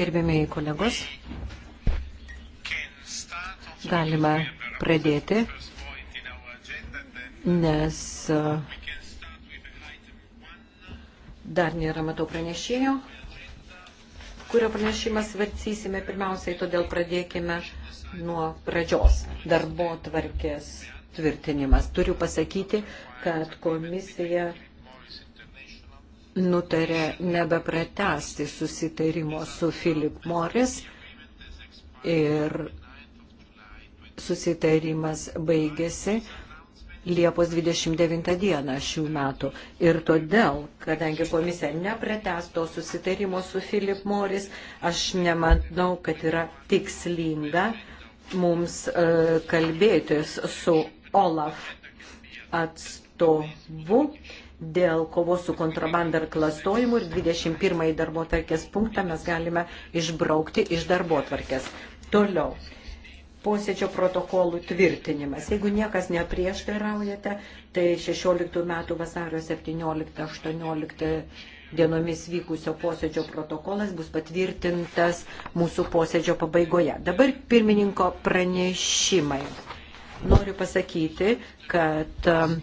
Gerbėmiai kolegos, galima pradėti, nes uh, dar nėra matau pranešėjo, kurio pranešimą svarstysime pirmiausiai, todėl pradėkime nuo pradžios darbo tvarkės tvirtinimas. Turiu pasakyti, kad komisija nutarė nebepratesti susitarimo su Philip Morris ir susitarimas baigėsi Liepos 29 dieną šių metų. Ir todėl, kadangi komisija nepretesto susitarimo su Philip Morris, aš nemanau, kad yra tikslinga mums e, kalbėtis su Olaf atstovu dėl kovos su kontrabanda ir klastojimu ir 21 darbo tvarkės punktą mes galime išbraukti iš darbo tvarkės. Toliau. Posėdžio protokolų tvirtinimas. Jeigu niekas neprieštaraujate, tai 16 metų vasario 17-18 dienomis vykusio posėdžio protokolas bus patvirtintas mūsų posėdžio pabaigoje. Dabar pirmininko pranešimai. Noriu pasakyti, kad um,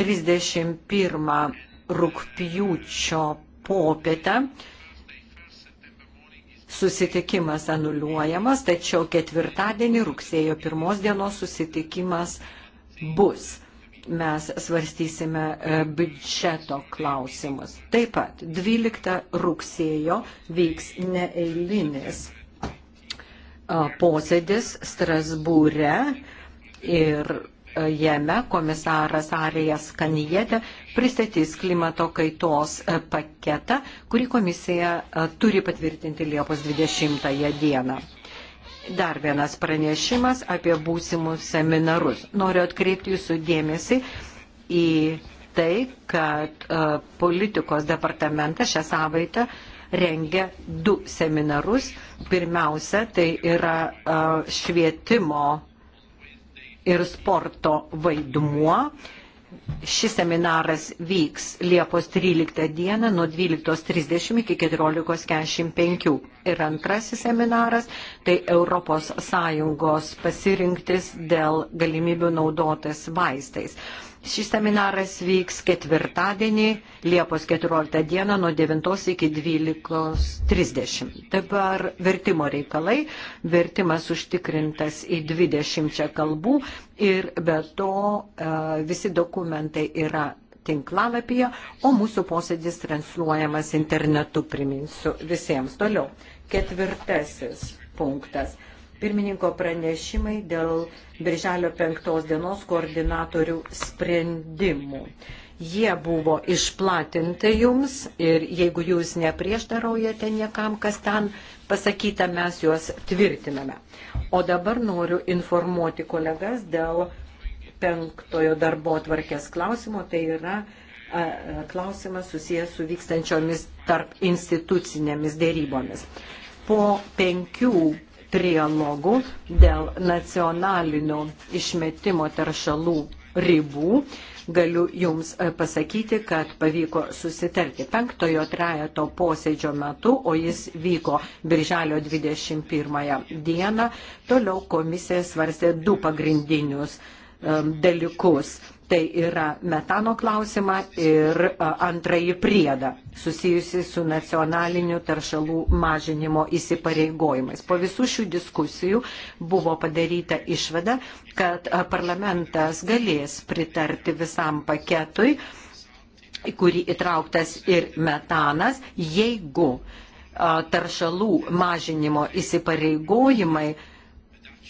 31 rūpjūčio popietę susitikimas anuliuojamas, tačiau ketvirtadienį rugsėjo pirmos dienos susitikimas bus. Mes svarstysime e, biudžeto klausimus. Taip pat 12 rugsėjo vyks neeilinis e, posėdis Strasbūre ir Jame komisaras Arijas Kanijete pristatys klimato kaitos e, paketą, kurį komisija e, turi patvirtinti Liepos 20 dieną. Dar vienas pranešimas apie būsimus seminarus. Noriu atkreipti jūsų dėmesį į tai, kad e, politikos departamentas šią savaitę rengia du seminarus. Pirmiausia, tai yra švietimo ir sporto vaidmuo. Šis seminaras vyks Liepos 13 dieną nuo 12.30 iki 14.45. Ir antrasis seminaras - tai ES pasirinktis dėl galimybių naudotis vaistais. Šis seminaras vyks ketvirtadienį, Liepos 14 dieną nuo 9 iki 12.30. Dabar vertimo reikalai. Vertimas užtikrintas į 20 kalbų ir be to e, visi dokumentai yra tinklalapyje, o mūsų posėdis transliuojamas internetu, priminsiu visiems. Toliau, ketvirtasis punktas Pirmininko pranešimai dėl Birželio 5 dienos koordinatorių sprendimų. Jie buvo išplatinti jums ir jeigu jūs neprieštaraujate niekam, kas ten pasakyta, mes juos tvirtiname. O dabar noriu informuoti kolegas dėl penktojo darbo atvarkės klausimo, tai yra a, klausimas susijęs su vykstančiomis tarp institucinėmis dėrybomis. Po penkių trialogų dėl nacionalinių išmetimo teršalų ribų. Galiu Jums e, pasakyti, kad pavyko susitarti penktojo trejato posėdžio metu, o jis vyko birželio 21 dieną. Toliau komisija svarstė du pagrindinius e, dalykus tai yra metano klausimą ir antrąjį priedą susijusi su nacionaliniu taršalų mažinimo įsipareigojimais. Po visų šių diskusijų buvo padaryta išvada, kad parlamentas galės pritarti visam paketui, į kurį įtrauktas ir metanas, jeigu taršalų mažinimo įsipareigojimai uh,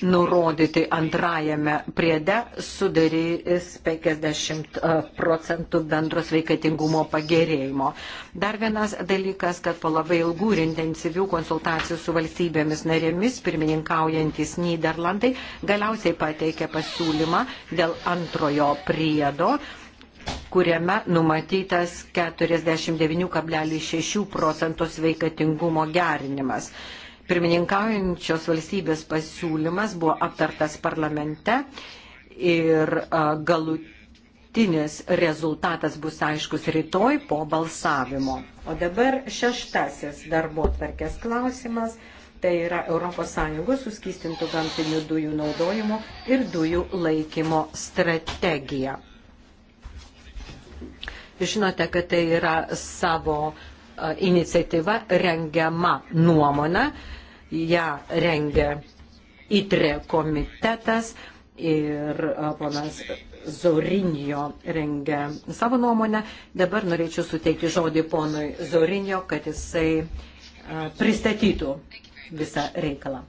nurodyti antrajame priede sudarys 50 e, procentų bendros veikatingumo pagerėjimo. Dar vienas dalykas, kad po labai ilgų ir intensyvių konsultacijų su valstybėmis narėmis pirmininkaujantis Niderlandai galiausiai pateikė pasiūlymą dėl antrojo priedo kuriame numatytas 49,6 procentų sveikatingumo gerinimas. Pirmininkaujančios valstybės pasiūlymas buvo aptartas parlamente ir galutinis rezultatas bus aiškus rytoj po balsavimo. O dabar šeštasis darbo tvarkės klausimas tai yra ES suskystintų gamtinių dujų naudojimo ir dujų laikymo strategija. Žinote, kad tai yra savo iniciatyva rengiama nuomona, ją rengia ITRE komitetas ir ponas Zorinio rengia savo nuomonę. Dabar norėčiau suteikti žodį ponui Zorinio, kad jisai pristatytų visą reikalą.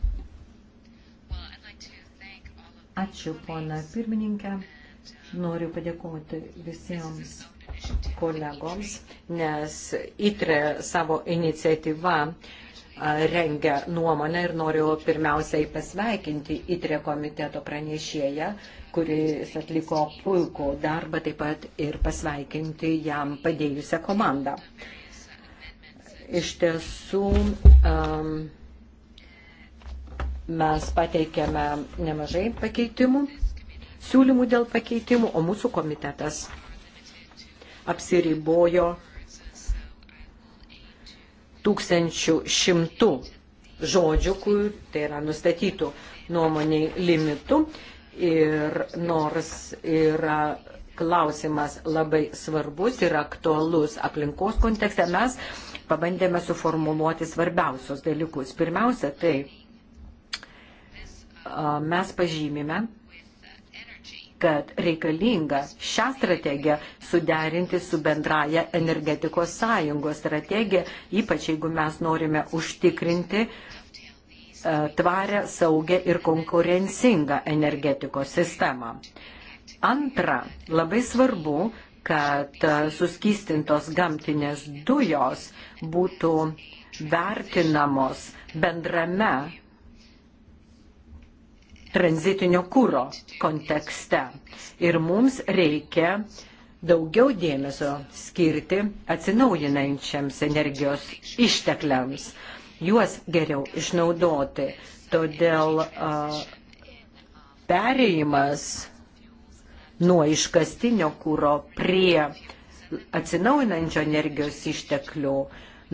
Ačiū, pona pirmininkė. Noriu padėkoti visiems kolegoms, nes ITRE savo iniciatyvą uh, rengia nuomonę ir noriu pirmiausiai pasveikinti įtrė komiteto pranešėją, kuris atliko puikų darbą, taip pat ir pasveikinti jam padėjusią komandą. Iš tiesų, um, mes pateikėme nemažai pakeitimų, siūlymų dėl pakeitimų, o mūsų komitetas apsiribojo 1100 žodžių, kur tai yra nustatytų nuomoniai limitų. Ir nors yra klausimas labai svarbus ir aktualus aplinkos kontekste, mes pabandėme suformuluoti svarbiausios dalykus. Pirmiausia, tai mes pažymime kad reikalinga šią strategiją suderinti su bendraja energetikos sąjungos strategija, ypač jeigu mes norime užtikrinti e, tvarę, saugę ir konkurencingą energetikos sistemą. Antra, labai svarbu, kad e, suskystintos gamtinės dujos būtų vertinamos bendrame tranzitinio kūro kontekste. Ir mums reikia daugiau dėmesio skirti atsinaujinančiams energijos ištekliams, juos geriau išnaudoti. Todėl uh, perėjimas nuo iškastinio kūro prie atsinaujinančio energijos išteklių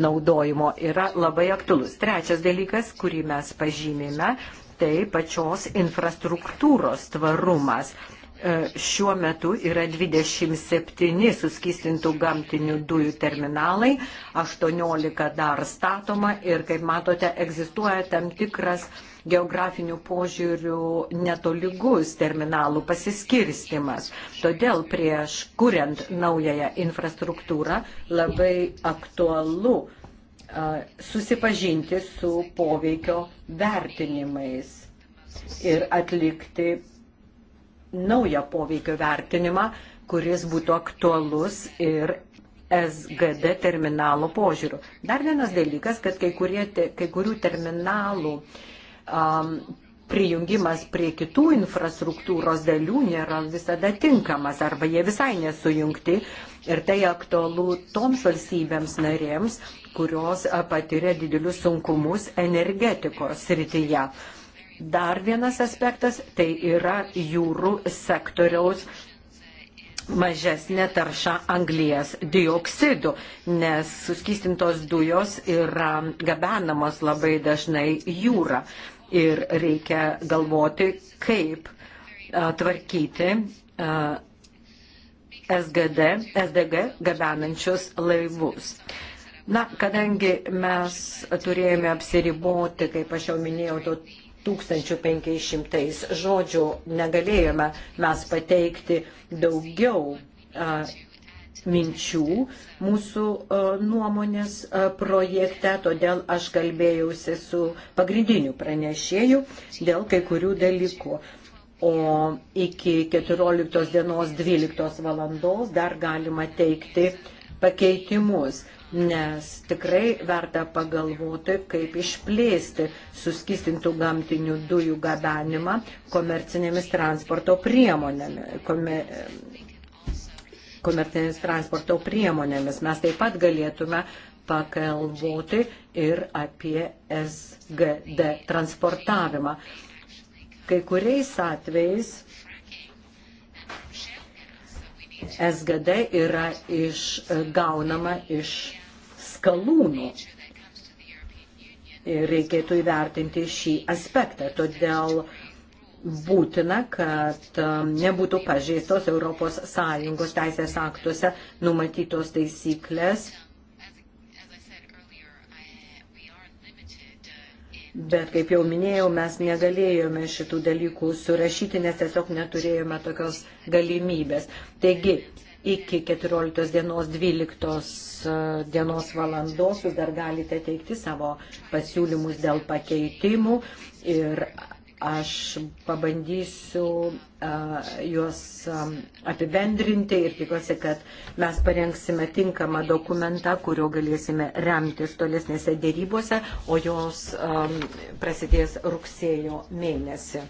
naudojimo yra labai aktualus. Trečias dalykas, kurį mes pažymime, tai pačios infrastruktūros tvarumas. E, šiuo metu yra 27 suskistintų gamtinių dujų terminalai, 18 dar statoma ir, kaip matote, egzistuoja tam tikras geografinių požiūrių netoligus terminalų pasiskirstimas. Todėl prieš kuriant naująją infrastruktūrą labai aktualu susipažinti su poveikio vertinimais ir atlikti naują poveikio vertinimą, kuris būtų aktualus ir SGD terminalo požiūriu. Dar vienas dalykas, kad kai, kurie, kai kurių terminalų um, prijungimas prie kitų infrastruktūros dalių nėra visada tinkamas arba jie visai nesujungti, Ir tai aktualu toms valstybėms narėms, kurios patiria didelius sunkumus energetikos srityje. Dar vienas aspektas tai yra jūrų sektoriaus mažesnė tarša anglijas dioksidų, nes suskistintos dujos yra gabenamos labai dažnai jūra. Ir reikia galvoti, kaip tvarkyti SGD, SDG gabenančius laivus. Na, kadangi mes turėjome apsiriboti, kaip aš jau minėjau, 1500 žodžių negalėjome mes pateikti daugiau a, minčių mūsų a, nuomonės a, projekte, todėl aš kalbėjausi su pagrindiniu pranešėju dėl kai kurių dalykų o iki 14 dienos 12 valandos dar galima teikti pakeitimus, nes tikrai verta pagalvoti, kaip išplėsti suskistintų gamtinių dujų gabenimą komercinėmis transporto priemonėmis. Kome, komercinėmis transporto priemonėmis. Mes taip pat galėtume pakalboti ir apie SGD transportavimą. Kai kuriais atvejais SGD yra išgaunama iš skalūnų. Ir reikėtų įvertinti šį aspektą. Todėl būtina, kad um, nebūtų pažeistos ES teisės aktuose numatytos taisyklės Bet, kaip jau minėjau, mes negalėjome šitų dalykų surašyti, nes tiesiog neturėjome tokios galimybės. Taigi, iki 14 dienos 12 e, dienos valandos jūs dar galite teikti savo pasiūlymus dėl pakeitimų ir Aš pabandysiu a, juos a, apibendrinti ir tikiuosi, kad mes parengsime tinkamą dokumentą, kuriuo galėsime remtis tolesnėse dėrybose, o jos a, prasidės rugsėjo mėnesį.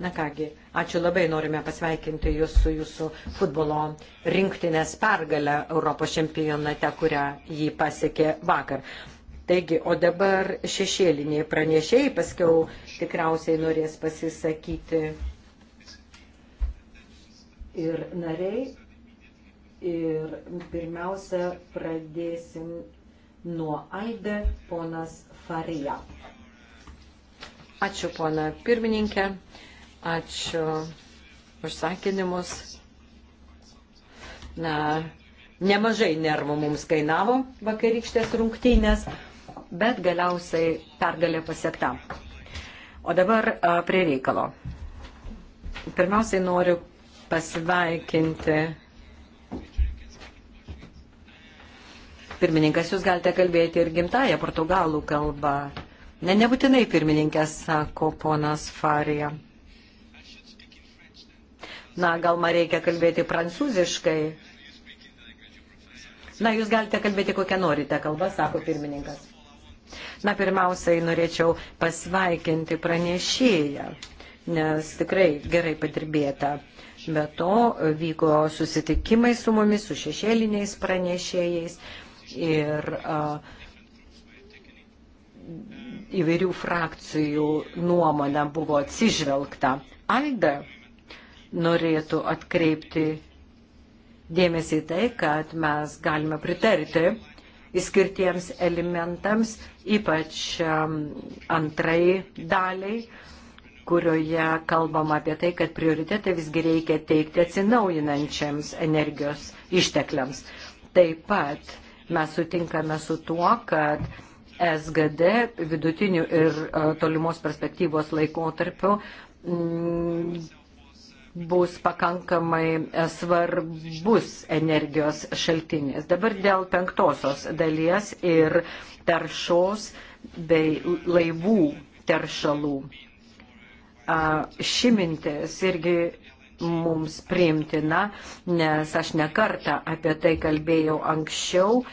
Na kągi, ačiū labai, norime pasveikinti jūs su jūsų futbolo rinktinės pergalę Europos čempionate, kurią jį pasiekė vakar. Taigi, o dabar šešėliniai pranešėjai, paskiau tikriausiai norės pasisakyti ir nariai. Ir pirmiausia, pradėsim nuo Aide, ponas Farija. Ačiū, pona pirmininkė. Ačiū užsakinimus. Na, nemažai nervų mums kainavo vakarykštės rungtynės, bet galiausiai pergalė pasiekta. O dabar a, prie reikalo. Pirmiausiai noriu pasveikinti. Pirmininkas, jūs galite kalbėti ir gimtają portugalų kalbą. Ne, nebūtinai pirmininkas, sako ponas Farija. Na, gal man reikia kalbėti prancūziškai. Na, jūs galite kalbėti kokią norite kalbą, sako pirmininkas. Na, pirmiausiai norėčiau pasveikinti pranešėją, nes tikrai gerai padirbėta. Be to vyko susitikimai su mumis, su šešėliniais pranešėjais ir a, įvairių frakcijų nuomonė buvo atsižvelgta. Alda norėtų atkreipti dėmesį į tai, kad mes galime pritarti įskirtiems elementams, ypač um, antrai daliai kurioje kalbama apie tai, kad prioritetą visgi reikia teikti atsinaujinančiams energijos ištekliams. Taip pat mes sutinkame su tuo, kad SGD vidutinių ir uh, tolimos perspektyvos laikotarpių mm, bus pakankamai e, svarbus energijos šaltinis. Dabar dėl penktosios dalies ir taršos bei laivų teršalų. Ši mintis irgi mums priimtina, nes aš nekartą apie tai kalbėjau anksčiau,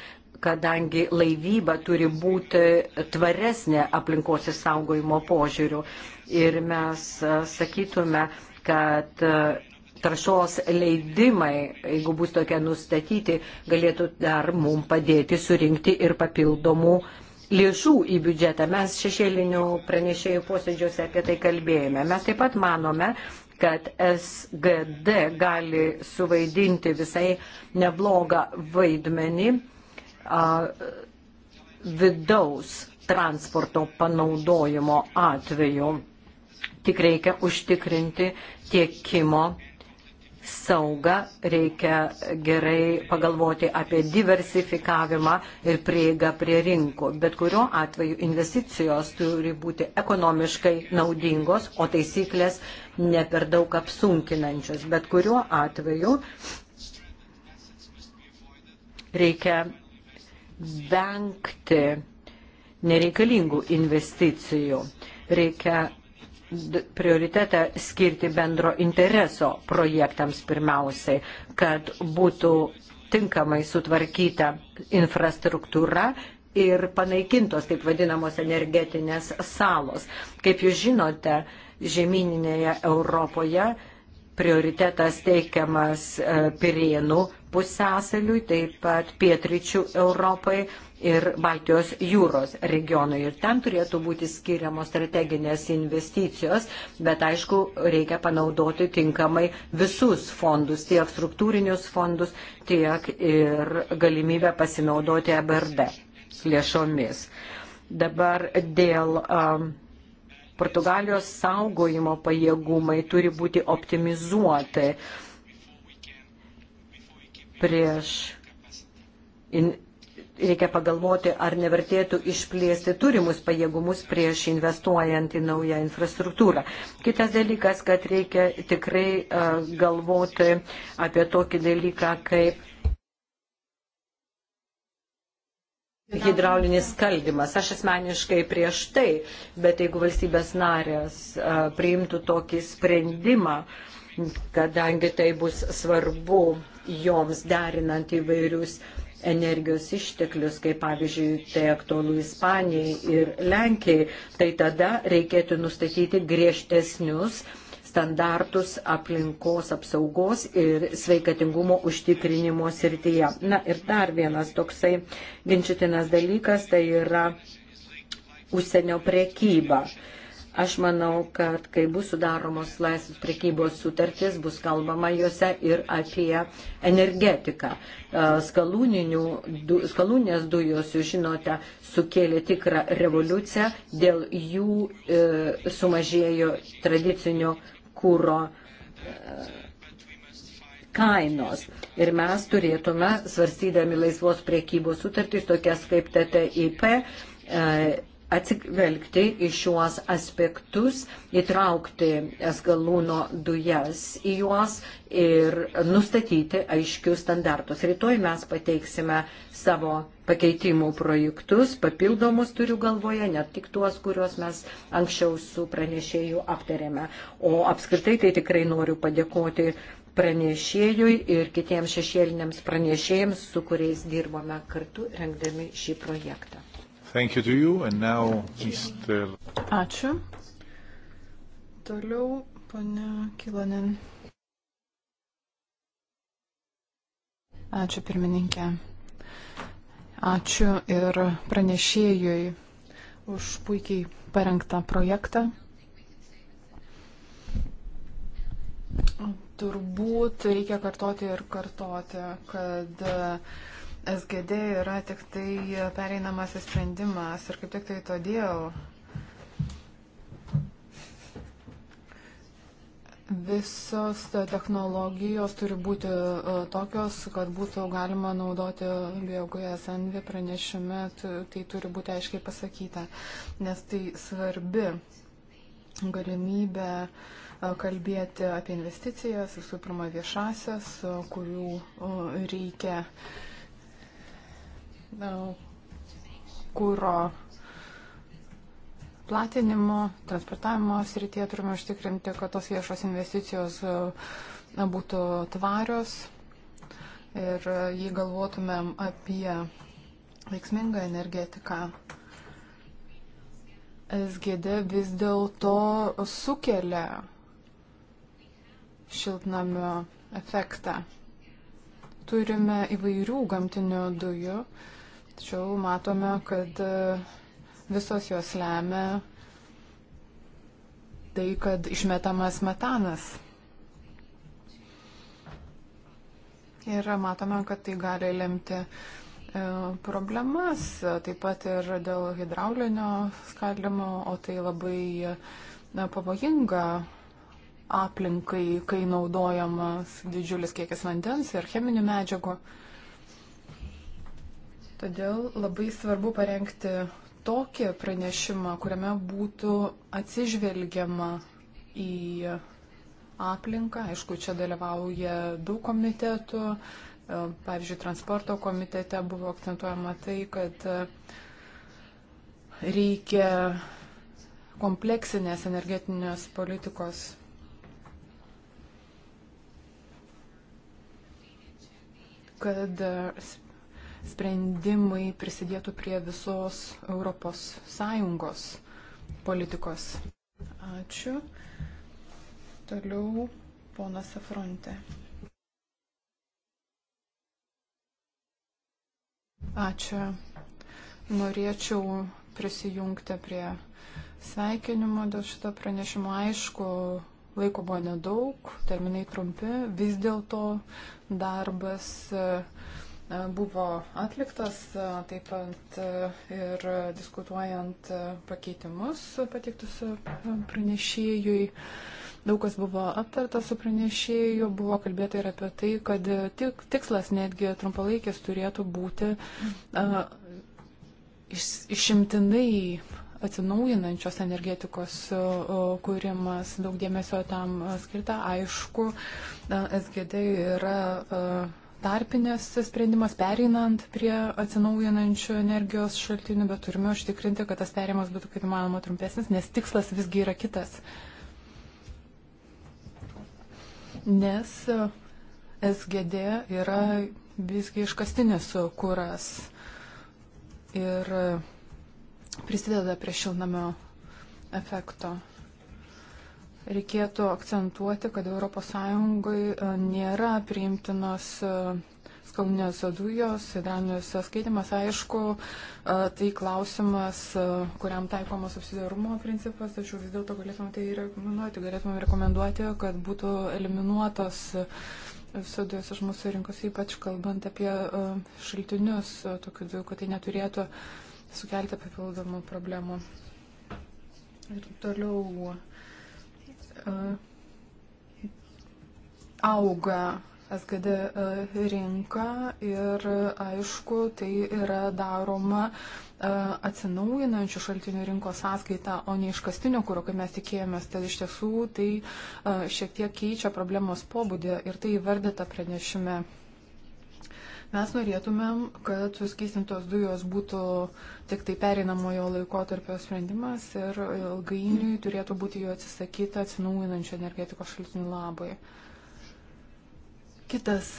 kadangi laivyba turi būti tvaresnė aplinkos įsaugojimo požiūriu. Ir mes sakytume, kad e, taršos leidimai, jeigu bus tokie nustatyti, galėtų dar mum padėti surinkti ir papildomų lėšų į biudžetą. Mes šešėlinių pranešėjų posėdžiuose apie tai kalbėjome. Mes taip pat manome, kad SGD gali suvaidinti visai neblogą vaidmenį a, vidaus transporto panaudojimo atveju. Tik reikia užtikrinti tiekimo saugą, reikia gerai pagalvoti apie diversifikavimą ir prieigą prie rinkų. Bet kuriuo atveju investicijos turi būti ekonomiškai naudingos, o taisyklės ne per daug apsunkinančios. Bet kuriuo atveju reikia vengti nereikalingų investicijų. Reikia prioritetą skirti bendro intereso projektams pirmiausiai, kad būtų tinkamai sutvarkyta infrastruktūra ir panaikintos taip vadinamos energetinės salos. Kaip jūs žinote, žemyninėje Europoje prioritetas teikiamas e, Pirienų pusėsaliui, taip pat pietričių Europai ir Baltijos jūros regionui. Ir ten turėtų būti skiriamos strateginės investicijos, bet aišku, reikia panaudoti tinkamai visus fondus, tiek struktūrinius fondus, tiek ir galimybę pasinaudoti ABRD e lėšomis. Dabar dėl um, Portugalijos saugojimo pajėgumai turi būti optimizuoti prieš in, reikia pagalvoti, ar nevertėtų išplėsti turimus pajėgumus prieš investuojant į naują infrastruktūrą. Kitas dalykas, kad reikia tikrai e, galvoti apie tokį dalyką kaip hidraulinis skaldimas. Aš asmeniškai prieš tai, bet jeigu valstybės narės e, priimtų tokį sprendimą, kadangi tai bus svarbu joms derinant įvairius uh, energijos išteklius, kaip pavyzdžiui, tai aktualu Ispanijai ir Lenkijai, tai tada reikėtų nustatyti griežtesnius standartus aplinkos apsaugos ir sveikatingumo užtikrinimo srityje. Na ir dar vienas toksai ginčytinas dalykas, tai yra užsienio priekyba. Uh, Aš manau, kad kai bus sudaromos laisvės prekybos sutartis, bus kalbama juose ir apie energetiką. E, du, skalūnės dujos, jūs žinote, sukėlė tikrą revoliuciją, dėl jų e, sumažėjo tradicinio kūro e, kainos. Ir mes turėtume, svarstydami laisvos priekybos sutartys, tokias kaip TTIP, e, atsivelgti į šiuos aspektus, įtraukti esgalūno dujas į juos ir nustatyti aiškius standartus. Rytoj mes pateiksime savo pakeitimų projektus, papildomus turiu galvoje, ne tik tuos, kuriuos mes anksčiau su pranešėju aptarėme. O apskritai tai tikrai noriu padėkoti pranešėjui ir kitiems šešėliniams pranešėjams, su kuriais dirbome kartu rengdami šį projektą. Thank you to you and now Mr. Ačiū. Toliau ponia Kilonin. Ačiū pirmininkė. Ačiū ir pranešėjui už puikiai parengtą projektą. Turbūt reikia kartoti ir kartoti, kad uh, SGD yra tik tai pereinamasis sprendimas ir kaip tik tai todėl visos technologijos turi būti e, tokios, kad būtų galima naudoti biogujas NV pranešime, tai turi būti aiškiai pasakyta, nes tai svarbi galimybė e, kalbėti apie investicijas, visų pirma viešasias, e, kurių reikia kūro platinimo, transportavimo srityje turime užtikrinti, kad tos viešos investicijos būtų tvarios ir jei galvotumėm apie veiksmingą energetiką. SGD vis dėlto sukelia šiltnamio efektą. Turime įvairių gamtinių dujų, uh, Tačiau matome, kad e, visos jos lemia tai, kad išmetamas metanas. Ir matome, kad tai gali lemti e, problemas, taip pat ir dėl hidraulinio skaldimo, o tai labai na, pavojinga aplinkai, kai naudojamas didžiulis kiekis vandens ir cheminių medžiagų. Todėl labai svarbu parengti tokį pranešimą, kuriame būtų atsižvelgiama į aplinką. Aišku, čia dalyvauja daug komitetų. Pavyzdžiui, transporto komitete buvo akcentuojama tai, kad reikia kompleksinės energetinės politikos kad sprendimai prisidėtų prie visos ES politikos. Ačiū. Toliau ponas Afronte. Ačiū. Norėčiau prisijungti prie sveikinimo dėl šito pranešimo. Aišku, laiko buvo nedaug, terminai trumpi, vis dėlto darbas. Uh, buvo atliktas, taip pat ir diskutuojant pakeitimus pateiktus pranešėjui. Daug kas buvo aptarta su pranešėju, buvo kalbėta ir apie tai, kad tik, tikslas netgi trumpalaikis turėtų būti a, iš, išimtinai atsinaujinančios energetikos kūrimas, daug dėmesio tam skirta. Aišku, SGD yra a, tarpinės sprendimas pereinant prie atsinaujinančių energijos šaltinių, bet turime užtikrinti, kad tas perėjimas būtų kaip įmanoma trumpesnis, nes tikslas visgi yra kitas. Nes SGD yra visgi iškastinis kuras ir prisideda prie šilnamio efekto reikėtų akcentuoti, kad ES e, nėra priimtinos e, skalūnės dujos, hidranijos skaitimas, aišku, e, tai klausimas, kuriam taikomas subsidiarumo principas, tačiau vis dėlto galėtume tai rekomenduoti, galėtume rekomenduoti, kad būtų eliminuotos sudujos iš mūsų rinkos, ypač kalbant apie šaltinius tokių dujų, kad tai neturėtų sukelti papildomų problemų. Ir toliau E, auga SGD e, rinka ir aišku, tai yra daroma e, atsinaujinančių šaltinių rinkos sąskaita, o ne iškastinio kūro, kaip mes tikėjomės. Tad iš tiesų tai šiek tiek keičia problemos pobūdį ir tai įvardyta pranešime. Mes norėtumėm, kad suskystintos dujos būtų tik tai pereinamojo laiko tarpio sprendimas ir ilgainiui turėtų būti jų atsisakyta atsinaujinančio energetikos šaltinių labai. Kitas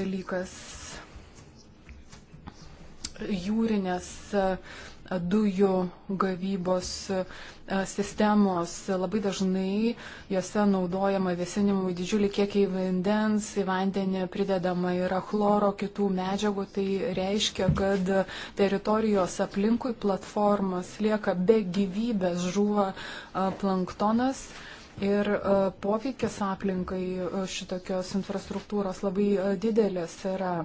dalykas. Jūrinės dujų gavybos e, sistemos. Labai dažnai jose naudojama vėsinimui didžiulį kiekį vandens, į vandenį pridedama yra chloro, kitų medžiagų. Tai reiškia, kad teritorijos aplinkui platformas lieka be gyvybės žuva e, planktonas. Ir e, poveikis aplinkai šitokios infrastruktūros labai didelis yra.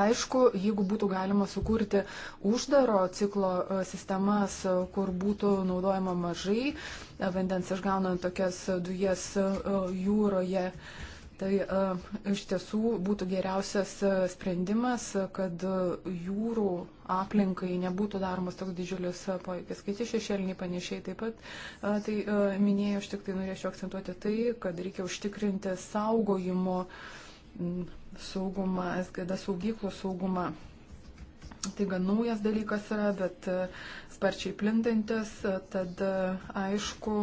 Aišku, jeigu būtų galima sukurti uždaro ciklo e, sistemas, e, kur būtų naudojama mažai e, vandens išgaunant tokias dujas jūroje, tai iš tiesų būtų geriausias sprendimas, kad jūrų aplinkai nebūtų daromas toks didžiulis poveikis. Kiti šešėliniai panešiai taip pat, tai minėjau, aš tik tai norėčiau akcentuoti tai, kad reikia užtikrinti saugojimo saugumą, SGD saugyklų saugumą. Tai gan naujas dalykas yra, bet e, sparčiai plintantis, e, tad e, aišku,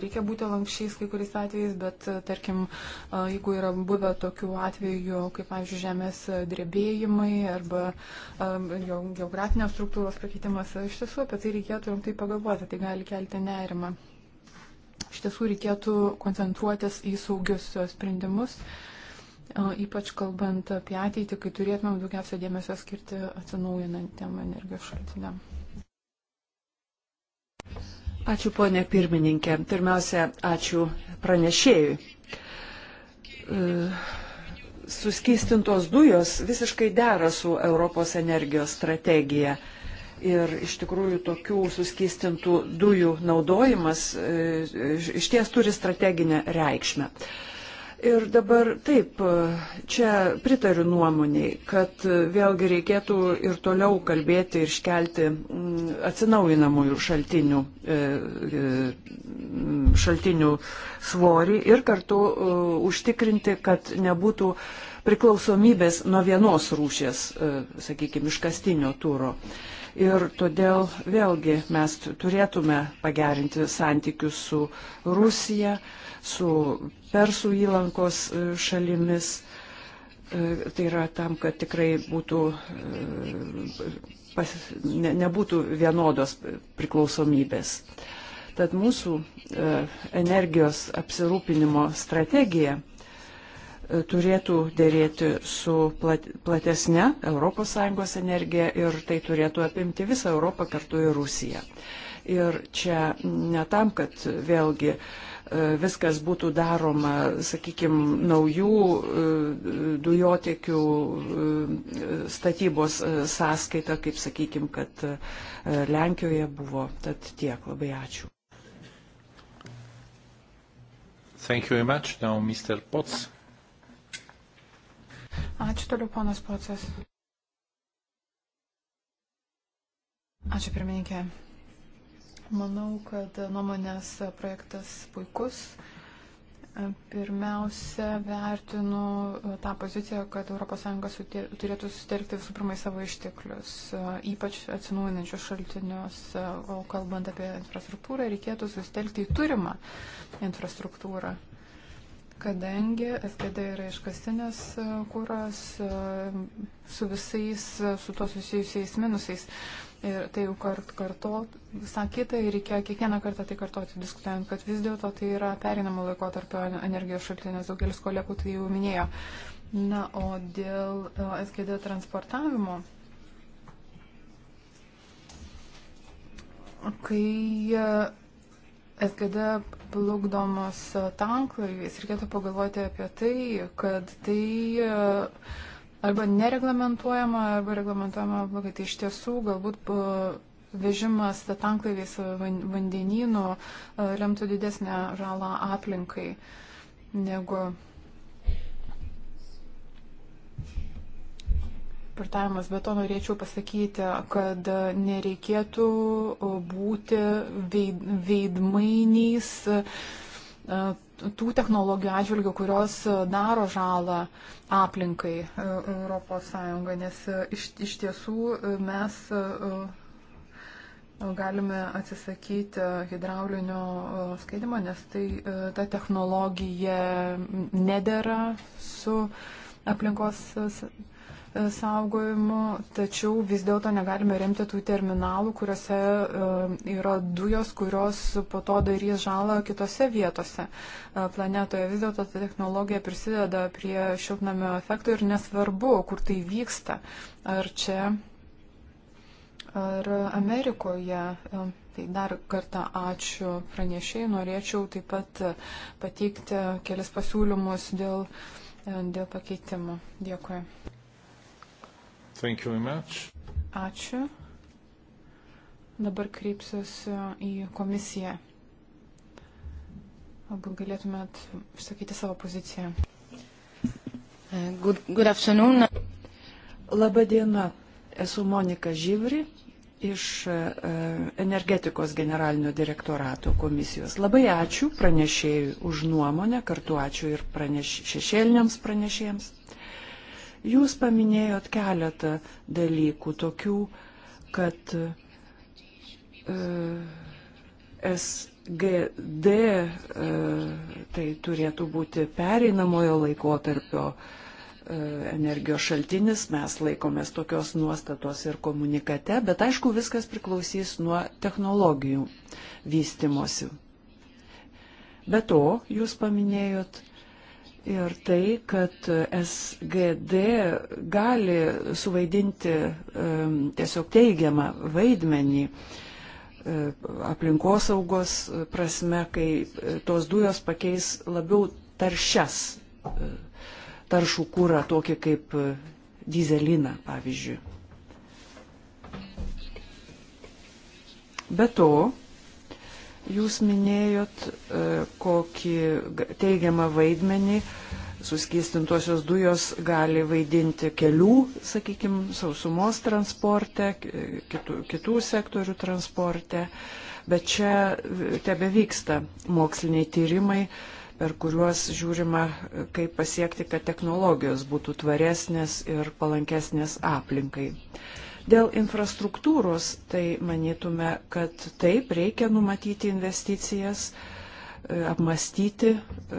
reikia būti lankščiais kai kuriais atvejais, bet tarkim, jeigu yra buvę tokių atvejų, kaip pavyzdžiui, žemės drebėjimai arba geografinės struktūros pakeitimas, iš tiesų apie tai reikėtų rimtai pagalvoti, tai gali kelti nerimą. Iš tiesų reikėtų koncentruotis į saugius sprendimus. Uh, ypač kalbant apie ateitį, kai turėtumėm daugiausia dėmesio skirti atsinaujinantiem energijos šaltiniam. Ačiū ponė pirmininkė. Pirmiausia, ačiū pranešėjui. E, suskystintos dujos visiškai dera su Europos energijos strategija. Ir iš tikrųjų tokių suskystintų dujų naudojimas e, iš ties turi strateginę reikšmę. Ir dabar taip, čia pritariu nuomoniai, kad vėlgi reikėtų ir toliau kalbėti ir iškelti mm, atsinaujinamųjų šaltinių, e, e, šaltinių svorį ir kartu e, užtikrinti, kad nebūtų priklausomybės nuo vienos rūšės, sakykime, iškastinio tūro. Ir todėl vėlgi mes turėtume pagerinti santykius su Rusija. Uh, su Persų įlankos e, šalimis. E, tai yra tam, kad tikrai būtų, e, pas, ne, nebūtų vienodos priklausomybės. Tad mūsų energijos apsirūpinimo strategija turėtų dėrėti su platesne ES energija ir tai turėtų apimti visą Europą kartu ir Rusiją. Ir čia ne tam, kad vėlgi uh, E, viskas būtų daroma, sakykime, naujų e, dujotiekių e, statybos sąskaita, kaip sakykime, kad Lenkijoje buvo. Tad tiek, labai ačiū. Thank you very much. Now Mr. Potts. Ačiū toliau, ponas Pocas. Ačiū pirmininkė. Manau, kad nuomonės projektas puikus. Pirmiausia, vertinu tą poziciją, kad ES turėtų sutelkti visų pirma į savo išteklius, ypač atsinaujinančius šaltinius, o kalbant apie infrastruktūrą, reikėtų sutelkti į turimą infrastruktūrą. Kadangi SGD yra iškastinės e, kūras e, su visais su to susijusiais minusais, Ir tai jau kart kartot, visą kitą ir reikėjo kiekvieną kartą tai kartoti, diskutuojant, kad vis dėlto tai yra perinamo laiko tarp energijos šaltinės, daugelis kolegų tai jau minėjo. Na, o dėl SGD transportavimo, kai e, SGD plukdomas e, tanklaiviais, reikėtų pagalvoti apie tai, kad tai e, arba nereglamentuojama, arba reglamentuojama blogai. Tai iš tiesų galbūt vežimas tanklaiviais vandenynų e, lemtų didesnę žalą aplinkai negu transportavimas, bet to norėčiau pasakyti, kad nereikėtų e, būti veid, veidmainiais e, tų technologijų atžvilgių, kurios e, daro žalą aplinkai ES, nes e, iš, iš tiesų e, mes galime atsisakyti hidraulinio skaitimo, nes tai ta technologija nedėra su aplinkos E, saugojimu, tačiau vis dėlto negalime remti tų terminalų, kuriuose e, yra dujos, kurios po to darys žalą kitose vietose e, planetoje. Vis dėlto ta technologija prisideda prie šiltnamio efekto ir nesvarbu, kur tai vyksta. Ar čia ar Amerikoje. Tai dar kartą ačiū pranešėjai. Norėčiau taip pat pateikti kelis pasiūlymus dėl, dėl pakeitimų. Dėkui. Thank you very much. Ačiū. Dabar kreipsiuosi į komisiją. Galbūt galėtumėt išsakyti savo poziciją. Good, good afternoon. Labadiena. Esu Monika Živri, iš e, energetikos generalinio direktorato komisijos. Labai ačiū pranešėjui už nuomonę, kartu ačiū ir praneš, šešėliniams pranešėjams. Jūs paminėjot keletą dalykų, tokių, kad e, SGD e, tai turėtų būti pereinamojo laikotarpio e, energijos šaltinis, mes laikomės tokios nuostatos ir komunikate, bet aišku, viskas priklausys nuo technologijų vystimosi. Be to, jūs paminėjot ir tai, kad SGD gali suvaidinti tiesiog teigiamą vaidmenį e, aplinkosaugos prasme, kai e, tos dujos pakeis labiau taršias, e, taršų kūrą, tokį kaip dizeliną, pavyzdžiui. Be to, Jūs minėjot, e, kokį teigiamą vaidmenį suskystintuosios dujos gali vaidinti kelių, sakykime, sausumos transporte, kitų, kitų sektorių transporte, bet čia tebe vyksta moksliniai tyrimai, per kuriuos žiūrima, kaip pasiekti, kad technologijos būtų tvaresnės ir palankesnės aplinkai. Uh, Dėl infrastruktūros, tai manytume, kad taip reikia numatyti investicijas, e, apmastyti, e, e,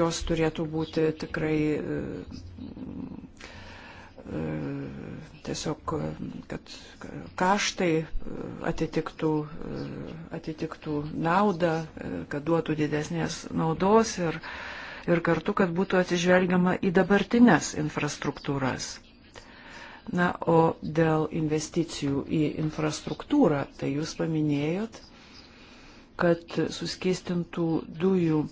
jos turėtų būti tikrai tiesiog, kad kaštai atitiktų, atitiktų naudą, kad duotų didesnės naudos ir, ir kartu, kad būtų atsižvelgiama į dabartinės infrastruktūras. Na, o dėl investicijų į infrastruktūrą, tai jūs paminėjot, kad suskistintų dujų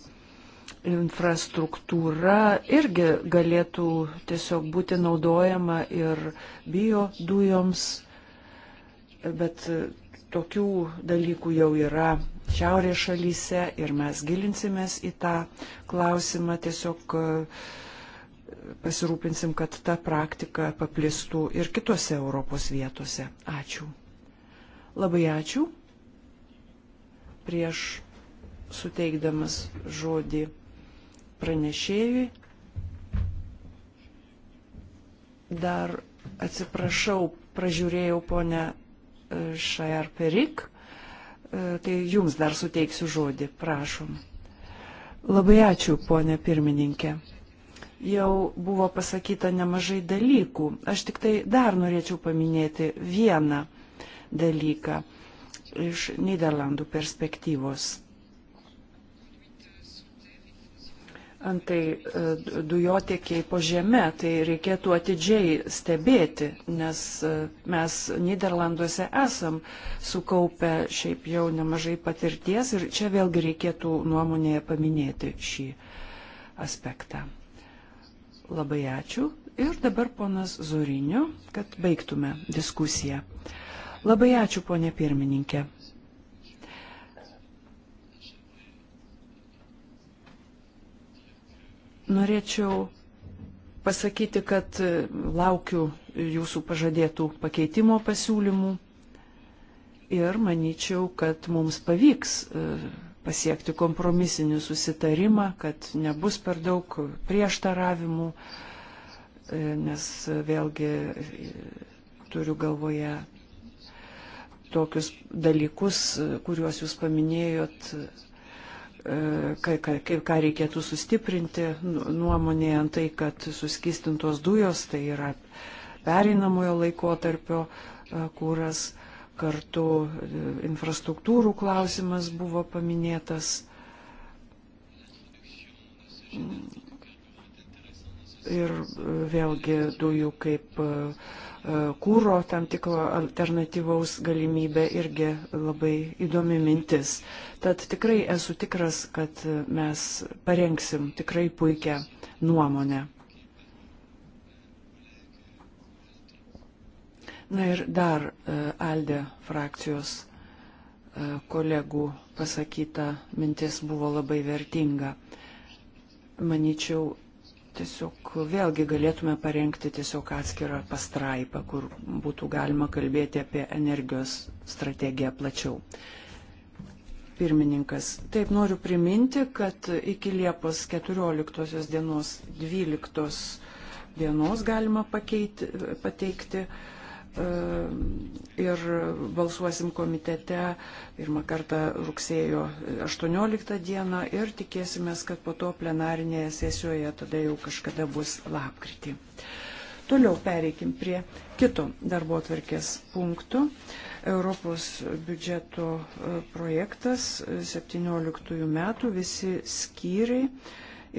infrastruktūra irgi galėtų tiesiog būti naudojama ir bio dujoms, bet tokių dalykų jau yra šiaurės šalyse ir mes gilinsimės į tą klausimą tiesiog uh, pasirūpinsim, kad ta praktika paplistų ir kitose Europos vietose. Ačiū. Labai ačiū. Prieš suteikdamas žodį pranešėjui, dar atsiprašau, pražiūrėjau ponę e, Šajarperik, e, tai jums dar suteiksiu žodį, prašom. Labai ačiū, ponė pirmininkė jau buvo pasakyta nemažai dalykų. Aš tik tai dar norėčiau paminėti vieną dalyką iš Niderlandų perspektyvos. Antai e, dujotiekiai po žemę, tai reikėtų atidžiai stebėti, nes e, mes Niderlanduose esam sukaupę šiaip jau nemažai patirties ir čia vėlgi reikėtų nuomonėje paminėti šį aspektą. Labai ačiū. Ir dabar ponas Zoriniu, kad baigtume diskusiją. Labai ačiū, ponė pirmininkė. Norėčiau pasakyti, kad laukiu jūsų pažadėtų pakeitimo pasiūlymų ir manyčiau, kad mums pavyks pasiekti kompromisinį susitarimą, kad nebus per daug prieštaravimų, e, nes vėlgi e, turiu galvoje tokius dalykus, e, kuriuos jūs paminėjot, ką, ką, ką reikėtų sustiprinti nu, nuomonėje ant tai, kad suskistintos dujos, tai yra pereinamojo laikotarpio kūras kartu e, infrastruktūrų klausimas buvo paminėtas. Ir e, vėlgi dujų kaip e, kūro tam tikro alternatyvaus galimybė irgi labai įdomi mintis. Tad tikrai esu tikras, kad mes parengsim tikrai puikią nuomonę. Na ir dar e, Aldė frakcijos e, kolegų pasakyta mintis buvo labai vertinga. Maničiau, tiesiog vėlgi galėtume parengti tiesiog atskirą pastraipą, kur būtų galima kalbėti apie energijos strategiją plačiau. Pirmininkas, taip noriu priminti, kad iki Liepos 14 dienos 12 dienos galima pakeiti, pateikti uh, Ehm, ir balsuosim komitete pirmą kartą rugsėjo 18 dieną ir tikėsimės, kad po to plenarinėje sesijoje tada jau kažkada bus lapkritį. Toliau pereikim prie kito darbo atvarkės punktų. Europos biudžeto e, projektas 17 metų visi skyriai.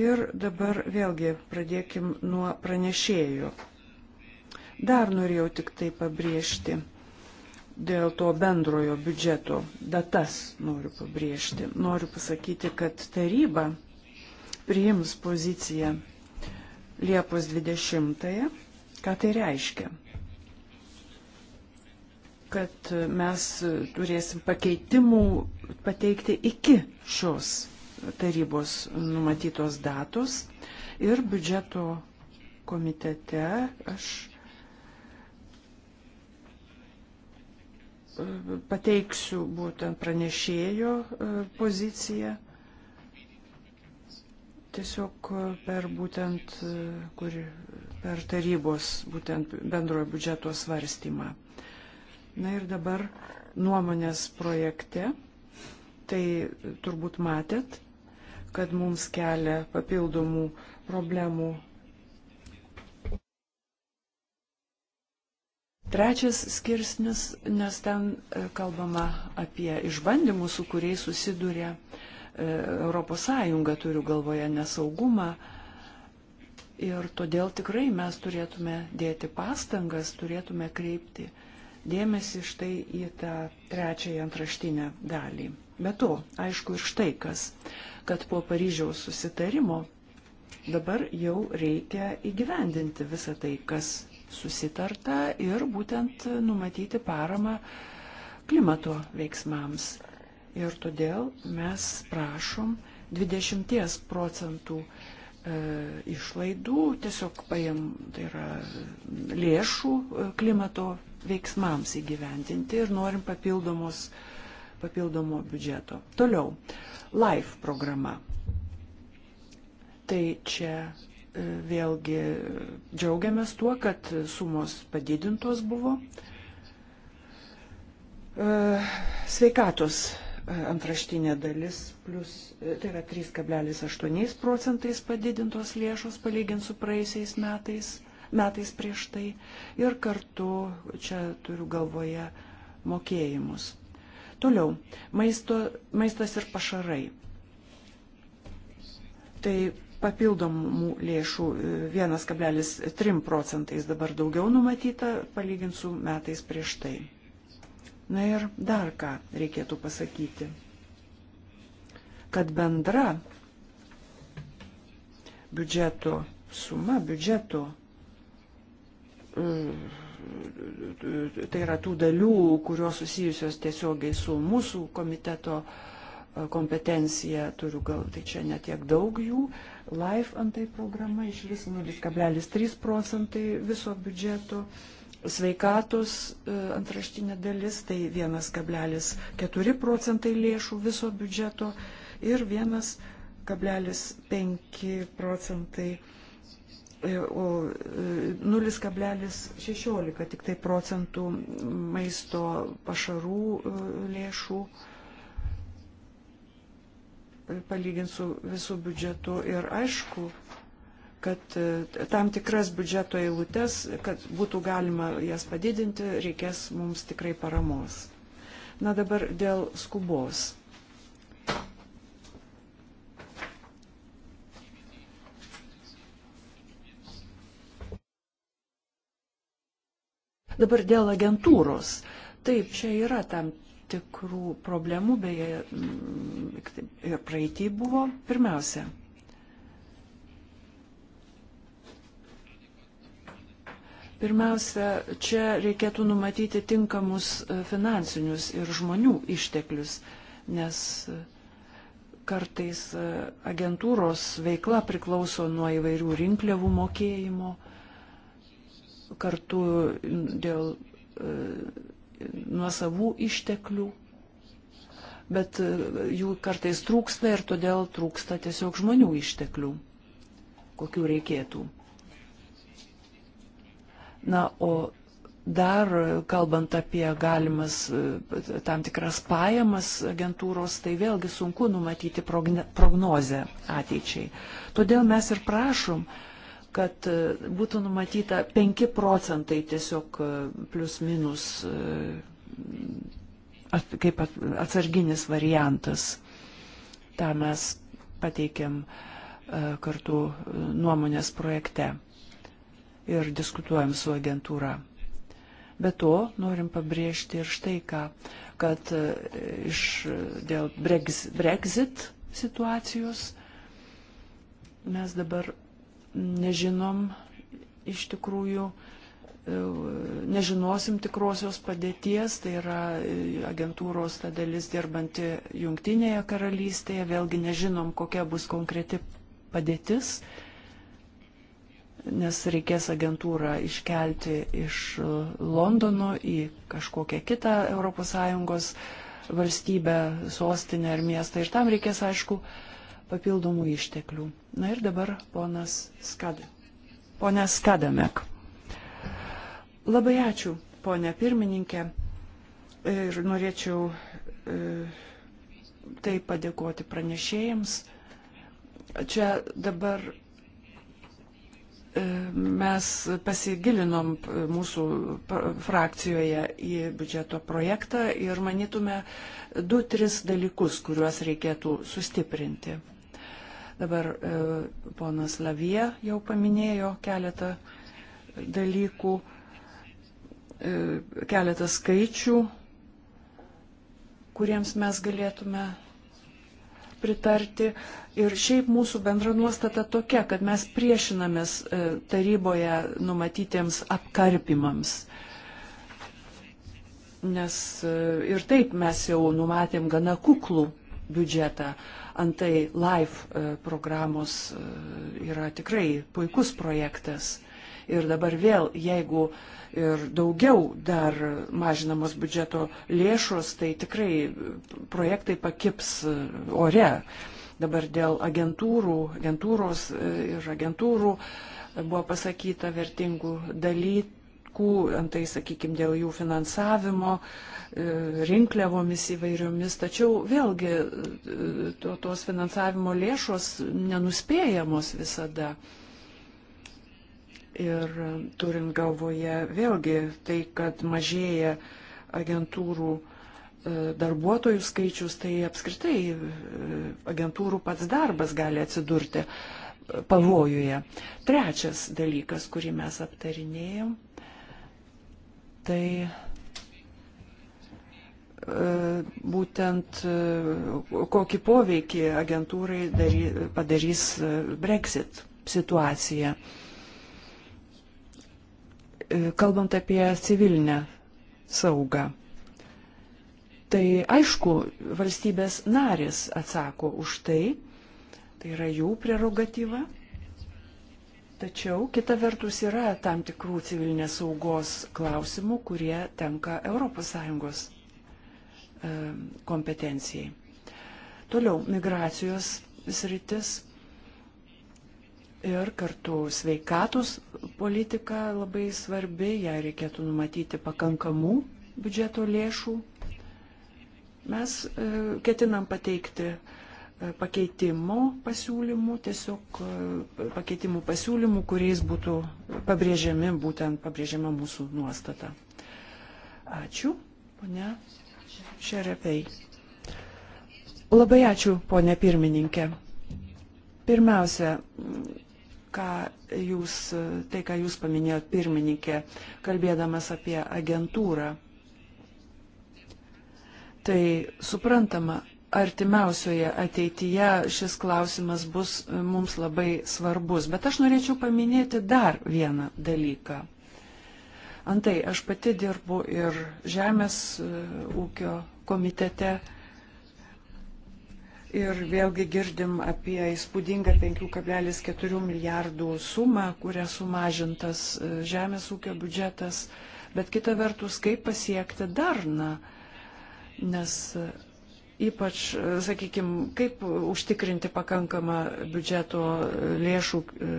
Ir dabar vėlgi pradėkim nuo pranešėjo Dar norėjau tik tai pabrėžti dėl to bendrojo biudžeto datas, noriu pabrėžti. Noriu pasakyti, kad taryba priims poziciją Liepos 20-ąją. Ką tai reiškia? Kad mes turėsim pakeitimų pateikti iki šios tarybos numatytos datos ir biudžeto komitete aš pateiksiu būtent pranešėjo e, poziciją. Tiesiog e, per būtent, e, kur, per tarybos būtent bendrojo biudžeto svarstymą. Na ir dabar nuomonės projekte, tai turbūt matėt, kad mums kelia papildomų problemų Trečias skirsnis, nes ten e, kalbama apie išbandymus, su kuriais susiduria ES, turiu galvoje nesaugumą. Ir todėl tikrai mes turėtume dėti pastangas, turėtume kreipti dėmesį štai į tą trečiąją antraštinę dalį. Be to, aišku ir štai kas, kad po Paryžiaus susitarimo dabar jau reikia įgyvendinti visą tai, kas susitarta ir būtent numatyti paramą klimato veiksmams. Ir todėl mes prašom 20 procentų e, išlaidų, tiesiog paėm, tai yra lėšų e, klimato veiksmams įgyventinti ir norim papildomos, papildomo biudžeto. Toliau, LIFE programa. Tai čia vėlgi džiaugiamės tuo, kad sumos padidintos buvo. E, sveikatos antraštinė dalis plus, e, tai yra 3,8 procentais padidintos lėšos palyginti su praeisiais metais, metais prieš tai ir kartu čia turiu galvoje mokėjimus. Toliau, maisto, maistas ir pašarai. Tai papildomų lėšų 1,3 e, procentais dabar daugiau numatyta, palyginti su metais prieš tai. Na ir dar ką reikėtų pasakyti, kad bendra biudžeto suma, biudžeto, e, tai yra tų dalių, kurios susijusios tiesiogiai su mūsų komiteto e, kompetencija, turiu gal, tai čia netiek daug jų, Life antai programa iš vis 0,3 procentai viso biudžeto. Sveikatos e, antraštinė dalis tai 1,4 procentai lėšų viso biudžeto ir 1,5 procentai e, o 0,16 e, tik tai procentų maisto pašarų lėšų palyginti su visų biudžetu. Ir aišku, kad e, tam tikras biudžeto eilutes, kad būtų galima jas padidinti, reikės mums tikrai paramos. Na dabar dėl skubos. Dabar dėl agentūros. Taip, čia yra tam tikrų problemų, beje, mm, ir praeitį buvo pirmiausia. Pirmiausia, čia reikėtų numatyti tinkamus e, finansinius ir žmonių išteklius, nes e, kartais e, agentūros veikla priklauso nuo įvairių rinkliavų mokėjimo, kartu dėl nuo savų išteklių, bet e, jų kartais trūksta ir todėl trūksta tiesiog žmonių išteklių, kokių reikėtų. Na, o dar e, kalbant apie galimas e, tam tikras pajamas agentūros, tai vėlgi sunku numatyti prognozę ateičiai. Todėl mes ir prašom, kad e, būtų numatyta 5 procentai tiesiog e, plus minus e, kaip atsarginis variantas. Ta mes pateikėm kartu nuomonės projekte ir diskutuojam su agentūra. Be to, norim pabrėžti ir štai ką, kad iš, dėl Brexit situacijos mes dabar nežinom iš tikrųjų, e, nežinosim tikrosios padėties, tai yra e, agentūros ta dalis dirbanti Junktinėje karalystėje, vėlgi nežinom, kokia bus konkreti padėtis, nes reikės agentūrą iškelti iš Londono į kažkokią kitą ES valstybę, sostinę ar miestą ir tam reikės, aišku, papildomų išteklių. Na ir dabar ponas Skada. Pone Skadamek. Labai ačiū, ponė pirmininkė. Ir norėčiau e, tai padėkoti pranešėjams. Čia dabar e, mes pasigilinom mūsų frakcijoje į biudžeto projektą ir manytume du, tris dalykus, kuriuos reikėtų sustiprinti. Dabar e, ponas Lavie jau paminėjo keletą dalykų, e, keletą skaičių, kuriems mes galėtume pritarti. Ir šiaip mūsų bendra nuostata tokia, kad mes priešinamės e, taryboje numatytiems apkarpimams. Nes e, ir taip mes jau numatėm gana kuklų biudžetą. Antai Life e, programos e, yra tikrai puikus projektas. Ir dabar vėl, jeigu ir daugiau dar mažinamos biudžeto lėšos, tai tikrai projektai pakips e, ore. Dabar dėl agentūrų, agentūros ir agentūrų buvo pasakyta vertingų dalykų tvarkų, antai, sakykime, dėl jų finansavimo, e, rinkliavomis įvairiomis. Tačiau vėlgi e, to, tos finansavimo lėšos nenuspėjamos visada. Ir turint galvoje vėlgi tai, kad mažėja agentūrų e, darbuotojų skaičius, tai apskritai agentūrų pats darbas gali atsidurti pavojuje. Trečias dalykas, kurį mes aptarinėjom, tai e, būtent e, kokį poveikį agentūrai padarys e, Brexit situacija. Kalbant apie civilinę saugą, tai aišku, valstybės narės atsako už tai, tai yra jų prerogatyva. Tačiau kita vertus yra tam tikrų civilinės saugos klausimų, kurie tenka ES e, kompetencijai. Toliau migracijos sritis ir kartu sveikatos politika labai svarbi, ją reikėtų numatyti pakankamų biudžeto lėšų. Mes e, ketinam pateikti uh, pakeitimo pasiūlymų, tiesiog e, pakeitimų pasiūlymų, kuriais būtų pabrėžiami būtent pabrėžiama mūsų nuostata. Ačiū, ponia Šerepei. Labai ačiū, ponia pirmininkė. Pirmiausia, ką jūs, tai, ką jūs paminėjot pirmininkė, kalbėdamas apie agentūrą. Tai suprantama, artimiausioje ateityje šis klausimas bus e, mums labai svarbus. Bet aš norėčiau paminėti dar vieną dalyką. Antai, aš pati dirbu ir Žemės e, ūkio komitete. Ir vėlgi girdim apie įspūdingą 5,4 milijardų sumą, kuria sumažintas e, žemės ūkio biudžetas. Bet kita vertus, kaip pasiekti darną? Nes ypač, e, sakykime, kaip užtikrinti pakankamą biudžeto lėšų e,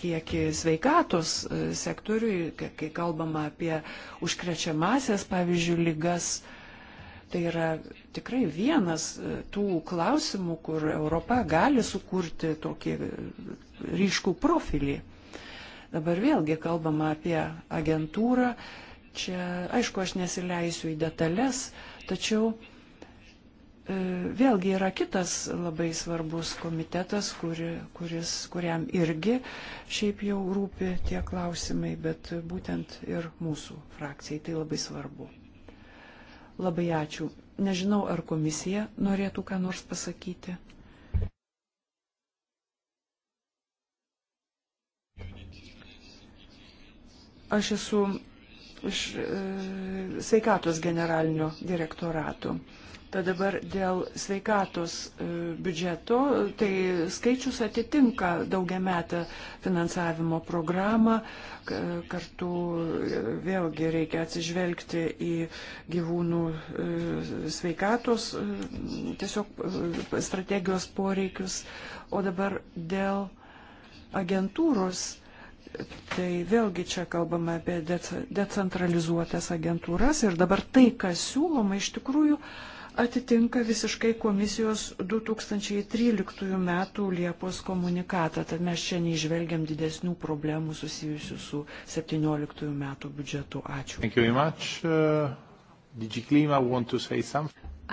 kiekį sveikatos e, sektoriui, kai kalbama apie užkrečiamasias, pavyzdžiui, lygas. Tai yra tikrai vienas tų klausimų, kur Europa gali sukurti tokį ryškų profilį. Dabar vėlgi kalbama apie agentūrą. Čia, aišku, aš nesileisiu į detalės, tačiau uh, E, vėlgi yra kitas labai svarbus komitetas, kuri, kuris, kuriam irgi šiaip jau rūpi tie klausimai, bet būtent ir mūsų frakcijai tai labai svarbu. Labai ačiū. Nežinau, ar komisija norėtų ką nors pasakyti. Aš esu iš e, sveikatos generalinio direktorato. E, Bet dabar dėl sveikatos e, biudžeto, tai skaičius atitinka daugiametę finansavimo programą, kartu e, vėlgi reikia atsižvelgti į gyvūnų e, sveikatos, tiesiog strategijos poreikius. O dabar dėl agentūros. Tai vėlgi čia kalbame apie decentralizuotas agentūras ir dabar tai, kas siūloma, iš tikrųjų uh, atitinka visiškai komisijos 2013 m. Liepos komunikatą, tad mes čia neižvelgiam didesnių problemų susijusių su 2017 m. biudžetu. Ačiū. Uh,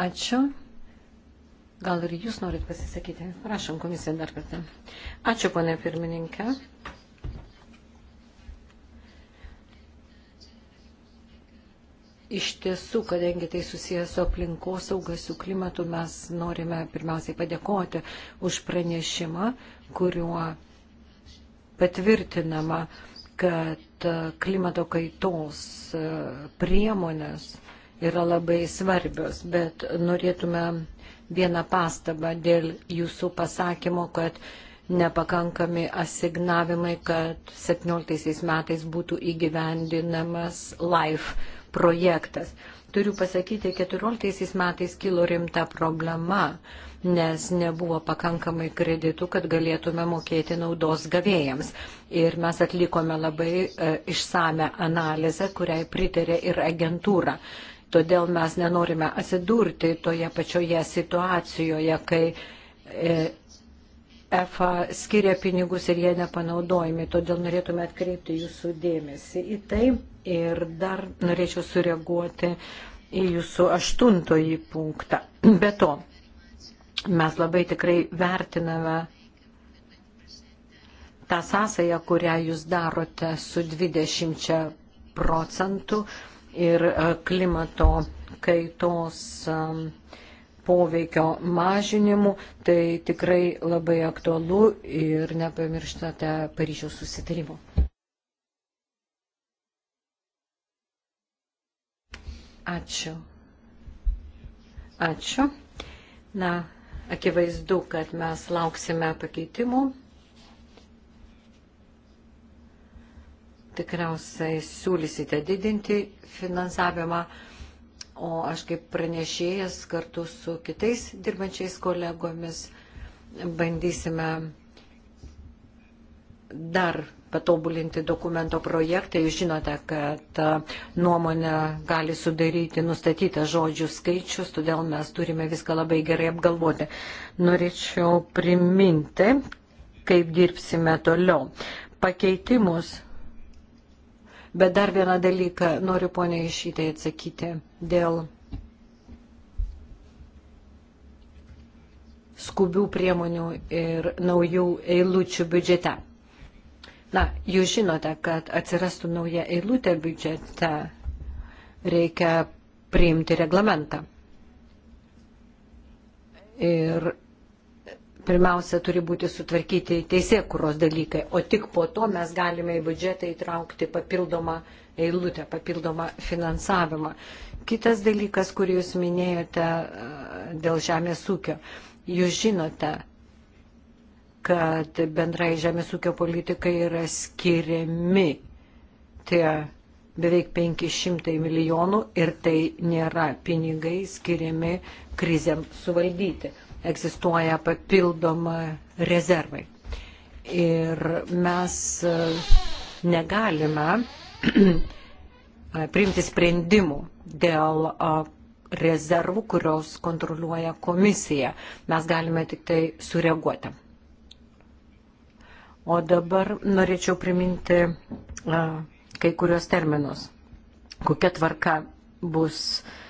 Ačiū. Gal ir jūs norit pasisakyti? Prašom komisiją dar kartą. Ačiū, ponė pirmininkė. Iš tiesų, kadangi tai susijęs su aplinkosauga, su klimatu, mes norime pirmiausiai padėkoti už pranešimą, kuriuo patvirtinama, kad e, klimato kaitos e, priemonės yra labai svarbios, bet norėtume vieną pastabą dėl jūsų pasakymo, kad nepakankami asignavimai, kad 17 metais būtų įgyvendinamas LIFE projektas. Turiu pasakyti, 14 metais kilo rimta problema, nes nebuvo pakankamai kreditų, kad galėtume mokėti naudos gavėjams. Ir mes atlikome labai e, išsame analizę, kuriai pritarė ir agentūra. Todėl mes nenorime atsidurti toje pačioje situacijoje, kai e, EFA skiria pinigus ir jie nepanaudojami, todėl norėtume atkreipti jūsų dėmesį į tai. Ir dar norėčiau sureaguoti į jūsų aštuntoji punktą. Be to, mes labai tikrai vertiname tą sąsąją, kurią jūs darote su 20 procentų ir e, klimato kaitos. Um, poveikio mažinimu, tai tikrai labai aktualu ir nepamirštate Paryžiaus susitarimo. Ačiū. Ačiū. Na, akivaizdu, kad mes lauksime pakeitimų. Tikriausiai siūlysite didinti finansavimą O aš kaip pranešėjas kartu su kitais dirbančiais kolegomis bandysime dar patobulinti dokumento projektą. Jūs žinote, kad nuomonę gali sudaryti nustatytas žodžių skaičius, todėl mes turime viską labai gerai apgalvoti. Norėčiau priminti, kaip dirbsime toliau. Pakeitimus Bet dar vieną dalyką noriu ponia iš šitai atsakyti dėl skubių priemonių ir naujų eilučių biudžete. Na, jūs žinote, kad atsirastų nauja eilutė biudžete, reikia priimti reglamentą. Ir pirmiausia turi būti sutvarkyti teisėkuros dalykai, o tik po to mes galime į biudžetą įtraukti papildomą eilutę, papildomą finansavimą. Kitas dalykas, kurį jūs minėjote e, dėl žemės ūkio. Jūs žinote, kad bendrai žemės ūkio politikai yra skiriami tie beveik 500 milijonų ir tai nėra pinigai skiriami krizėm suvaldyti egzistuoja papildoma rezervai. Ir mes e, negalime priimti sprendimų dėl e, rezervų, kurios kontroliuoja komisija. Mes galime tik tai sureaguoti. O dabar norėčiau priminti a, e, kai kurios terminus. Kokia tvarka bus a,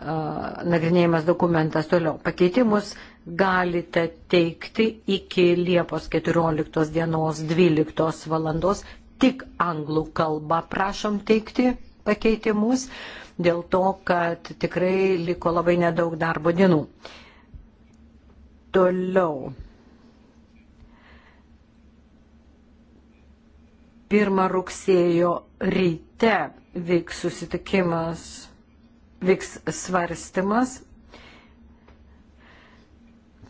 nagrinėjimas dokumentas toliau. Pakeitimus galite teikti iki Liepos 14 dienos 12 valandos. Tik anglų kalbą prašom teikti pakeitimus dėl to, kad tikrai liko labai nedaug darbo dienų. Toliau. Pirmą rugsėjo ryte vyks susitikimas vyks svarstymas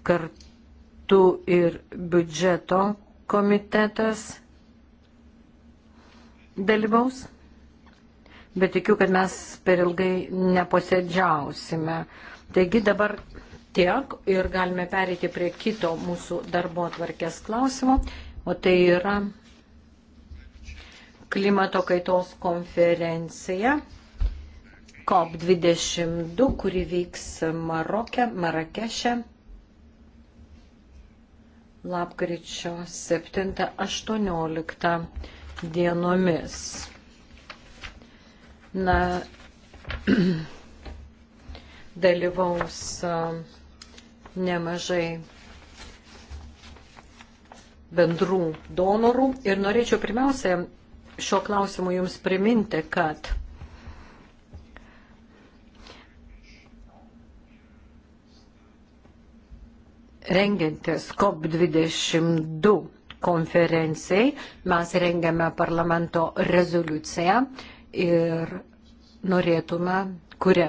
kartu ir biudžeto komitetas dalyvaus. Bet tikiu, kad mes per ilgai neposėdžiausime. Taigi dabar tiek ir galime pereiti prie kito mūsų darbo atvarkės klausimo, o tai yra klimato kaitos konferencija COP22, kuri vyks Marokė, Marakeše lapkričio 7-18 dienomis. Na, dalyvaus um, nemažai bendrų donorų. Ir norėčiau pirmiausia šio klausimu Jums priminti, kad rengiantis COP22 konferencijai, mes rengiame parlamento rezoliuciją ir norėtume, kuria,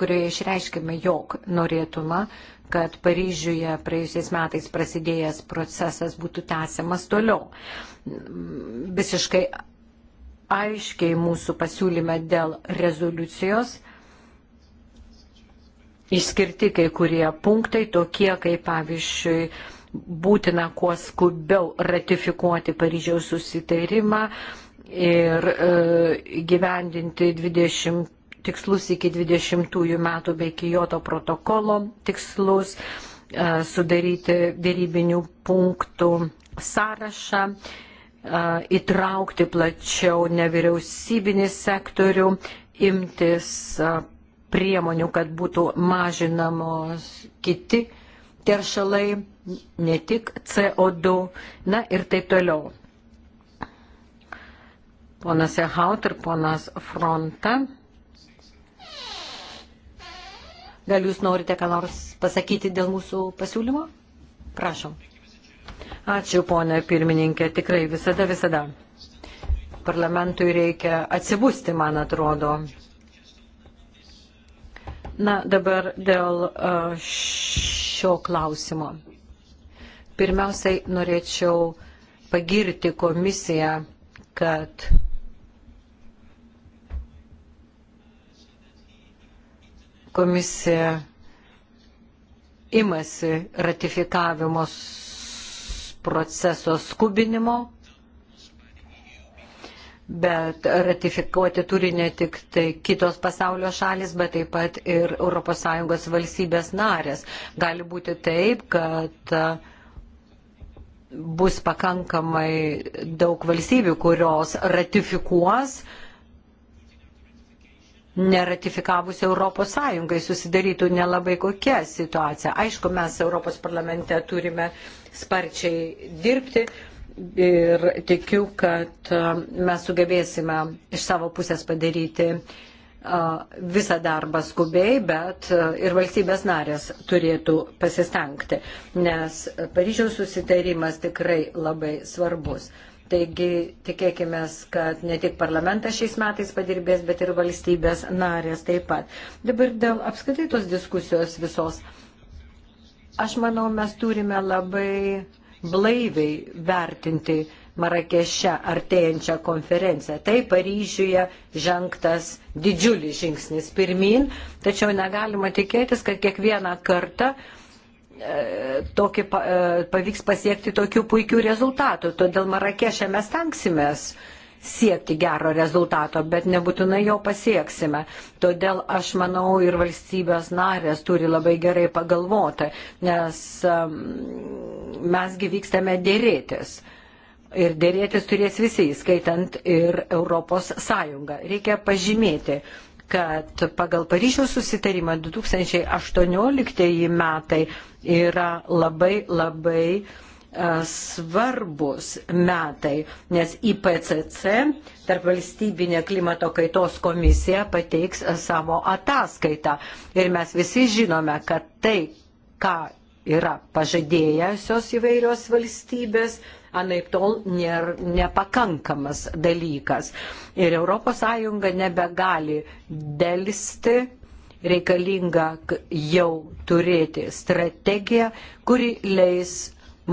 kurioje išreiškime, jog norėtume, kad Paryžiuje praėjusiais metais prasidėjęs procesas būtų tęsiamas toliau. Visiškai aiškiai mūsų pasiūlyme dėl rezoliucijos išskirti kai kurie punktai, tokie kaip pavyzdžiui būtina kuo skubiau ratifikuoti Paryžiaus susitarimą ir e, gyvendinti 20, tikslus iki 20 metų bei Kijoto protokolo tikslus, e, sudaryti dėrybinių punktų sąrašą, e, įtraukti plačiau nevyriausybinį sektorių, imtis. E, priemonių, kad būtų mažinamos kiti teršalai, ne tik CO2, na ir taip toliau. Ponas Ehaut ir ponas Fronta. Gal jūs norite ką nors pasakyti dėl mūsų pasiūlymo? Prašom. Ačiū, ponė pirmininkė, tikrai visada, visada. Parlamentui reikia atsibusti, man atrodo. Na, dabar dėl šio klausimo. Pirmiausiai norėčiau pagirti komisiją, kad komisija imasi ratifikavimo proceso skubinimo bet ratifikuoti turi ne tik tai kitos pasaulio šalis, bet taip pat ir ES valstybės narės. Gali būti taip, kad bus pakankamai daug valstybių, kurios ratifikuos neratifikavusi Europos Sąjungai susidarytų nelabai kokia situacija. Aišku, mes Europos parlamente turime sparčiai dirbti, ir tikiu, kad mes sugebėsime iš savo pusės padaryti visą darbą skubiai, bet ir valstybės narės turėtų pasistengti, nes Paryžiaus susitarimas tikrai labai svarbus. Taigi tikėkime, kad ne tik parlamentas šiais metais padirbės, bet ir valstybės narės taip pat. Dabar dėl apskritai tos diskusijos visos. Aš manau, mes turime labai blaiviai vertinti Marakeše artėjančią konferenciją. Tai Paryžiuje žengtas didžiulis žingsnis pirmin, tačiau negalima tikėtis, kad kiekvieną kartą e, tokį, e, pavyks pasiekti tokių puikių rezultatų. Todėl Marakešė mes tenksimės siekti gero rezultato, bet nebūtinai jo pasieksime. Todėl aš manau ir valstybės narės turi labai gerai pagalvoti, nes um, mesgi vykstame dėrėtis. Ir dėrėtis turės visi, skaitant ir Europos Sąjungą. Reikia pažymėti, kad pagal Paryžiaus susitarimą 2018 metai yra labai labai E, svarbus metai, nes IPCC, tarp valstybinė klimato kaitos komisija, pateiks e, savo ataskaitą. Ir mes visi žinome, kad tai, ką yra pažadėjusios įvairios valstybės, anaip tol nėra nepakankamas dalykas. Ir ES nebegali dėlisti, reikalinga jau turėti strategiją, kuri leis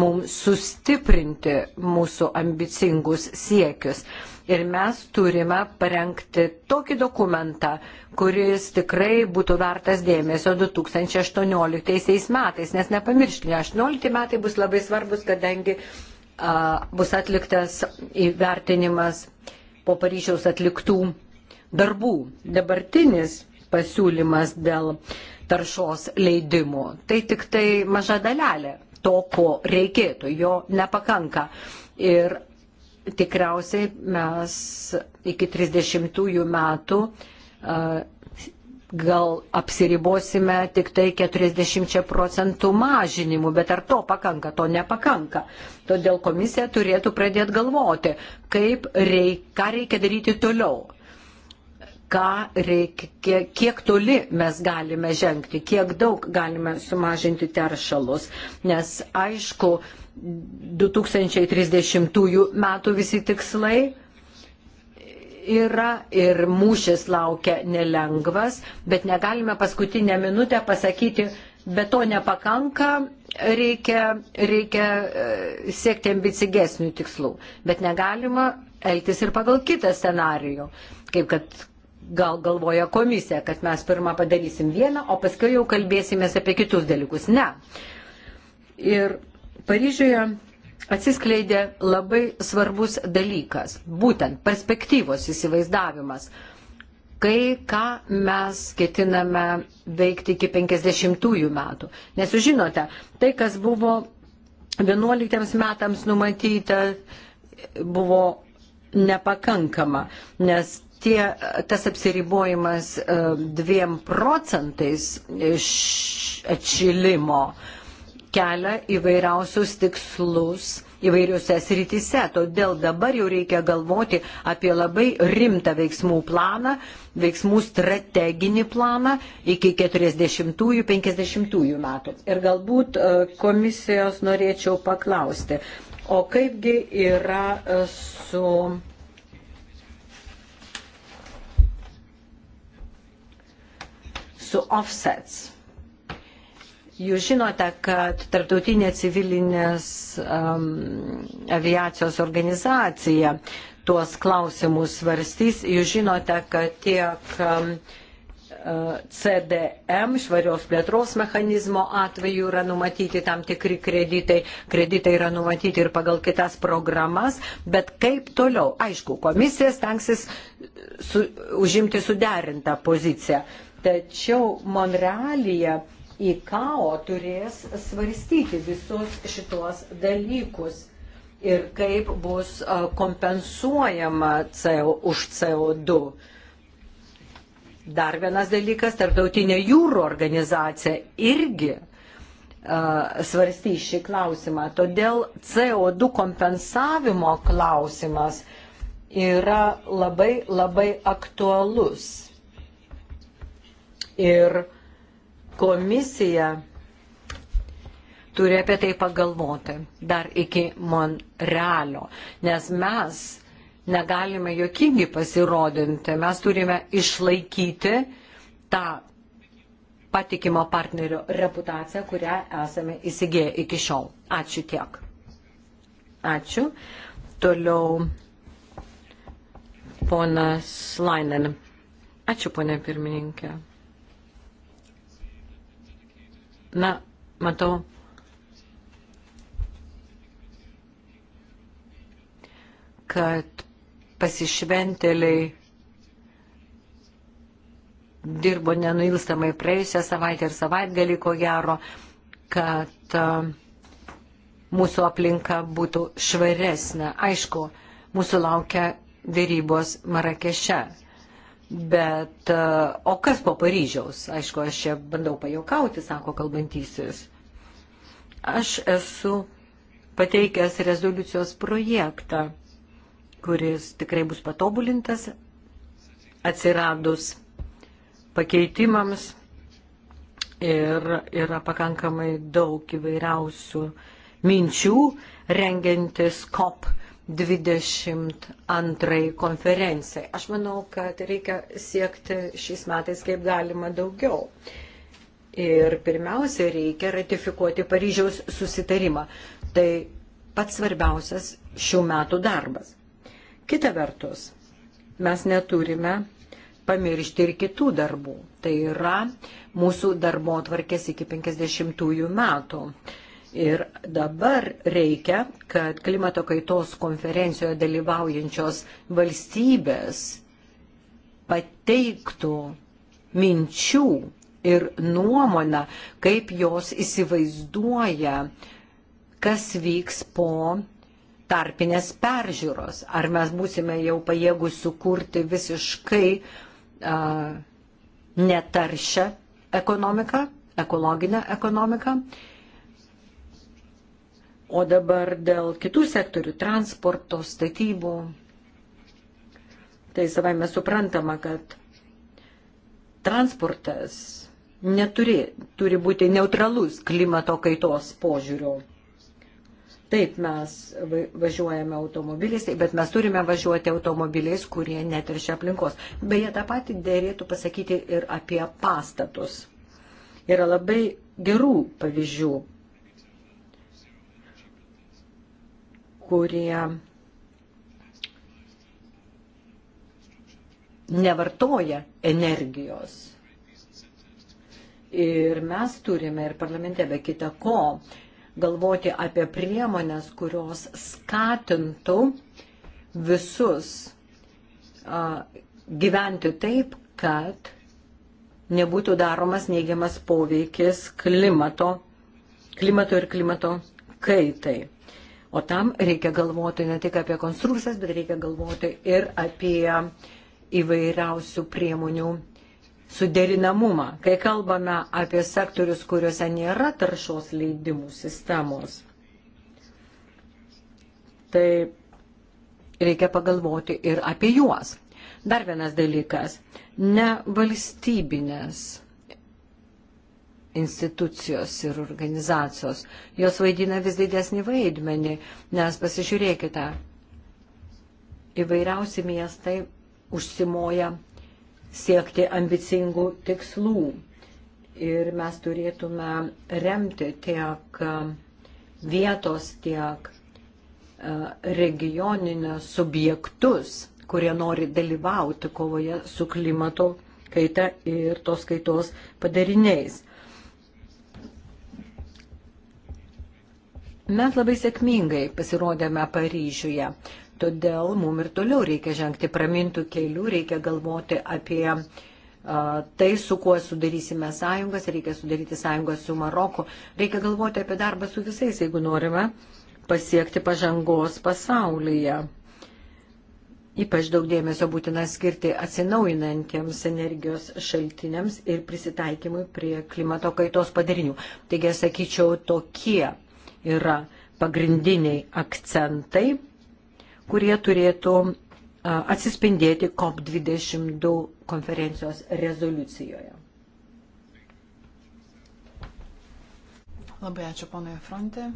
mums sustiprinti mūsų ambicingus siekius. Ir mes turime parengti tokį dokumentą, kuris tikrai būtų vertas dėmesio 2018 metais, nes nepamirškime, 18 metai bus labai svarbus, kadangi a, bus atliktas įvertinimas po Paryžiaus atliktų darbų. Dabartinis pasiūlymas dėl taršos leidimų. Tai tik tai maža dalelė to, ko reikėtų, jo nepakanka. Ir tikriausiai mes iki 30 metų gal apsiribosime tik tai 40 procentų mažinimu, bet ar to pakanka, to nepakanka. Todėl komisija turėtų pradėti galvoti, kaip reik, ką reikia daryti toliau ką reikia, kiek, kiek toli mes galime žengti, kiek daug galime sumažinti teršalus. Nes aišku, 2030 metų visi tikslai yra ir mūšis laukia nelengvas, bet negalime paskutinę minutę pasakyti, bet to nepakanka, reikia, reikia e, siekti ambicigesnių tikslų. Bet negalima elgtis ir pagal kitą scenarijų, kaip kad gal galvoja komisija, kad mes pirmą padarysim vieną, o paskui jau kalbėsimės apie kitus dalykus. Ne. Ir Paryžiuje atsiskleidė labai svarbus dalykas, būtent perspektyvos įsivaizdavimas, kai ką mes ketiname veikti iki 50-ųjų metų. Nes jūs žinote, tai, kas buvo 11 metams numatyta, buvo nepakankama, nes tie, tas apsiribojimas e, dviem procentais atšilimo kelia įvairiausius tikslus įvairiuose srityse. Todėl dabar jau reikia galvoti apie labai rimtą veiksmų planą, veiksmų strateginį planą iki 40-50 metų. Ir galbūt e, komisijos norėčiau paklausti, o kaipgi yra e, su su offsets. Jūs žinote, kad Tarptautinė civilinės um, aviacijos organizacija tuos klausimus svarstys. Jūs žinote, kad tiek um, CDM, švarios plėtros mechanizmo atveju yra numatyti tam tikri kreditai, kreditai yra numatyti ir pagal kitas programas, bet kaip toliau? Aišku, komisija stengsis su, užimti suderintą poziciją, Tačiau Monrealyje IKAO turės svarstyti visus šitos dalykus ir kaip bus kompensuojama CO, už CO2. Dar vienas dalykas, tarptautinė jūrų organizacija irgi svarstys šį klausimą. Todėl CO2 kompensavimo klausimas yra labai labai aktualus. Ir komisija turi apie tai pagalvoti dar iki Monrealio, nes mes negalime jokingi pasirodinti, mes turime išlaikyti tą patikimo partnerio reputaciją, kurią esame įsigėję iki šiol. Ačiū tiek. Ačiū. Toliau ponas Lainen. Ačiū, ponė pirmininkė. Na, matau. kad pasišventėliai dirbo nenuilstamai praėjusią savaitę ir savaitgalį, ko gero, kad mūsų aplinka būtų švaresnė. Aišku, mūsų laukia dėrybos Marakeše Bet e, o kas po Paryžiaus? Aišku, aš čia bandau pajokauti, sako kalbantysis. Aš esu pateikęs rezoliucijos projektą, kuris tikrai bus patobulintas atsiradus pakeitimams ir yra pakankamai daug įvairiausių minčių rengiantis COP 21 22 konferencijai. Aš manau, kad reikia siekti šiais metais kaip galima daugiau. Ir pirmiausia, reikia ratifikuoti Paryžiaus susitarimą. Tai pats svarbiausias šių metų darbas. Kita vertus, mes neturime pamiršti ir kitų darbų. Tai yra mūsų darbo atvarkės iki 50 metų. Ir dabar reikia, kad klimato kaitos konferencijoje dalyvaujančios valstybės pateiktų minčių ir nuomonę, kaip jos įsivaizduoja, kas vyks po tarpinės peržiūros. Ar mes būsime jau pajėgus sukurti visiškai uh, netaršę ekonomiką, ekologinę ekonomiką. Uh, O dabar dėl kitų sektorių - transporto, statybų. Tai savai mes suprantama, kad transportas neturi, turi būti neutralus klimato kaitos požiūriu. Taip, mes važiuojame automobiliais, bet mes turime važiuoti automobiliais, kurie neteršia aplinkos. Beje, tą patį dėrėtų pasakyti ir apie pastatus. Yra labai gerų pavyzdžių kurie nevartoja energijos. Ir mes turime ir parlamente be kita ko galvoti apie priemonės, kurios skatintų visus a, gyventi taip, kad nebūtų daromas neigiamas poveikis klimato, klimato ir klimato kaitai. O tam reikia galvoti ne tik apie konstrukcijas, bet reikia galvoti ir apie įvairiausių priemonių suderinamumą. Kai kalbame apie sektorius, kuriuose nėra taršos leidimų sistemos, tai reikia pagalvoti ir apie juos. Dar vienas dalykas - ne valstybinės institucijos ir organizacijos. Jos vaidina vis didesnį vaidmenį, nes pasižiūrėkite, įvairiausi miestai užsimoja siekti ambicingų tikslų ir mes turėtume remti tiek e, vietos, tiek e, regioninės subjektus, kurie nori dalyvauti kovoje su klimato kaita ir tos kaitos padariniais. Mes labai sėkmingai pasirodėme Paryžiuje, todėl mums ir toliau reikia žengti pramintų kelių, reikia galvoti apie uh, tai, su kuo sudarysime sąjungas, reikia sudaryti sąjungas su Maroku, reikia galvoti apie darbą su visais, jeigu norime pasiekti pažangos pasaulyje. Ypač daug dėmesio būtina skirti atsinaujinantiems energijos šaltiniams ir prisitaikymui prie klimato kaitos padarinių. Taigi, sakyčiau, tokie yra pagrindiniai akcentai, kurie turėtų atsispindėti COP22 konferencijos rezoliucijoje. Labai ačiū ponui Fronte.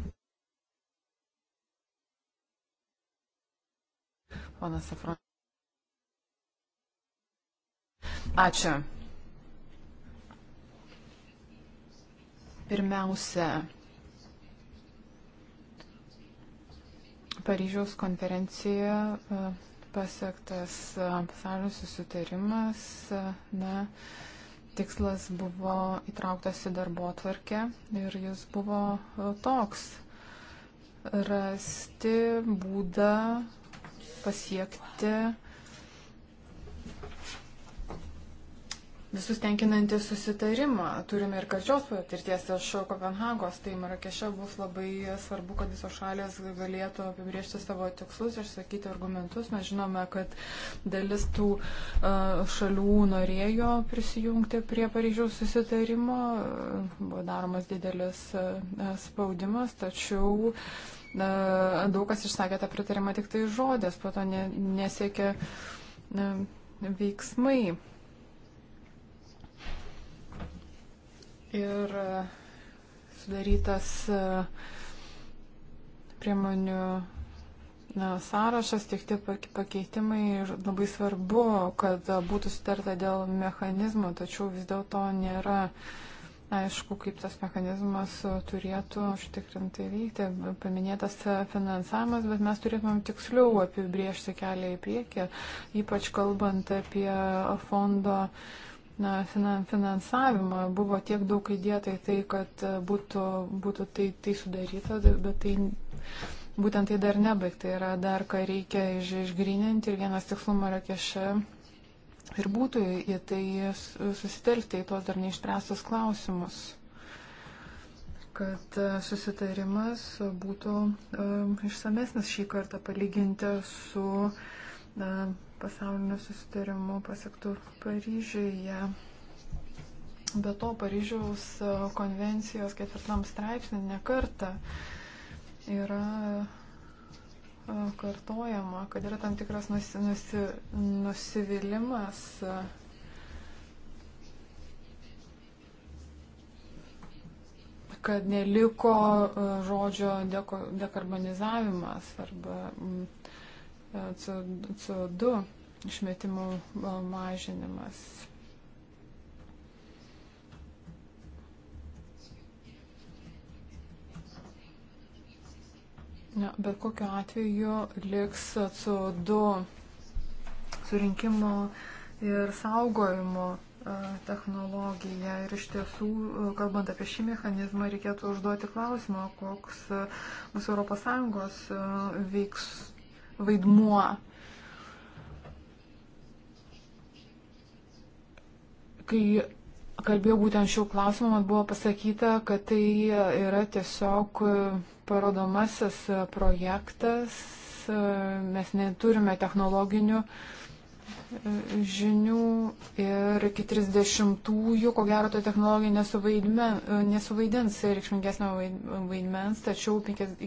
Ponas Afron. Ačiū. Pirmiausia, Paryžiaus konferencijoje pasiektas e, pasaulio susitarimas. E, na, tikslas buvo įtrauktas į darbo atvarkę ir jis buvo e, toks - rasti būdą pasiekti visus tenkinantį susitarimą. Turime ir karčios patirties iš Kopenhagos, tai Marakeše bus labai svarbu, kad visos šalės galėtų apibriežti savo tikslus, išsakyti argumentus. Mes žinome, kad dalis tų e, šalių norėjo prisijungti prie Paryžiaus susitarimo, buvo daromas didelis e, spaudimas, tačiau e, daug kas išsakė tą pritarimą tik tai žodės, po to nesiekia veiksmai. ir e, sudarytas e, priemonių na, sąrašas, tiek tie pakeitimai ir labai svarbu, kad būtų sutarta dėl mechanizmo, tačiau vis dėlto nėra aišku, kaip tas mechanizmas turėtų užtikrintai veikti. Paminėtas finansavimas, bet mes turėtumėm tiksliau apibriežti kelią į priekį, ypač kalbant apie fondo uh, na, finansavimą, buvo tiek daug įdėta į tai, kad e, būtų, būtų tai, tai sudaryta, bet tai būtent tai dar nebaigta. Yra dar, ką reikia iš, išgrininti ir vienas tikslumo rakeše ir būtų į tai susitelkti į tos dar neišspręstus klausimus kad e, susitarimas būtų um, išsamesnis šį kartą palyginti su um, pasauliniu susitarimu pasiektų Paryžiuje. Be to, Paryžiaus e, konvencijos ketvirtam straipsnį nekarta yra e, kartojama, kad yra tam tikras nusi, nusi, nusivylimas e, kad neliko žodžio dekarbonizavimas arba CO2 išmetimų mažinimas. Ne, bet kokiu atveju liks CO2 surinkimo ir saugojimo technologija. Ir iš tiesų, kalbant apie šį mechanizmą, reikėtų užduoti klausimą, koks bus ES veiks, vaidmuo. Kai kalbėjau būtent šių klausimų, man buvo pasakyta, kad tai yra tiesiog parodomasis projektas, mes neturime technologinių žinių ir iki 30-ųjų, ko gero, to technologija nesuvaidmen, nesuvaidins reikšmingesnio vaidmens, tačiau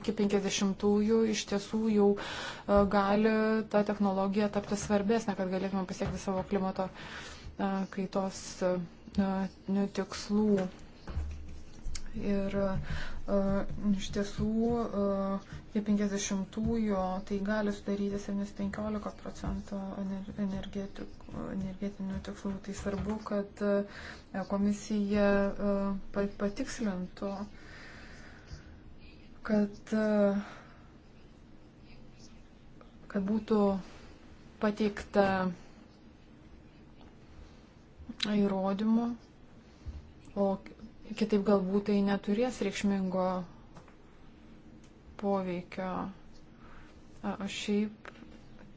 iki 50-ųjų iš tiesų jau e, gali ta technologija tapti svarbesnė, kad galėtume pasiekti savo klimato e, kaitos e, tikslų. Ir e, iš tiesų e, iki 50-ųjų tai gali sudaryti 7-15 procentų energetinių tikslų. Tai svarbu, kad e, komisija patikslintų, kad, kad būtų pateikta įrodymų, o Kitaip galbūt tai neturės reikšmingo poveikio. Šiaip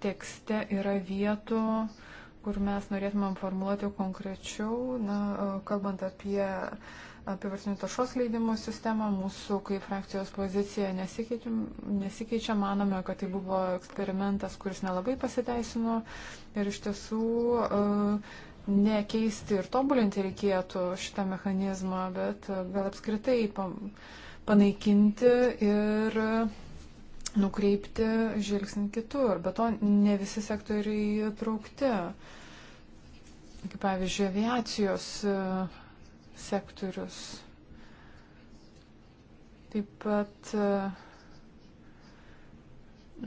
tekste yra vietų, kur mes norėtumėm formuoluoti konkrečiau, na, kalbant apie apivarsinių taršos leidimų sistemą, mūsų kaip frakcijos pozicija nesikeičia, nesikeičia, manome, kad tai buvo eksperimentas, kuris nelabai pasiteisino ir iš tiesų uh, nekeisti ir tobulinti reikėtų šitą mechanizmą, bet e, gal apskritai panaikinti ir nukreipti žvilgsnį kitur. Bet to ne visi sektoriai įtraukti. Kaip pavyzdžiui, aviacijos e, sektorius. Taip pat e,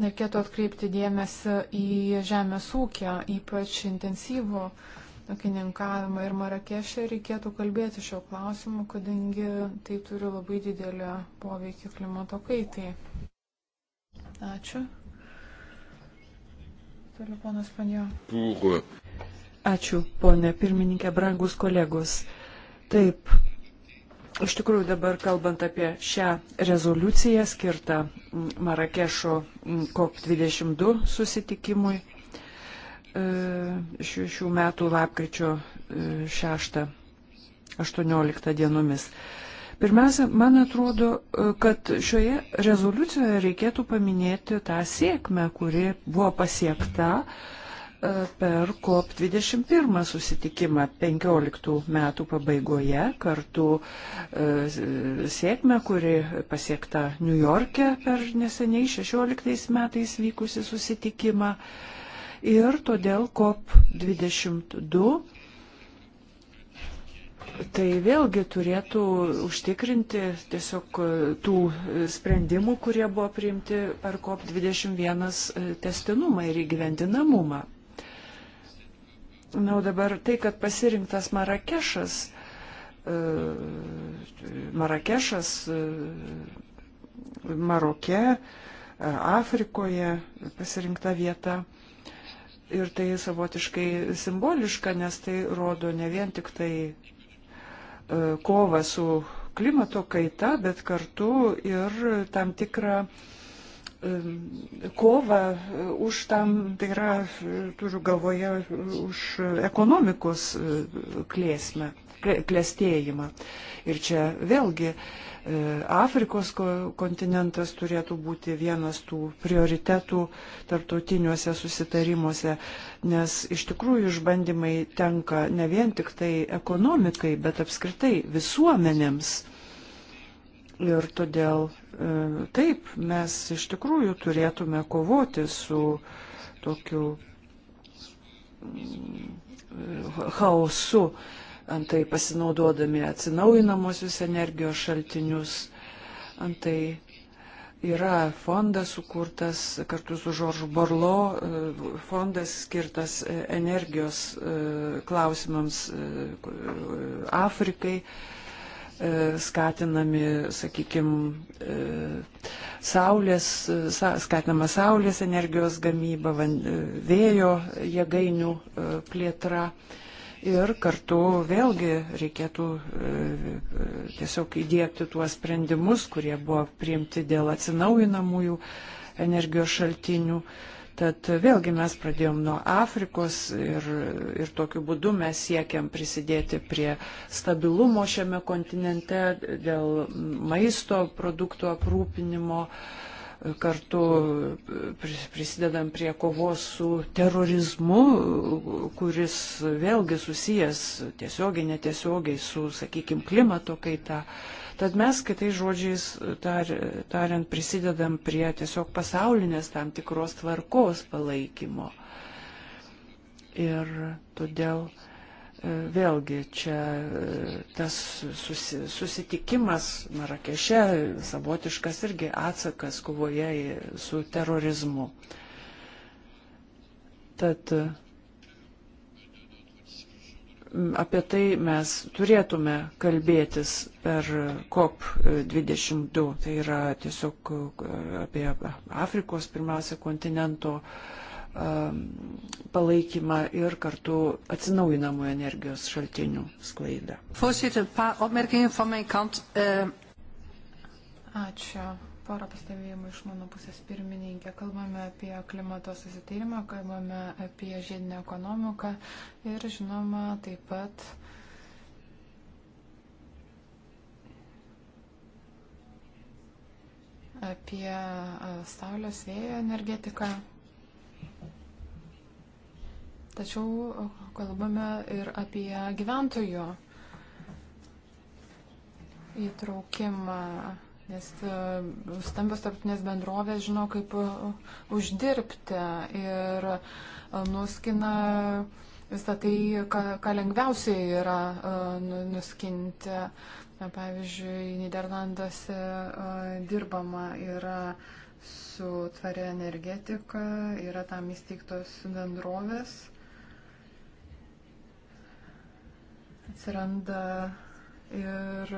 reikėtų atkreipti dėmesį į žemės ūkį, ypač intensyvų uh, ūkininkavimą ir Marakešė reikėtų kalbėti šio klausimu, kadangi tai turi labai didelį poveikį klimato kaitai. Ačiū. Toliau ponas Panjo. Euh, Ačiū, ponė pirmininkė, brangus kolegos. Taip, iš tikrųjų dabar kalbant apie šią rezoliuciją skirtą Marakešo mm, COP22 susitikimui, E, šių, šių metų lapkričio 6-18 e, dienomis. Pirmiausia, man atrodo, e, kad šioje rezoliucijoje reikėtų paminėti tą sėkmę, kuri buvo pasiekta per COP21 susitikimą 15 metų pabaigoje, kartu sėkmę, kuri pasiekta New York'e per neseniai 16 metais vykusi susitikimą ir todėl COP22 tai vėlgi turėtų užtikrinti tiesiog e, tų e, sprendimų, kurie buvo priimti per COP21 e, testinumą ir įgyvendinamumą. Na, o dabar tai, kad pasirinktas Marakešas, Marakešas Maroke, Afrikoje pasirinkta vieta. Ir tai savotiškai simboliška, nes tai rodo ne vien tik tai e, kovą su klimato kaita, bet kartu ir tam tikrą e, kovą e, už tam, tai yra, turiu galvoje, už ekonomikos klėsmę klėstėjimą. Ir čia vėlgi e, Afrikos kontinentas turėtų būti vienas tų prioritetų tarptautiniuose susitarimuose, nes iš tikrųjų išbandymai tenka ne vien tik tai ekonomikai, bet apskritai visuomenėms. Ir todėl e, taip, mes iš tikrųjų turėtume kovoti su tokiu mm, chaosu, antai pasinaudodami atsinaujinamosius energijos šaltinius, antai yra fondas sukurtas kartu su Žoržu Borlo, e, fondas skirtas e, energijos e, klausimams Afrikai skatinami, sakykime, saulės, skatinama saulės energijos gamyba, vėjo jėgainių plėtra. Ir kartu vėlgi reikėtų e, e, tiesiog įdėkti tuos sprendimus, kurie buvo priimti dėl atsinaujinamųjų energijos šaltinių. Tad vėlgi mes pradėjom nuo Afrikos ir, ir tokiu būdu mes siekiam prisidėti prie stabilumo šiame kontinente dėl maisto produktų aprūpinimo. Uh, kartu prisidedam prie kovos su terorizmu, kuris vėlgi susijęs tiesiogiai, netiesiogiai su, sakykime, klimato kaita. Tad mes, kitais žodžiais tar, tariant, prisidedam prie tiesiog pasaulinės tam tikros tvarkos palaikymo. Ir todėl uh, E, vėlgi čia e, tas susi, susitikimas Marakeše savotiškas irgi atsakas kovoje su terorizmu. Tad apie tai mes turėtume kalbėtis per COP22. Tai yra tiesiog e, apie Afrikos pirmiausia kontinento uh, Um, palaikymą ir kartu atsinaujinamų energijos šaltinių sklaidą. Ehm, Ačiū. Porą pastebėjimų iš mano pusės pirmininkė. Kalbame apie klimato susitarimą, kalbame apie žiedinę ekonomiką ir žinoma taip pat apie saulės vėjo energetiką. Tačiau kalbame ir apie gyventojų įtraukimą, nes e, stambios tarptautinės bendrovės žino, kaip e, uždirbti ir e, nuskina visą tai, ką, ką lengviausiai yra nu, nuskinti. Pavyzdžiui, Niderlanduose dirbama yra su tvaria energetika, yra tam įsteigtos bendrovės. atsiranda ir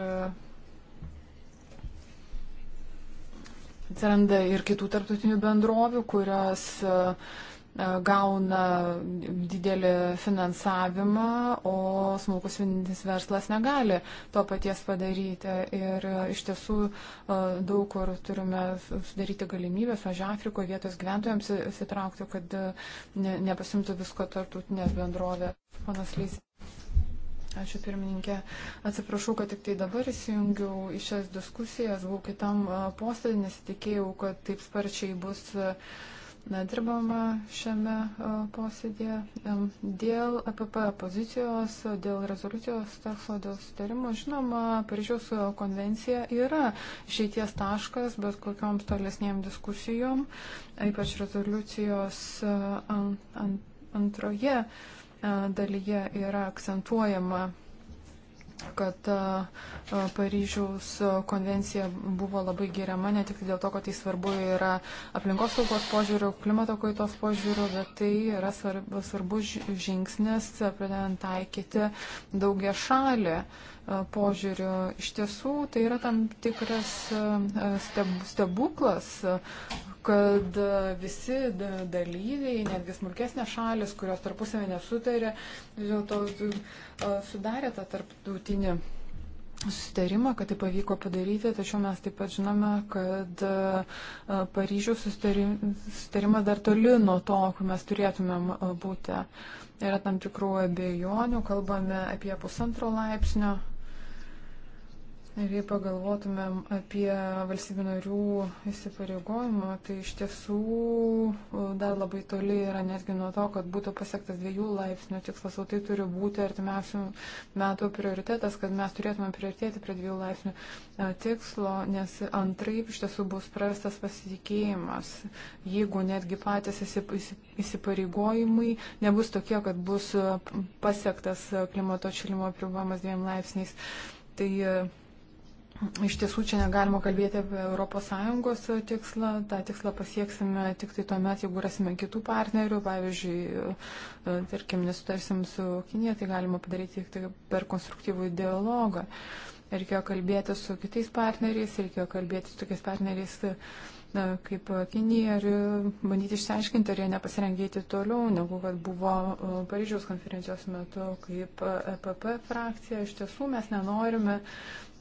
atsiranda ir kitų tarptautinių bendrovių, kurios e, gauna didelį finansavimą, o smulkus vieninis verslas negali to paties padaryti. Ir e, iš tiesų e, daug kur turime sudaryti galimybės, aš Afrikoje vietos gyventojams įsitraukti, kad nepasimtų visko tarptautinės bendrovė. Panas Lys. Ačiū pirmininkė. Atsiprašau, kad tik tai dabar įsijungiau į šias diskusijas, buvau kitam posėdį, nesitikėjau, kad taip sparčiai bus dirbama šiame posėdėje. Dėl APP pozicijos, dėl rezoliucijos teksto, dėl sutarimo, žinoma, Paryžiaus konvencija yra išeities taškas, bet kokioms tolesniem diskusijom, ypač rezoliucijos antroje. Ant, ant dalyje yra akcentuojama kad Paryžiaus konvencija buvo labai geriama, ne tik dėl to, kad tai svarbu yra aplinkos saugos požiūrių, klimato kaitos požiūrių, bet tai yra svarbus svarbu žingsnis, pradedant taikyti daugia šalį požiūriu. Iš tiesų, tai yra tam tikras stebuklas, kad visi dalyviai, netgi smulkesnės šalis, kurios tarpusavė nesutarė, vis dėlto sudarė tą tarptautinį susitarimą, kad tai pavyko padaryti, tačiau mes taip pat žinome, kad Paryžiaus susitarimas dar toli nuo to, kur mes turėtumėm būti. Yra tam tikrų abejonių, kalbame apie pusantro laipsnio Ir jei pagalvotumėm apie valstybių narių įsipareigojimą, tai iš tiesų e, dar labai toli yra netgi nuo to, kad būtų pasiektas dviejų laipsnių tikslas, o tai turi būti artimiausių metų prioritetas, kad mes turėtume prioritėti prie dviejų laipsnių e, tikslo, nes antraip iš tiesų bus prastas pasitikėjimas, jeigu netgi patys įsipareigojimai nebus tokie, kad bus e, pasiektas klimato atšilimo apribojimas dviem laipsniais. Tai Iš tiesų čia negalima kalbėti apie ES tikslą. Ta tikslą pasieksime tik tai tuomet, jeigu rasime kitų partnerių. Pavyzdžiui, e, tarkim, nesutarsim su Kinė, tai galima padaryti tik tai per konstruktyvų dialogą. Reikėjo kalbėti su kitais partneriais, reikėjo kalbėti su tokiais partneriais na, e, kaip Kinija ir bandyti išsiaiškinti, ar jie nepasirengėti toliau, negu kad buvo e, Paryžiaus konferencijos metu, kaip EPP frakcija. Iš tiesų mes nenorime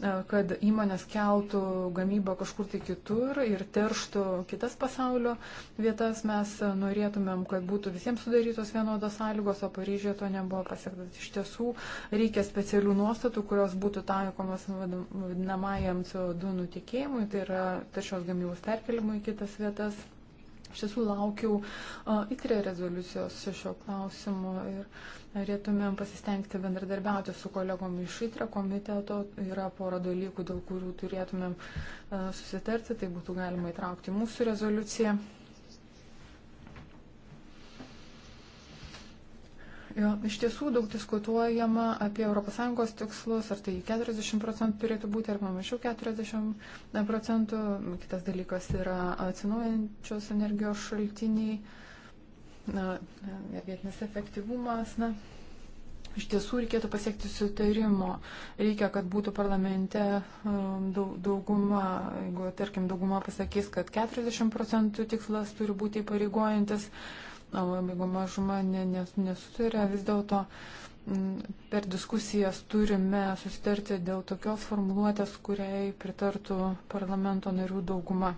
E, kad įmonės keltų gamybą kažkur tai kitur ir terštų kitas pasaulio vietas. Mes norėtumėm, kad būtų visiems sudarytos vienodos sąlygos, o Paryžioje to nebuvo pasiektas. Iš tiesų reikia specialių nuostatų, kurios būtų taikomas vadinamajam CO2 nutikėjimui, tai yra taršios gamybos perkelimui į kitas vietas. Iš tiesų laukiau uh, e, įtrė rezoliucijos šio klausimu. Ir, uh, norėtumėm pasistengti bendradarbiauti su kolegom iš ITRE komiteto. Yra pora dalykų, dėl kurių turėtumėm e, susitarti, tai būtų galima įtraukti mūsų rezoliuciją. Jo, iš tiesų daug diskutuojama apie ES tikslus, ar tai 40 procentų turėtų būti, ar mažiau 40 procentų. Kitas dalykas yra atsinaujančios energijos šaltiniai. Uh, na, energetinis efektyvumas. Na, iš tiesų reikėtų pasiekti sutarimo. Reikia, kad būtų parlamente um, dauguma, jeigu, tarkim, dauguma pasakys, kad 40 procentų tikslas turi būti įpareigojantis, o jeigu mažuma ne, nes, nesutarė, vis dėlto mm, per diskusijas turime susitarti dėl tokios formuluotės, kuriai pritartų parlamento narių dauguma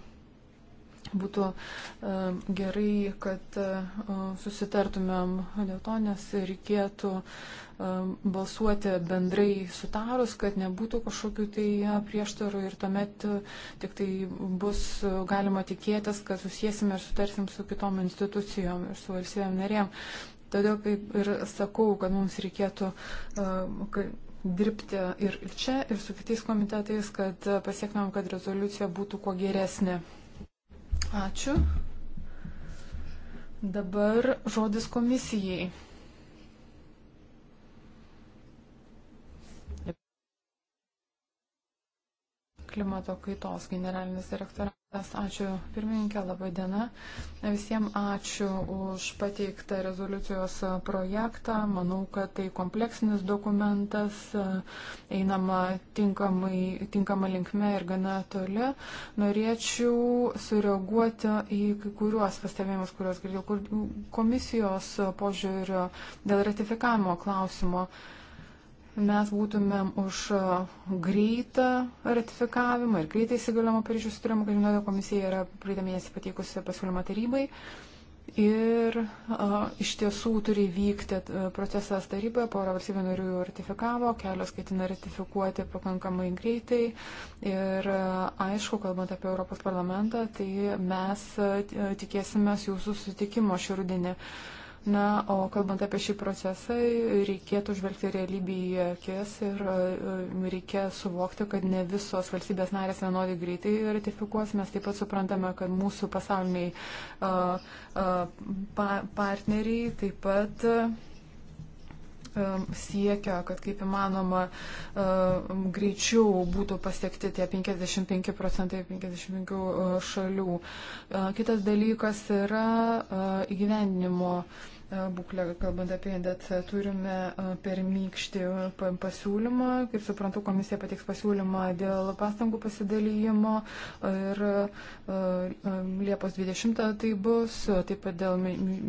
būtų e, gerai, kad e, susitartumėm dėl to, nes reikėtų e, balsuoti bendrai sutarus, kad nebūtų kažkokių tai prieštarų ir tuomet tik tai bus galima tikėtis, kad susiesim ir sutarsim su kitom institucijom ir su valstybėm narėm. Todėl kaip ir sakau, kad mums reikėtų dirbti ir čia, ir su kitais komitetais, kad pasiektumėm, kad rezoliucija būtų kuo geresnė. Ačiū. Dabar žodis komisijai. Klimato kaitos generalinis direktoras. Ačiū pirmininkė, laba diena. Visiems ačiū už pateiktą rezoliucijos projektą. Manau, kad tai kompleksinis dokumentas, einama tinkamai, tinkama linkme ir gana toli. Norėčiau sureaguoti į kai kuriuos pastebėjimus, kuriuos girdėjau komisijos požiūrio dėl ratifikavimo klausimo. Uh, mes būtumėm už greitą ratifikavimą ir greitai įsigaliojimą Paryžių sutarimą, kad žinote, komisija yra praeitą mėnesį pateikusi pasiūlymą tarybai. Ir a, iš tiesų turi vykti procesas taryboje, pora valstybių narių jau ratifikavo, kelios ketina ratifikuoti pakankamai greitai. Ir a, aišku, kalbant apie Europos parlamentą, tai mes a, tikėsimės jūsų sutikimo šį rudinį. A, Na, o kalbant apie šį procesą, reikėtų žvelgti realybį į akis ir e, reikia suvokti, kad ne visos valstybės narės vienodai greitai ratifikuos. Mes taip pat suprantame, kad mūsų pasauliniai uh, uh, pa partneriai taip pat. Uh, siekia, kad kaip įmanoma greičiau būtų pasiekti tie 55 procentai 55 šalių. Kitas dalykas yra įgyvendinimo. Uh, būklę, kalbant apie NDT, turime permykšti pasiūlymą. Kaip suprantu, komisija pateiks pasiūlymą dėl pastangų pasidalymo ir Liepos 20 tai bus, taip pat dėl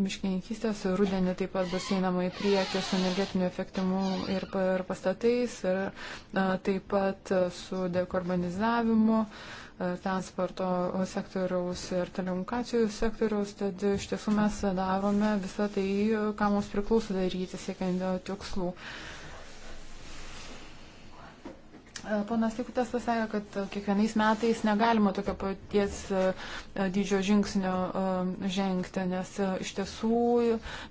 miškininkystės, rudenį taip pat bus einama į priekį su energetiniu efektimu ir, ir pastatais, ir taip pat su dekarbonizavimu. Uh, E, transporto sektoriaus ir telekomunikacijų sektoriaus, tad iš tiesų mes darome visą tai, e, ką mums priklauso daryti, siekiant tikslų. Uh, E, ponas Sikutas pasakė, kad e, kiekvienais metais negalima tokio paties e, dydžio žingsnio žengti, nes iš tiesų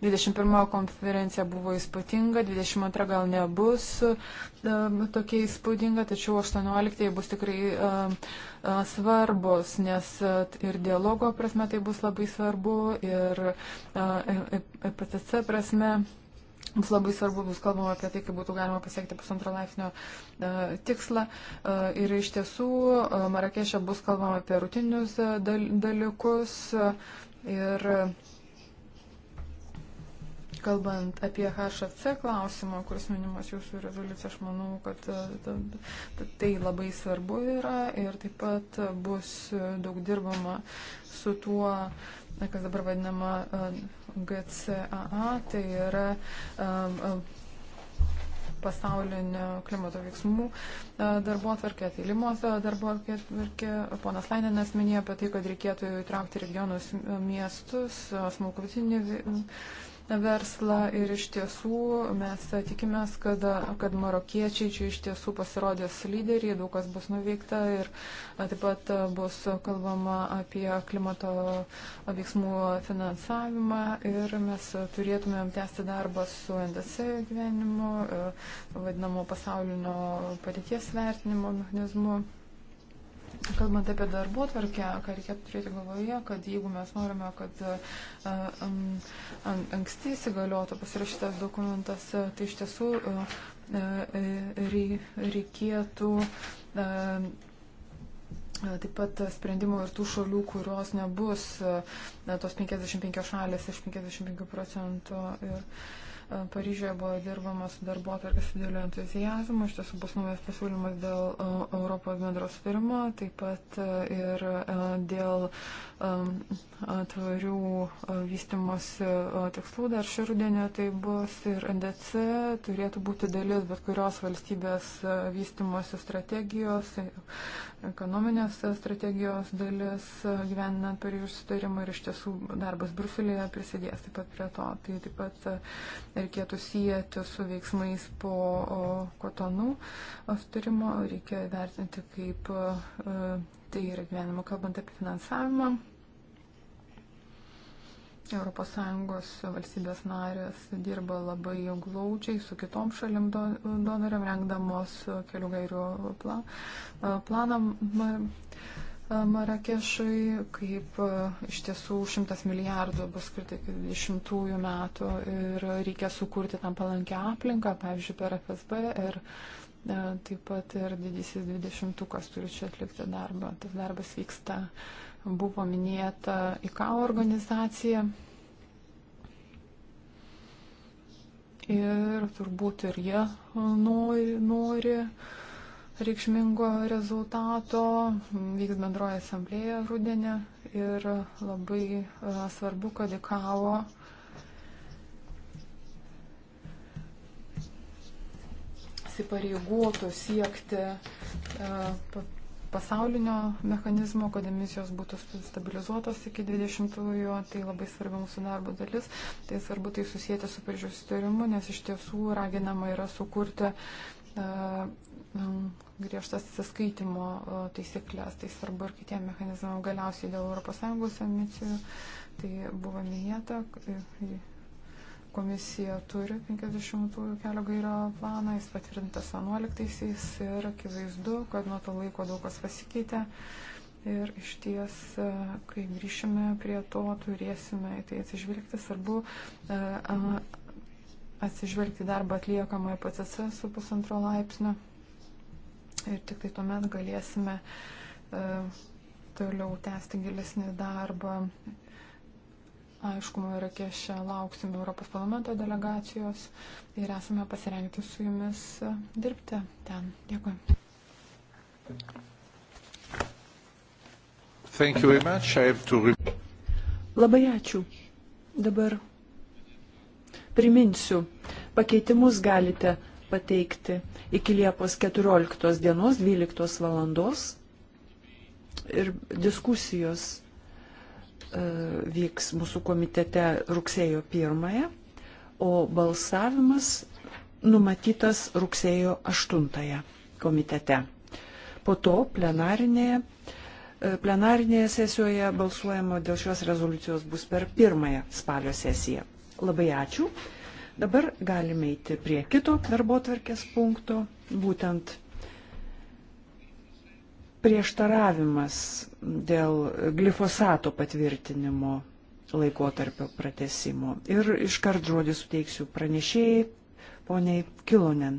21 konferencija buvo įspūdinga, 22 gal nebus tokia įspūdinga, tačiau 18 bus tikrai svarbus, nes ir dialogo prasme tai bus labai svarbu, ir PCC prasme. Mums labai svarbu bus kalbama apie tai, kaip būtų galima pasiekti pusantro laipsnio e, tikslą. E, ir iš tiesų e, Marakešė bus kalbama apie rutinius e, dal, dalykus. E, ir kalbant apie HFC klausimą, kuris minimas jūsų rezoliucija, aš manau, kad e, tai labai svarbu yra. Ir taip pat bus daug dirbama su tuo, kas dabar vadinama. E, GCAA, tai yra um, um, pasaulinio klimato veiksmų darbo atvarkė, tai Limos darbo atvarkė. Ponas Laininas minėjo apie tai, kad reikėtų įtraukti regionus miestus, smulkutinį verslą ir iš tiesų mes tikimės, kad, kad marokiečiai čia iš tiesų pasirodės lyderiai, daug kas bus nuveikta ir taip pat bus kalbama apie klimato veiksmų finansavimą ir mes turėtumėm tęsti darbą su NDC gyvenimu, vadinamo pasaulinio padėties vertinimo mechanizmu. Kalbant apie darbo tvarkę, ką reikėtų turėti galvoje, kad jeigu mes norime, kad e, anksti įsigaliotų pasirašytas dokumentas, e, tai iš tiesų e, reikėtų Taip pat sprendimų ir tų šalių, kurios nebus tos 55 šalės iš 55 procentų. Ir, E, Paryžioje buvo dirbama su darbuotojais su dideliu entuzijazmu, iš tiesų bus naujas pasiūlymas dėl e, Europos bendros firmo, taip pat e, ir dėl Um, tvarių uh, vystimos uh, tikslų dar šį rudenį tai bus ir NDC turėtų būti dalis bet kurios valstybės uh, vystimosi strategijos, ekonominės strategijos dalis gyveninant Paryžių sutarimą ir iš tiesų darbas Bruselėje prisidės taip pat prie to. Tai taip pat reikėtų sieti su veiksmais po kotonų sutarimo, reikia vertinti kaip Tai yra gyvenimo kalbant apie finansavimą. ES valstybės narės dirba labai glaudžiai su kitom šalim donoriam, rengdamos kelių gairių planą Marakešui, kaip iš tiesų 100 milijardų bus skirti iki 20 metų ir reikia sukurti tam palankę aplinką, pavyzdžiui, per FSB ir. Er, E, taip pat ir didysis dvidešimtukas turi čia atlikti darbą. Tas darbas vyksta, buvo minėta IKA organizacija. Ir turbūt ir jie nori, nori reikšmingo rezultato, vyks bendroje asamblėje rudenė ir labai e, svarbu, kad IKAO uh, įsipareigotų siekti e, pasaulinio mechanizmo, kad emisijos būtų stabilizuotos iki 20-ųjų, tai labai svarbi mūsų darbo dalis. Tai svarbu tai susijęti su Paryžiaus sutarimu, nes iš tiesų raginama yra sukurti e, griežtas atsiskaitimo e, taisyklės, tai svarbu ir kitiem mechanizmam galiausiai dėl ES emisijų, tai buvo minėta, Komisija turi 50-ųjų kelio gairio planą, jis patvirtintas 11-aisiais ir akivaizdu, kad nuo to laiko daug kas pasikeitė. Ir iš ties, e, kai grįšime prie to, turėsime į tai atsižvelgti. Svarbu e, atsižvelgti darbą atliekamą į e PCC su pusantro laipsnio. Ir tik tai tuomet galėsime toliau tęsti gilesnį darbą aiškumo Irake šią lauksime Europos parlamento delegacijos ir esame pasirengti su jumis e, dirbti ten. Dėkui. To... Labai ačiū. Dabar priminsiu, pakeitimus galite pateikti iki Liepos 14 dienos 12 valandos ir diskusijos E, vyks mūsų komitete rugsėjo 1, o balsavimas numatytas rugsėjo 8 komitete. Po to plenarinėje, plenarinėje sesijoje balsuojama dėl šios rezoliucijos bus per pirmąją spalio sesiją. Labai ačiū. Dabar galime eiti prie kito darbo tvarkės punkto, būtent prieštaravimas dėl glifosato patvirtinimo laikotarpio pratesimo. Ir iškart žodį suteiksiu pranešėjai, poniai Kilonen.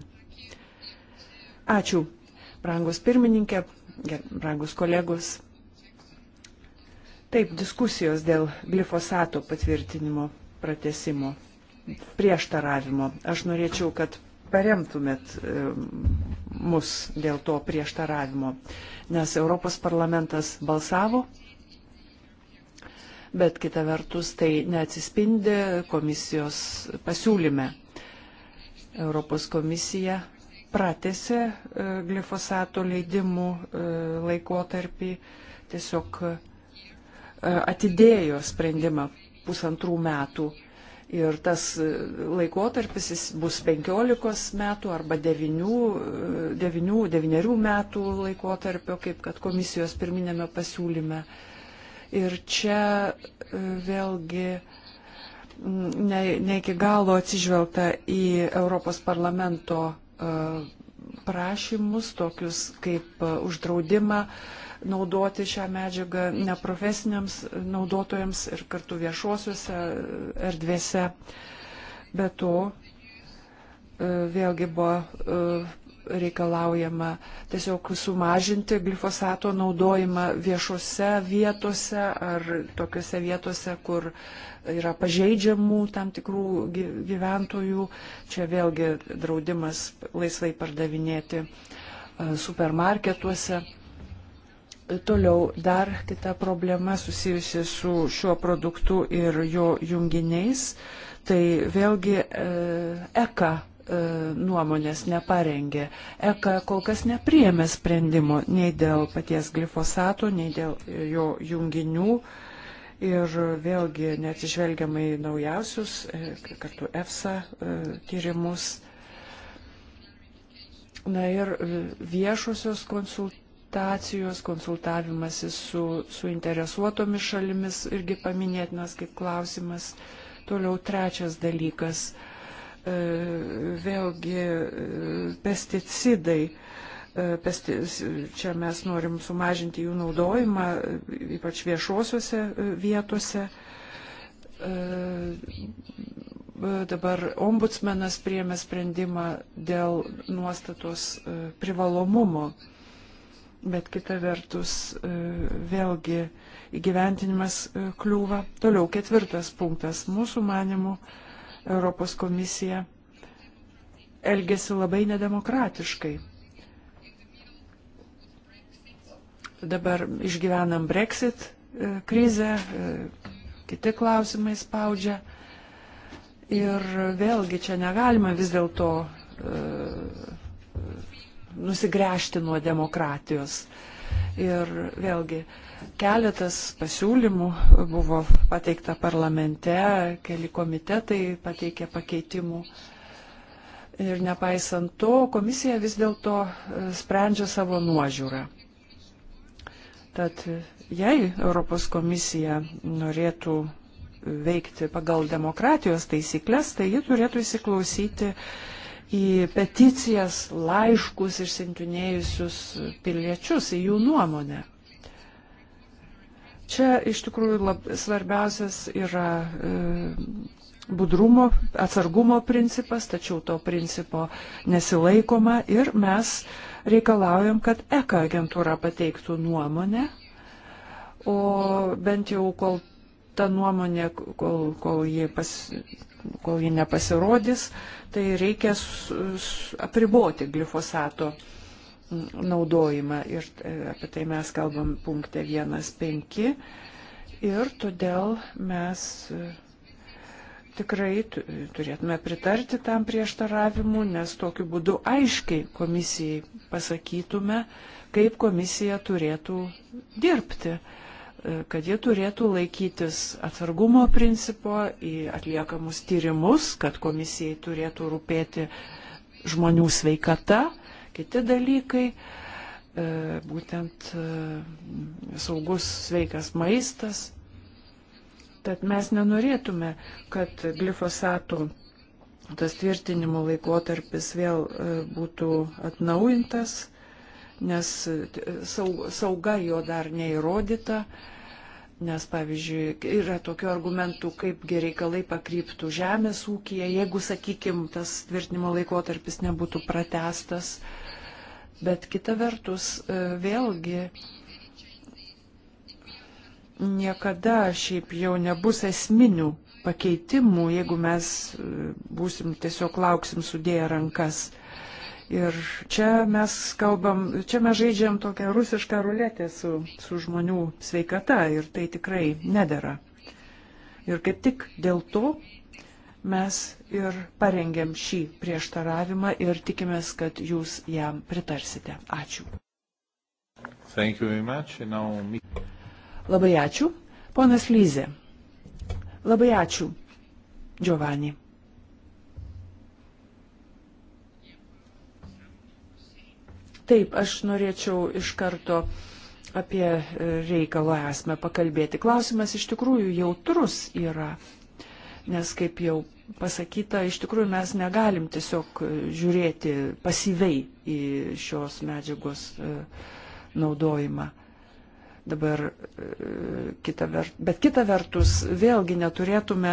Ačiū, brangus pirmininkė, brangus kolegos. Taip, diskusijos dėl glifosato patvirtinimo pratesimo prieštaravimo. Aš norėčiau, kad paremtumėt mus dėl to prieštaravimo, nes Europos parlamentas balsavo, bet kita vertus tai neatsispindi komisijos pasiūlyme. Europos komisija pratėsi e, glifosato leidimų e, laikotarpį, tiesiog e, atidėjo sprendimą pusantrų metų Ir tas laikotarpis jis bus 15 metų arba 9, 9, 9 metų laikotarpio, kaip kad komisijos pirminėme pasiūlyme. Ir čia e, vėlgi ne, ne iki galo atsižvelgta į Europos parlamento e, prašymus, tokius kaip e, uždraudimą uh, naudoti šią medžiagą neprofesiniams naudotojams ir kartu viešuosiuose erdvėse. Be to, e, vėlgi buvo e, reikalaujama tiesiog sumažinti glifosato naudojimą viešose vietose ar tokiuose vietose, kur yra pažeidžiamų tam tikrų gyventojų. Čia vėlgi draudimas laisvai pardavinėti e, supermarketuose. Toliau dar kita tai problema susijusi su šiuo produktu ir jo junginiais. Tai vėlgi ECA e, nuomonės neparengė. ECA kol kas nepriėmė sprendimo nei dėl paties glifosato, nei dėl jo junginių. Ir vėlgi neatsižvelgiamai naujausius, e, kartu EFSA e, tyrimus. Na ir viešosios konsultacijos konsultacijos, konsultavimasis su suinteresuotomis šalimis irgi paminėtinas kaip klausimas. Toliau trečias dalykas e, vėlgi e, pesticidai. E, pesti, čia mes norim sumažinti jų naudojimą, ypač viešuosiuose vietuose. Dabar ombudsmenas priemė sprendimą dėl nuostatos privalomumo bet kita vertus e, vėlgi įgyventinimas e, kliūva. Toliau ketvirtas punktas. Mūsų manimų Europos komisija elgesi labai nedemokratiškai. Dabar išgyvenam Brexit e, krizę, kiti klausimai spaudžia. Ir vėlgi čia negalima vis dėlto nusigręžti nuo demokratijos. Ir vėlgi, keletas pasiūlymų buvo pateikta parlamente, keli komitetai pateikė pakeitimų. Ir nepaisant to, komisija vis dėlto e, sprendžia savo nuožiūrą. Tad jei Europos komisija norėtų veikti pagal demokratijos taisyklės, tai ji turėtų įsiklausyti uh, į peticijas, laiškus išsintinėjusius piliečius, į jų nuomonę. Čia iš tikrųjų lab, svarbiausias yra e, budrumo, atsargumo principas, tačiau to principo nesilaikoma ir mes reikalaujam, kad ECA agentūra pateiktų nuomonę, o bent jau kol ta nuomonė, kol, kol jie pas, kol ji nepasirodys, tai reikia apriboti glifosato naudojimą. Ir e, apie tai mes kalbam punkte 1.5. Ir todėl mes e, tikrai turėtume pritarti tam prieštaravimu, nes tokiu būdu aiškiai komisijai pasakytume, kaip komisija turėtų dirbti. E, kad jie turėtų laikytis atsargumo principo į atliekamus tyrimus, kad komisijai turėtų rūpėti žmonių sveikata, kiti dalykai, e, būtent e, saugus sveikas maistas. Tad mes nenorėtume, kad glifosatų tas tvirtinimo laikotarpis vėl būtų atnaujintas, nes sauga jo dar neįrodyta. Nes, pavyzdžiui, yra tokių argumentų, kaip gereikalai pakryptų žemės ūkija, jeigu, sakykime, tas tvirtinimo laikotarpis nebūtų pratestas. Bet kita vertus, e, vėlgi, niekada šiaip jau nebus esminių pakeitimų, jeigu mes e, būsim tiesiog lauksim sudėję rankas. Ir čia mes kalbam, čia mes žaidžiam tokią rusišką ruletę su, su žmonių sveikata ir tai tikrai nedara. Ir kaip tik dėl to mes ir parengėm šį prieštaravimą ir tikimės, kad jūs jam pritarsite. Ačiū. Now... Labai ačiū. Ponas Lyzė. Labai ačiū. Giovanni. Taip, aš norėčiau iš karto apie reikalo esmę pakalbėti. Klausimas iš tikrųjų jautrus yra, nes kaip jau pasakyta, iš tikrųjų mes negalim tiesiog žiūrėti pasyviai į šios medžiagos e, naudojimą. Dabar e, kita vert, bet kita vertus, vėlgi neturėtume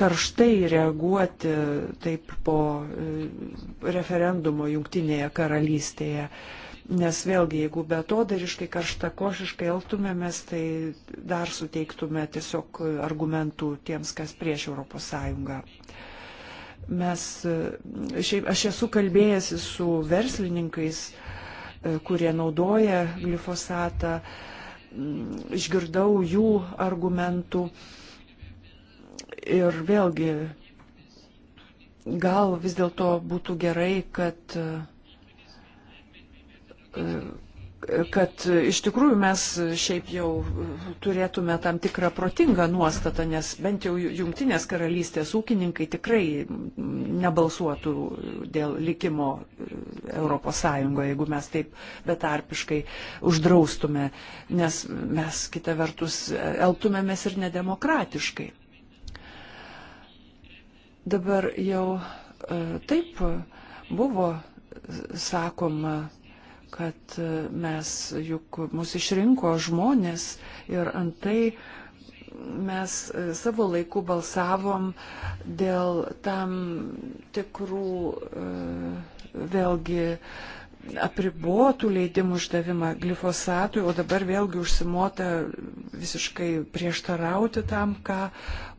karštai reaguoti taip po e, referendumo jungtinėje karalystėje. Nes vėlgi, jeigu betodariškai karštakošiškai elgtumėmės, tai dar suteiktume tiesiog argumentų tiems, kas prieš ES mes, e, šiaip aš esu kalbėjęsi su verslininkais, kurie naudoja glifosatą Mm, išgirdau jų argumentų ir vėlgi gal vis dėlto būtų gerai, kad e, kad iš tikrųjų mes šiaip jau turėtume tam tikrą protingą nuostatą, nes bent jau jungtinės karalystės ūkininkai tikrai nebalsuotų dėl likimo ES, jeigu mes taip betarpiškai uždraustume, nes mes kitą vertus elgtumėmės ir nedemokratiškai. Dabar jau e, taip buvo sakoma kad e, mes juk mūsų išrinko žmonės ir antai mes e, savo laiku balsavom dėl tam tikrų e, vėlgi apribotų leidimų išdavimą glifosatui, o dabar vėlgi užsimota visiškai prieštarauti tam, ką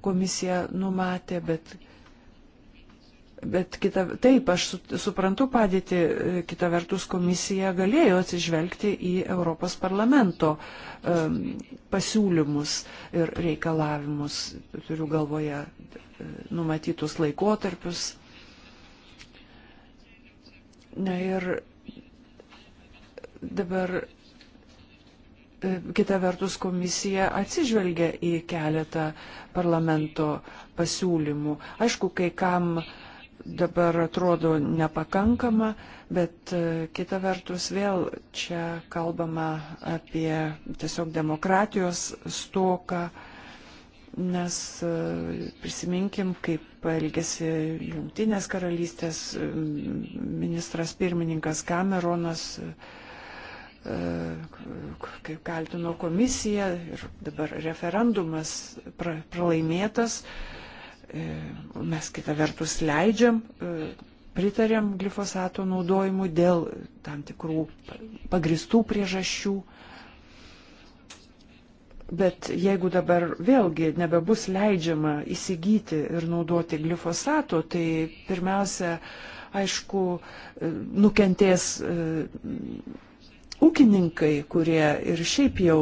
komisija numatė, bet Bet kita, taip, aš suprantu padėti, e, kita vertus komisija galėjo atsižvelgti į Europos parlamento um, pasiūlymus ir reikalavimus, turiu galvoje e, numatytus laikotarpius. Na ir dabar e, kita vertus komisija atsižvelgia į keletą parlamento pasiūlymų. Aišku, kai kam uh, dabar atrodo nepakankama, bet e, kita vertus vėl čia kalbama apie tiesiog demokratijos stoką, nes e, prisiminkim, kaip elgėsi Junktinės karalystės ministras pirmininkas Cameronas e, kaip kaltino komisiją ir dabar referendumas pralaimėtas. Pra E, mes kitą vertus leidžiam, e, pritarėm glifosato naudojimui dėl tam tikrų pagristų priežasčių. Bet jeigu dabar vėlgi nebebus leidžiama įsigyti ir naudoti glifosato, tai pirmiausia, aišku, e, nukentės ūkininkai, kurie ir šiaip jau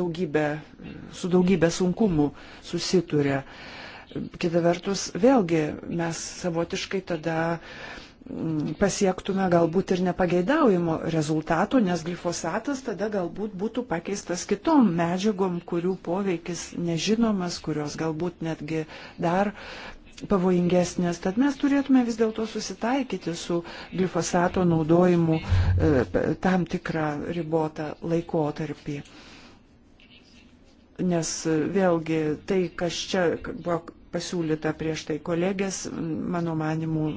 daugybę, su daugybė sunkumų susituria. Uh, kita vertus, vėlgi mes savotiškai tada mm, pasiektume galbūt ir nepageidaujimo rezultato, nes glifosatas tada galbūt būtų pakeistas kitom medžiagom, kurių poveikis nežinomas, kurios galbūt netgi dar pavojingesnės. Tad mes turėtume vis dėlto susitaikyti su glifosato naudojimu e, tam tikrą ribotą laikotarpį. Nes vėlgi tai, kas čia buvo pasiūlyta prieš tai kolegės, mano manimu,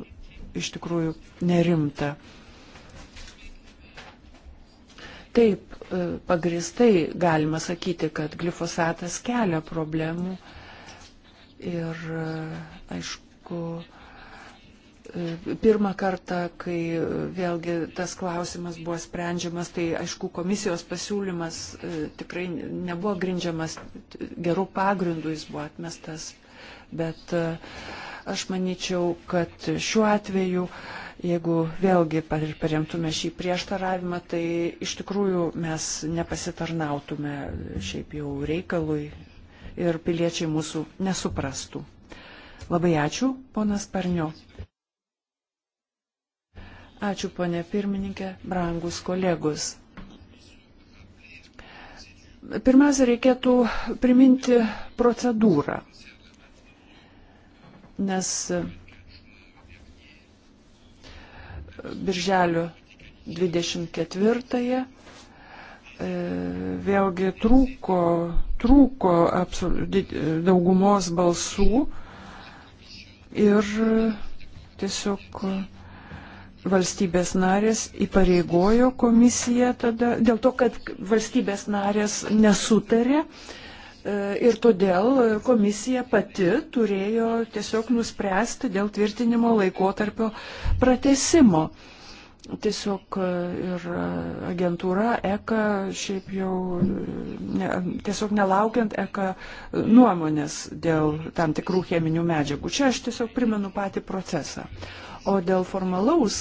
iš tikrųjų nerimta. Taip, e, pagristai galima sakyti, kad glifosatas kelia problemų ir, e, aišku, e, pirmą kartą, kai vėlgi tas klausimas buvo sprendžiamas, tai aišku, komisijos pasiūlymas tikrai nebuvo grindžiamas gerų pagrindų, jis buvo atmestas bet e, aš manyčiau, kad šiuo atveju, jeigu vėlgi paremtume šį prieštaravimą, tai iš tikrųjų mes nepasitarnautume šiaip jau reikalui ir piliečiai mūsų nesuprastų. Labai ačiū, ponas Parnio. Ačiū, ponė pirmininkė, brangus kolegos. Pirmiausia, reikėtų priminti procedūrą nes birželio 24-ąją e, vėlgi trūko, trūko daugumos balsų ir tiesiog valstybės narės įpareigojo komisiją tada, dėl to, kad valstybės narės nesutarė, uh, E, ir todėl komisija pati turėjo tiesiog nuspręsti dėl tvirtinimo laikotarpio pratesimo. Tiesiog e, ir agentūra ECA šiaip jau e, ne, tiesiog nelaukiant ECA nuomonės dėl tam tikrų cheminių medžiagų. Čia aš tiesiog primenu patį procesą. O dėl formalaus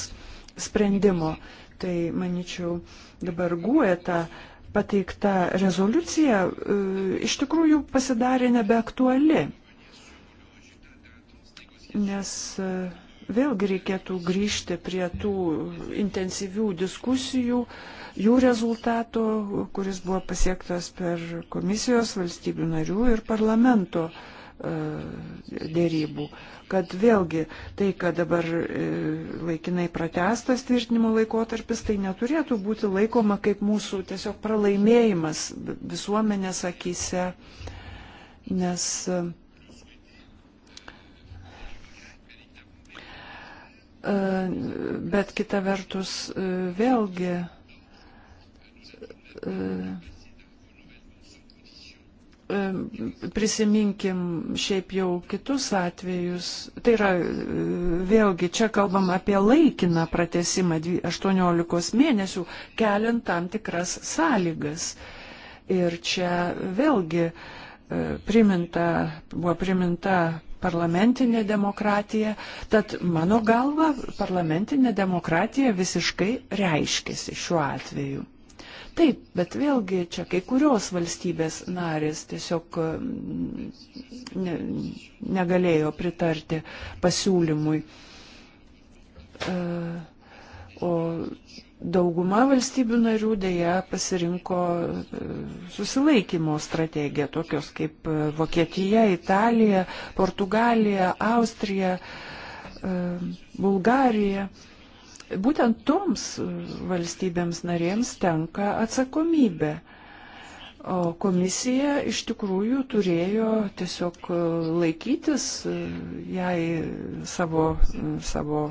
sprendimo, tai manyčiau dabar guoja tą pateikta rezoliucija e, iš tikrųjų pasidarė nebeaktuali, nes e, vėlgi reikėtų grįžti prie tų intensyvių diskusijų, jų rezultato, kuris buvo pasiektas per komisijos valstybių narių ir parlamento e, dėrybų. Uh, kad vėlgi tai, kad dabar e, laikinai pratestas tvirtinimo laikotarpis, tai neturėtų būti laikoma kaip mūsų tiesiog pralaimėjimas visuomenės akise, nes e, bet kita vertus e, vėlgi E, prisiminkim šiaip jau kitus atvejus. Tai yra, e, vėlgi, čia kalbam apie laikiną pratesimą 18 mėnesių, keliant tam tikras sąlygas. Ir čia vėlgi e, priminta, buvo priminta parlamentinė demokratija, tad mano galva parlamentinė demokratija visiškai reiškėsi šiuo atveju. Taip, bet vėlgi čia kai kurios valstybės narės tiesiog mm, ne, negalėjo pritarti pasiūlymui. E, o dauguma valstybių narių dėja pasirinko e, susilaikymo strategiją, tokios kaip e, Vokietija, Italija, Portugalija, Austrija, Bulgarija. Būtent toms valstybėms narėms tenka atsakomybė. O komisija iš tikrųjų turėjo tiesiog laikytis e, jai savo, savo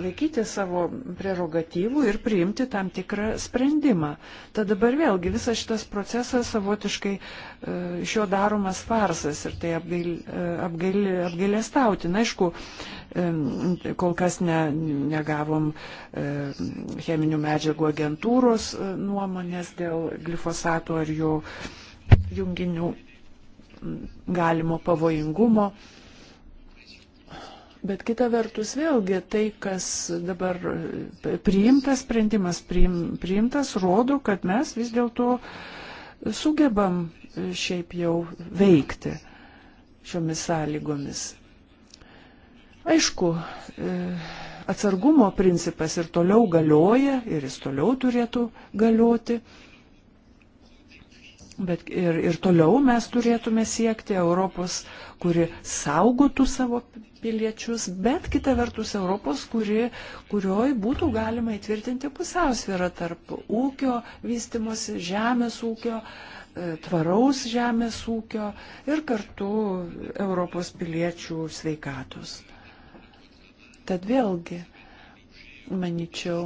laikyti savo prerogatyvų ir priimti tam tikrą sprendimą. Tad dabar vėlgi visas šitas procesas savotiškai e, iš jo daromas farsas ir tai apgailėstauti. E, Na, aišku, e, kol kas ne, negavom cheminių medžiagų agentūros nuomonės dėl glifosato ar jo junginių galimo pavojingumo. Bet kita vertus vėlgi tai, kas dabar priimtas sprendimas, priim, priimtas, rodo, kad mes vis dėlto sugebam šiaip jau veikti šiomis sąlygomis. Aišku, e, atsargumo principas ir toliau galioja ir jis toliau turėtų galioti. Bet ir, ir toliau mes turėtume siekti Europos, kuri saugotų savo piliečius, bet kita vertus Europos, kuri, kurioj būtų galima įtvirtinti pusiausvyrą tarp ūkio vystimosi, žemės ūkio, e, tvaraus žemės ūkio ir kartu Europos piliečių sveikatos. Tad vėlgi, manyčiau,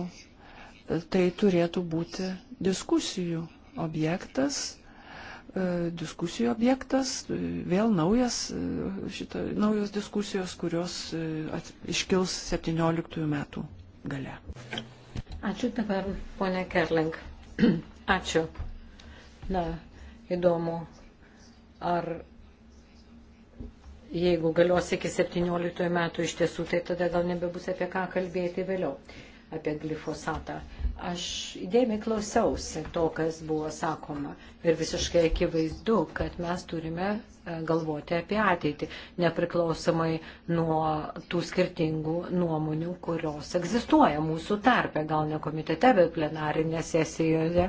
tai turėtų būti diskusijų objektas E, diskusijų objektas, e, vėl naujas, e, šita, naujos diskusijos, kurios at, iškils 17 metų gale. Ačiū dabar, ponė Kerling. Ačiū. Na, įdomu, ar jeigu galios iki 17 metų iš tiesų, tai tada gal nebebus apie ką kalbėti vėliau, apie glifosatą. Aš įdėmiai klausiausi to, kas buvo sakoma ir visiškai akivaizdu, kad mes turime galvoti apie ateitį, nepriklausomai nuo tų skirtingų nuomonių, kurios egzistuoja mūsų tarpe, gal ne komitete, bet plenarinė sesijoje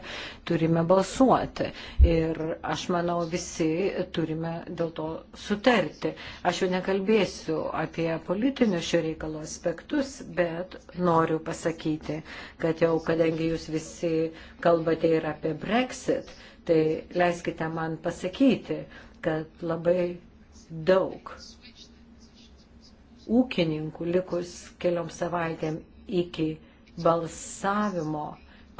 turime balsuoti. Ir aš manau, visi turime dėl to sutarti. Aš jau nekalbėsiu apie politinius šio reikalo aspektus, bet noriu pasakyti, kad jau kadangi jūs visi kalbate ir apie Brexit, tai leiskite man pasakyti, kad labai daug ūkininkų likus keliom savaitėm iki balsavimo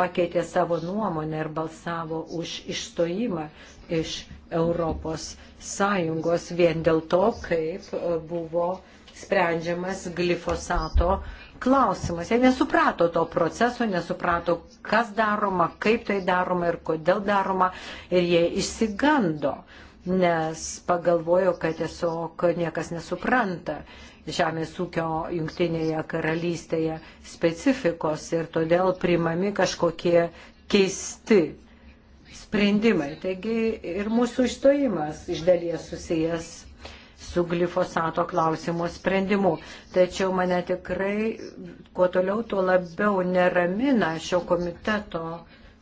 pakeitė savo nuomonę ir balsavo už išstojimą iš Europos Sąjungos vien dėl to, kaip e, buvo sprendžiamas glifosato klausimas. Jie nesuprato to proceso, nesuprato, kas daroma, kaip tai daroma ir kodėl daroma, ir jie išsigando nes pagalvojo, kad tiesiog niekas nesupranta žemės ūkio jungtinėje karalystėje specifikos ir todėl primami kažkokie keisti sprendimai. Taigi ir mūsų išstojimas iš dalies susijęs su glifosato klausimo sprendimu. Tačiau mane tikrai, kuo toliau, tuo labiau neramina šio komiteto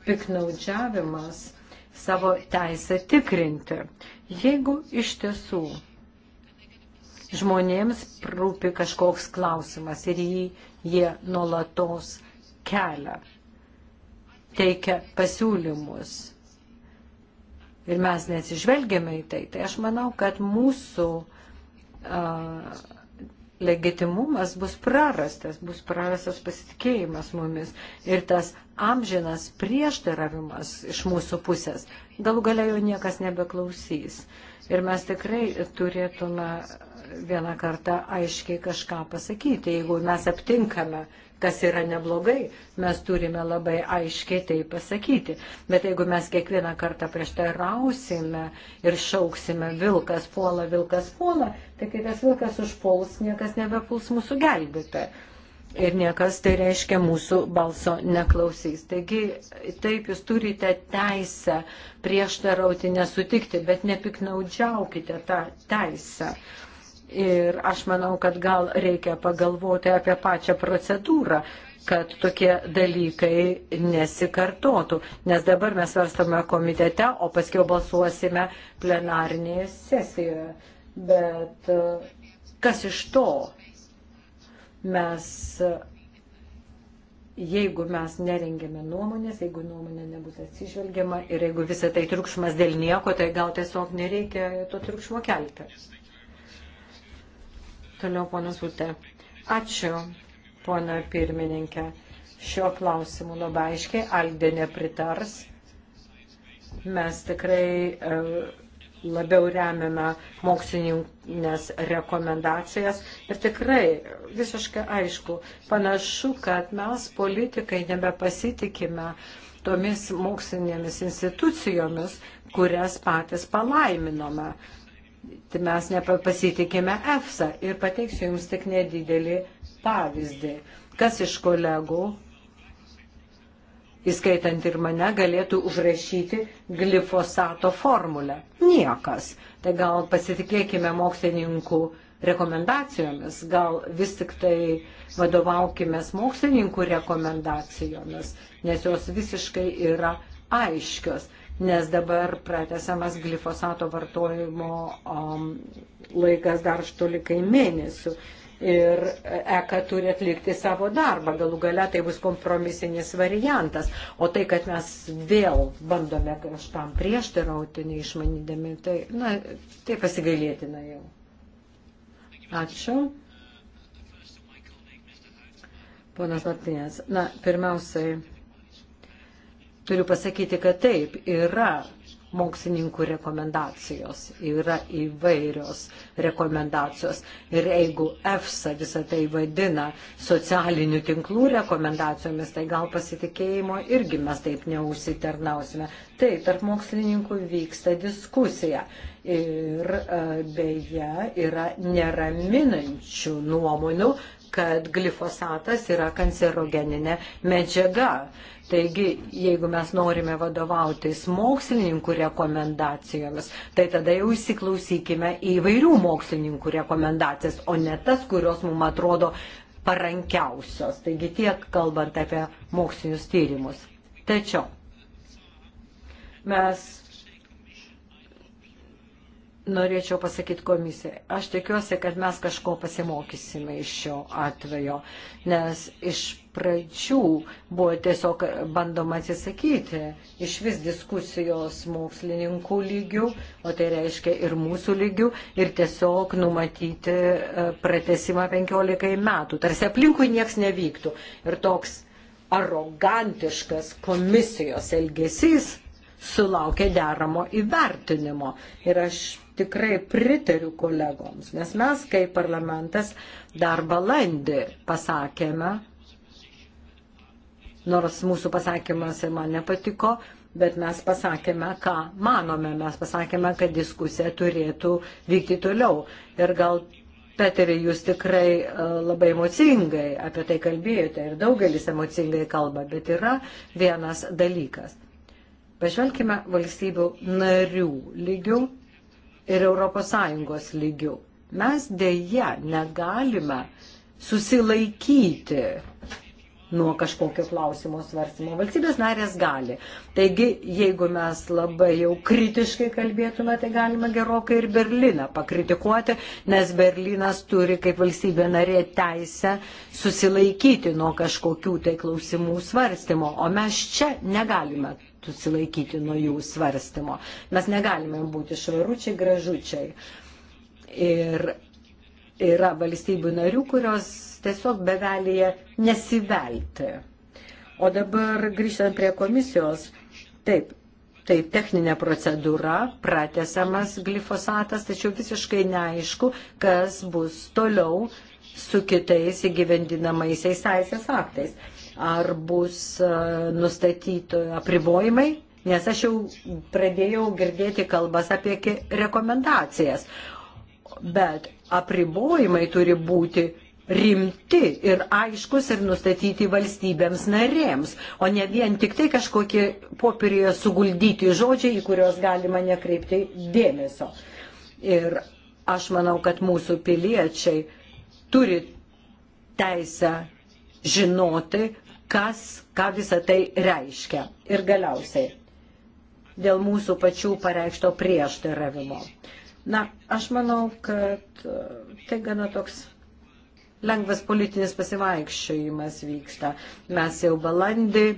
piknaudžiavimas savo teisę tikrinti. Jeigu iš tiesų žmonėms rūpi kažkoks klausimas ir jį jie nuolatos kelia, teikia pasiūlymus ir mes nesižvelgiame į tai, tai aš manau, kad mūsų uh, legitimumas bus prarastas, bus prarastas pasitikėjimas mumis ir tas amžinas prieštaravimas iš mūsų pusės. Galų galia jo niekas nebeklausys. Ir mes tikrai turėtume vieną kartą aiškiai kažką pasakyti, jeigu mes aptinkame uh, kas yra neblogai, mes turime labai aiškiai tai pasakyti. Bet jeigu mes kiekvieną kartą prieštarausime ir šauksime vilkas puola, vilkas puola, tai kai tas vilkas užpuls, niekas nebepuls mūsų gelbėti. Ir niekas tai reiškia mūsų balso neklausys. Taigi taip jūs turite teisę prieštarauti, nesutikti, bet nepiknaudžiaukite tą teisę. Ir aš manau, kad gal reikia pagalvoti apie pačią procedūrą, kad tokie dalykai nesikartotų. Nes dabar mes svarstame komitete, o paskui balsuosime plenarinėje sesijoje. Bet e, kas iš to? Mes, e, jeigu mes nerengėme nuomonės, jeigu nuomonė nebus atsižvelgiama ir jeigu visą tai triukšmas dėl nieko, tai gal tiesiog nereikia to triukšmo kelti. Toliau ponas Utė. Ačiū, pona pirmininkė. Šio klausimu labai aiškiai Aldė nepritars. Mes tikrai e, labiau remiame mokslininkas rekomendacijas ir tikrai visiškai aišku, panašu, kad mes politikai nebepasitikime tomis mokslinėmis institucijomis, kurias patys palaiminome tai mes nepasitikime EFSA ir pateiksiu jums tik nedidelį pavyzdį. Kas iš kolegų, įskaitant ir mane, galėtų užrašyti glifosato formulę? Niekas. Tai gal pasitikėkime mokslininkų rekomendacijomis, gal vis tik tai vadovaukime mokslininkų rekomendacijomis, nes jos visiškai yra aiškios nes dabar pratesamas glifosato vartojimo um, laikas dar štolikai mėnesių. Ir ECA turi atlikti savo darbą, galų gale tai bus kompromisinis variantas. O tai, kad mes vėl bandome kažkam prieštarauti, neišmanydami, tai, na, tai pasigailėtina jau. Ačiū. Ponas Martinės, na, pirmiausiai Turiu pasakyti, kad taip, yra mokslininkų rekomendacijos, yra įvairios rekomendacijos. Ir jeigu EFSA visą tai vadina socialinių tinklų rekomendacijomis, tai gal pasitikėjimo irgi mes taip neusitarnausime. Tai tarp mokslininkų vyksta diskusija. Ir e, beje, yra neraminančių nuomonių, kad glifosatas yra kancerogeninė medžiaga. Taigi, jeigu mes norime vadovautis mokslininkų rekomendacijomis, tai tada jau įsiklausykime į vairių mokslininkų rekomendacijas, o ne tas, kurios mums atrodo parankiausios. Taigi tiek kalbant apie mokslinius tyrimus. Tačiau mes norėčiau pasakyti komisijai, aš tikiuosi, kad mes kažko pasimokysime iš šio atvejo, nes iš pradžių buvo tiesiog bandoma atsisakyti iš vis diskusijos mokslininkų lygių, o tai reiškia ir mūsų lygių, ir tiesiog numatyti e, pratesimą 15 metų. Tarsi aplinkui nieks nevyktų. Ir toks arogantiškas komisijos elgesys sulaukė deramo įvertinimo. Ir aš tikrai pritariu kolegoms, nes mes kaip parlamentas dar balandį pasakėme, nors mūsų pasakymas ir man nepatiko, bet mes pasakėme, ką manome, mes pasakėme, kad diskusija turėtų vykti toliau. Ir gal, Peterį, jūs tikrai e, labai emocingai apie tai kalbėjote ir daugelis emocingai kalba, bet yra vienas dalykas. Pažvelkime valstybių narių lygių ir ES lygių. Mes dėja negalime susilaikyti nuo kažkokio klausimo svarstymo. Valstybės narės gali. Taigi, jeigu mes labai jau kritiškai kalbėtume, tai galima gerokai ir Berliną pakritikuoti, nes Berlinas turi kaip valstybė narė teisę susilaikyti nuo kažkokių tai klausimų svarstymo, o mes čia negalime susilaikyti nuo jų svarstymo. Mes negalime būti švaručiai, gražučiai. Ir yra valstybių narių, kurios tiesiog begalėje nesivelti. O dabar grįžtant prie komisijos, taip, tai techninė procedūra, pratesamas glifosatas, tačiau visiškai neaišku, kas bus toliau su kitais įgyvendinamaisiais teisės aktais. Ar bus e, nustatyti apribojimai, nes aš jau pradėjau girdėti kalbas apie rekomendacijas, bet apribojimai turi būti rimti ir aiškus ir nustatyti valstybėms narėms, o ne vien tik tai kažkokie popierioje suguldyti žodžiai, į kuriuos galima nekreipti dėmesio. Ir aš manau, kad mūsų piliečiai turi teisę žinoti, kas, ką visa tai reiškia. Ir galiausiai dėl mūsų pačių pareikšto prieštaravimo. Na, aš manau, kad tai gana toks lengvas politinis pasivaikščiojimas vyksta. Mes jau balandį e,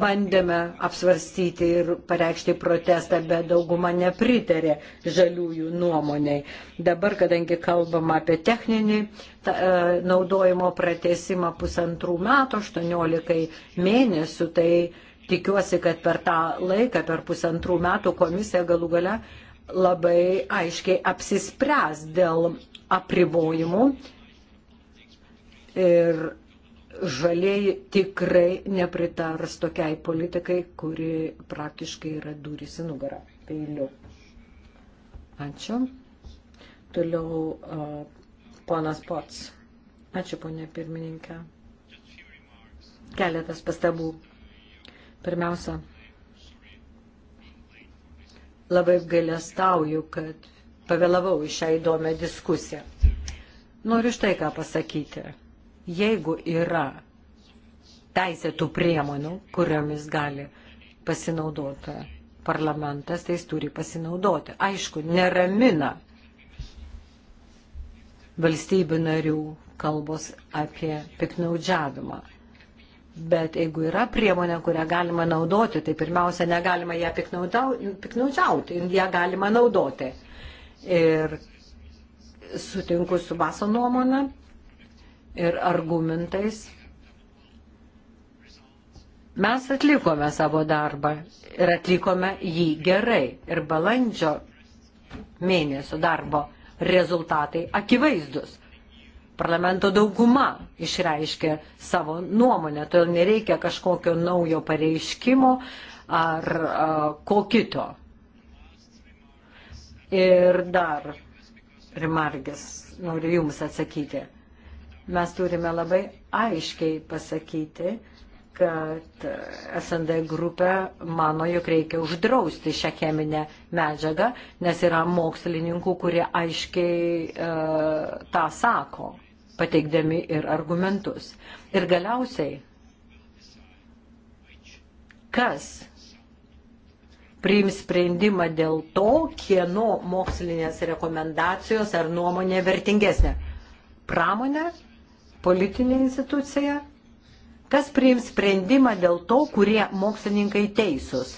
bandėme apsvarstyti ir pareikšti protestą, bet dauguma nepritarė žaliųjų nuomoniai. Dabar, kadangi kalbama apie techninį ta, e, naudojimo pratesimą pusantrų metų, 18 mėnesių, tai tikiuosi, kad per tą laiką, per pusantrų metų komisija galų gale labai aiškiai apsispręs dėl apribojimų ir žalieji tikrai nepritars tokiai politikai, kuri praktiškai yra durys į nugarą peiliu. Ačiū. Toliau uh, ponas Pots. Ačiū, ponė pirmininkė. Keletas pastabų. Pirmiausia, labai gailestauju, kad pavėlavau į šią įdomią diskusiją. Noriu štai ką pasakyti. Jeigu yra teisėtų priemonių, kuriomis gali pasinaudoti parlamentas, tai jis turi pasinaudoti. Aišku, neramina valstybių narių kalbos apie piknaudžiavimą. Bet jeigu yra priemonė, kurią galima naudoti, tai pirmiausia, negalima ją piknaudžiauti, ją galima naudoti. Ir sutinku su baso nuomonė ir argumentais. Mes atlikome savo darbą ir atlikome jį gerai. Ir balandžio mėnesio darbo rezultatai akivaizdus. Parlamento dauguma išreiškė savo nuomonę, todėl nereikia kažkokio naujo pareiškimo ar a, ko kito. Ir dar, Rimargis, noriu Jums atsakyti. Mes turime labai aiškiai pasakyti, kad SND grupė mano, jog reikia uždrausti šią cheminę medžiagą, nes yra mokslininkų, kurie aiškiai e, tą sako, pateikdami ir argumentus. Ir galiausiai, kas priims sprendimą dėl to, kieno mokslinės rekomendacijos ar nuomonė vertingesnė. Pramonė, politinė institucija, kas priims sprendimą dėl to, kurie mokslininkai teisūs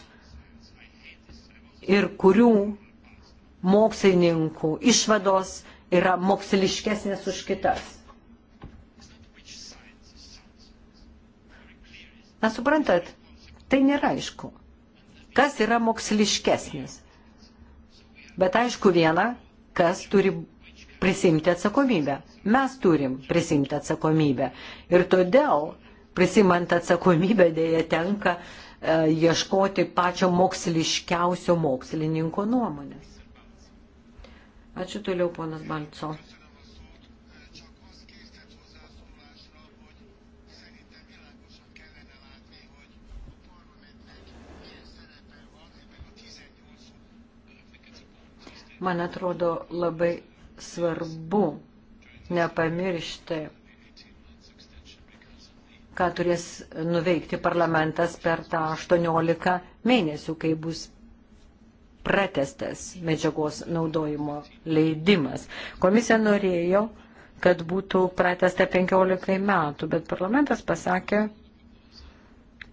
ir kurių mokslininkų išvados yra moksliškesnės už kitas. Na, suprantat, tai nėra aišku kas yra moksliškesnis. Bet aišku viena, kas turi prisimti atsakomybę. Mes turim prisimti atsakomybę. Ir todėl, prisimant atsakomybę, dėja tenka e, ieškoti pačio moksliškiausio mokslininko nuomonės. Ačiū toliau, ponas Balco. man atrodo labai svarbu nepamiršti, ką turės nuveikti parlamentas per tą 18 mėnesių, kai bus pratestas medžiagos naudojimo leidimas. Komisija norėjo, kad būtų pratesta 15 metų, bet parlamentas pasakė,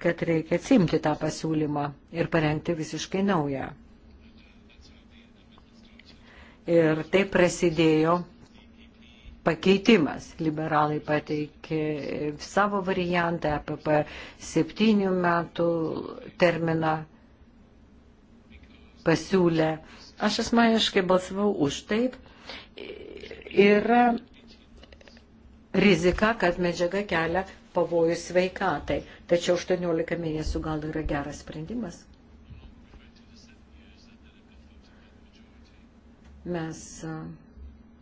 kad reikia atsimti tą pasiūlymą ir parengti visiškai naują Ir tai prasidėjo pakeitimas. Liberalai pateikė savo variantą, APP e septynių metų terminą pasiūlė. Aš asmeniškai balsavau už taip. Yra rizika, kad medžiaga kelia pavojus sveikatai. Tačiau 18 mėnesių gal yra geras sprendimas. Mes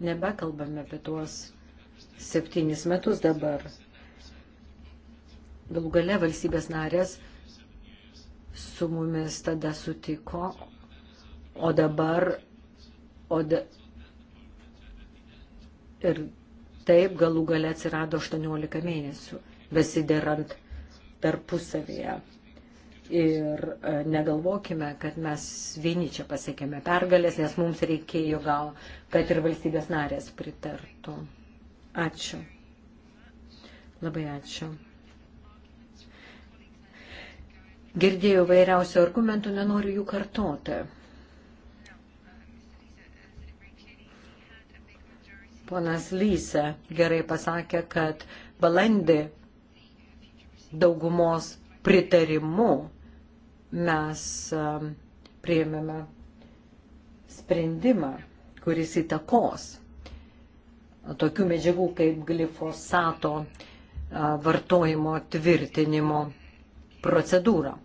nebekalbame apie tuos septynis metus dabar. Galų gale valstybės narės su mumis tada sutiko, o dabar, o da, ir taip galų gale atsirado 18 mėnesių, besiderant tarpusavyje. Ir e, negalvokime, kad mes vieni čia pasiekėme pergalės, nes mums reikėjo gal, kad ir valstybės narės pritartų. Ačiū. Labai ačiū. Girdėjau vairiausių argumentų, nenoriu jų kartoti. Ponas Lyse gerai pasakė, kad balandį daugumos pritarimu mes um, prieimėme sprendimą, kuris įtakos tokių medžiagų kaip glifosato uh, vartojimo tvirtinimo procedūrą.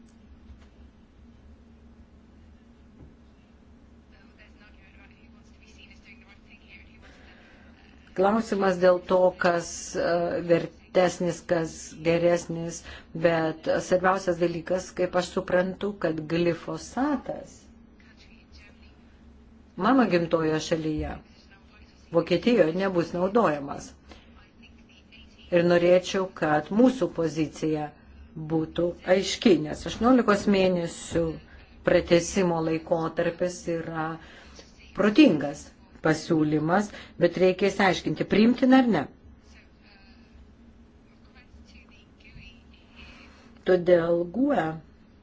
Klausimas dėl to, kas uh, vert, platesnis, kas geresnis, bet svarbiausias dalykas, kaip aš suprantu, kad glifosatas mano gimtojo šalyje, Vokietijoje, nebus naudojamas. Ir norėčiau, kad mūsų pozicija būtų aiški, nes 18 mėnesių pratesimo laikotarpis yra protingas pasiūlymas, bet reikia įsiaiškinti, priimtina ar ne. Todėl GUE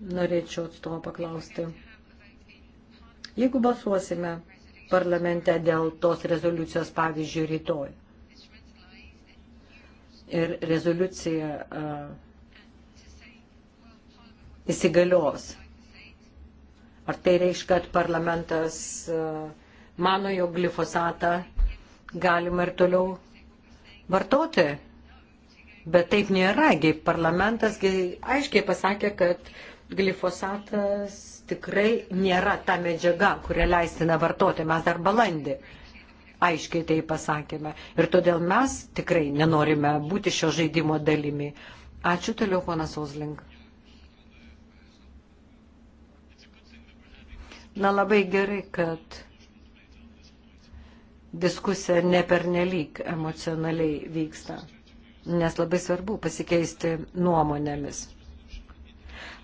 norėčiau atstovo paklausti. Jeigu balsuosime parlamente dėl tos rezoliucijos, pavyzdžiui, rytoj, ir rezoliucija uh, įsigalios, ar tai reiškia, kad parlamentas uh, mano, jog glifosatą galima ir toliau vartoti? Bet taip nėragi. Parlamentas aiškiai pasakė, kad glifosatas tikrai nėra ta medžiaga, kurią leistina vartoti. Mes dar balandį aiškiai tai pasakėme. Ir todėl mes tikrai nenorime būti šio žaidimo dalimi. Ačiū toliau, ponas Ozlink. Na labai gerai, kad diskusija nepernelyg emocionaliai vyksta nes labai svarbu pasikeisti nuomonėmis.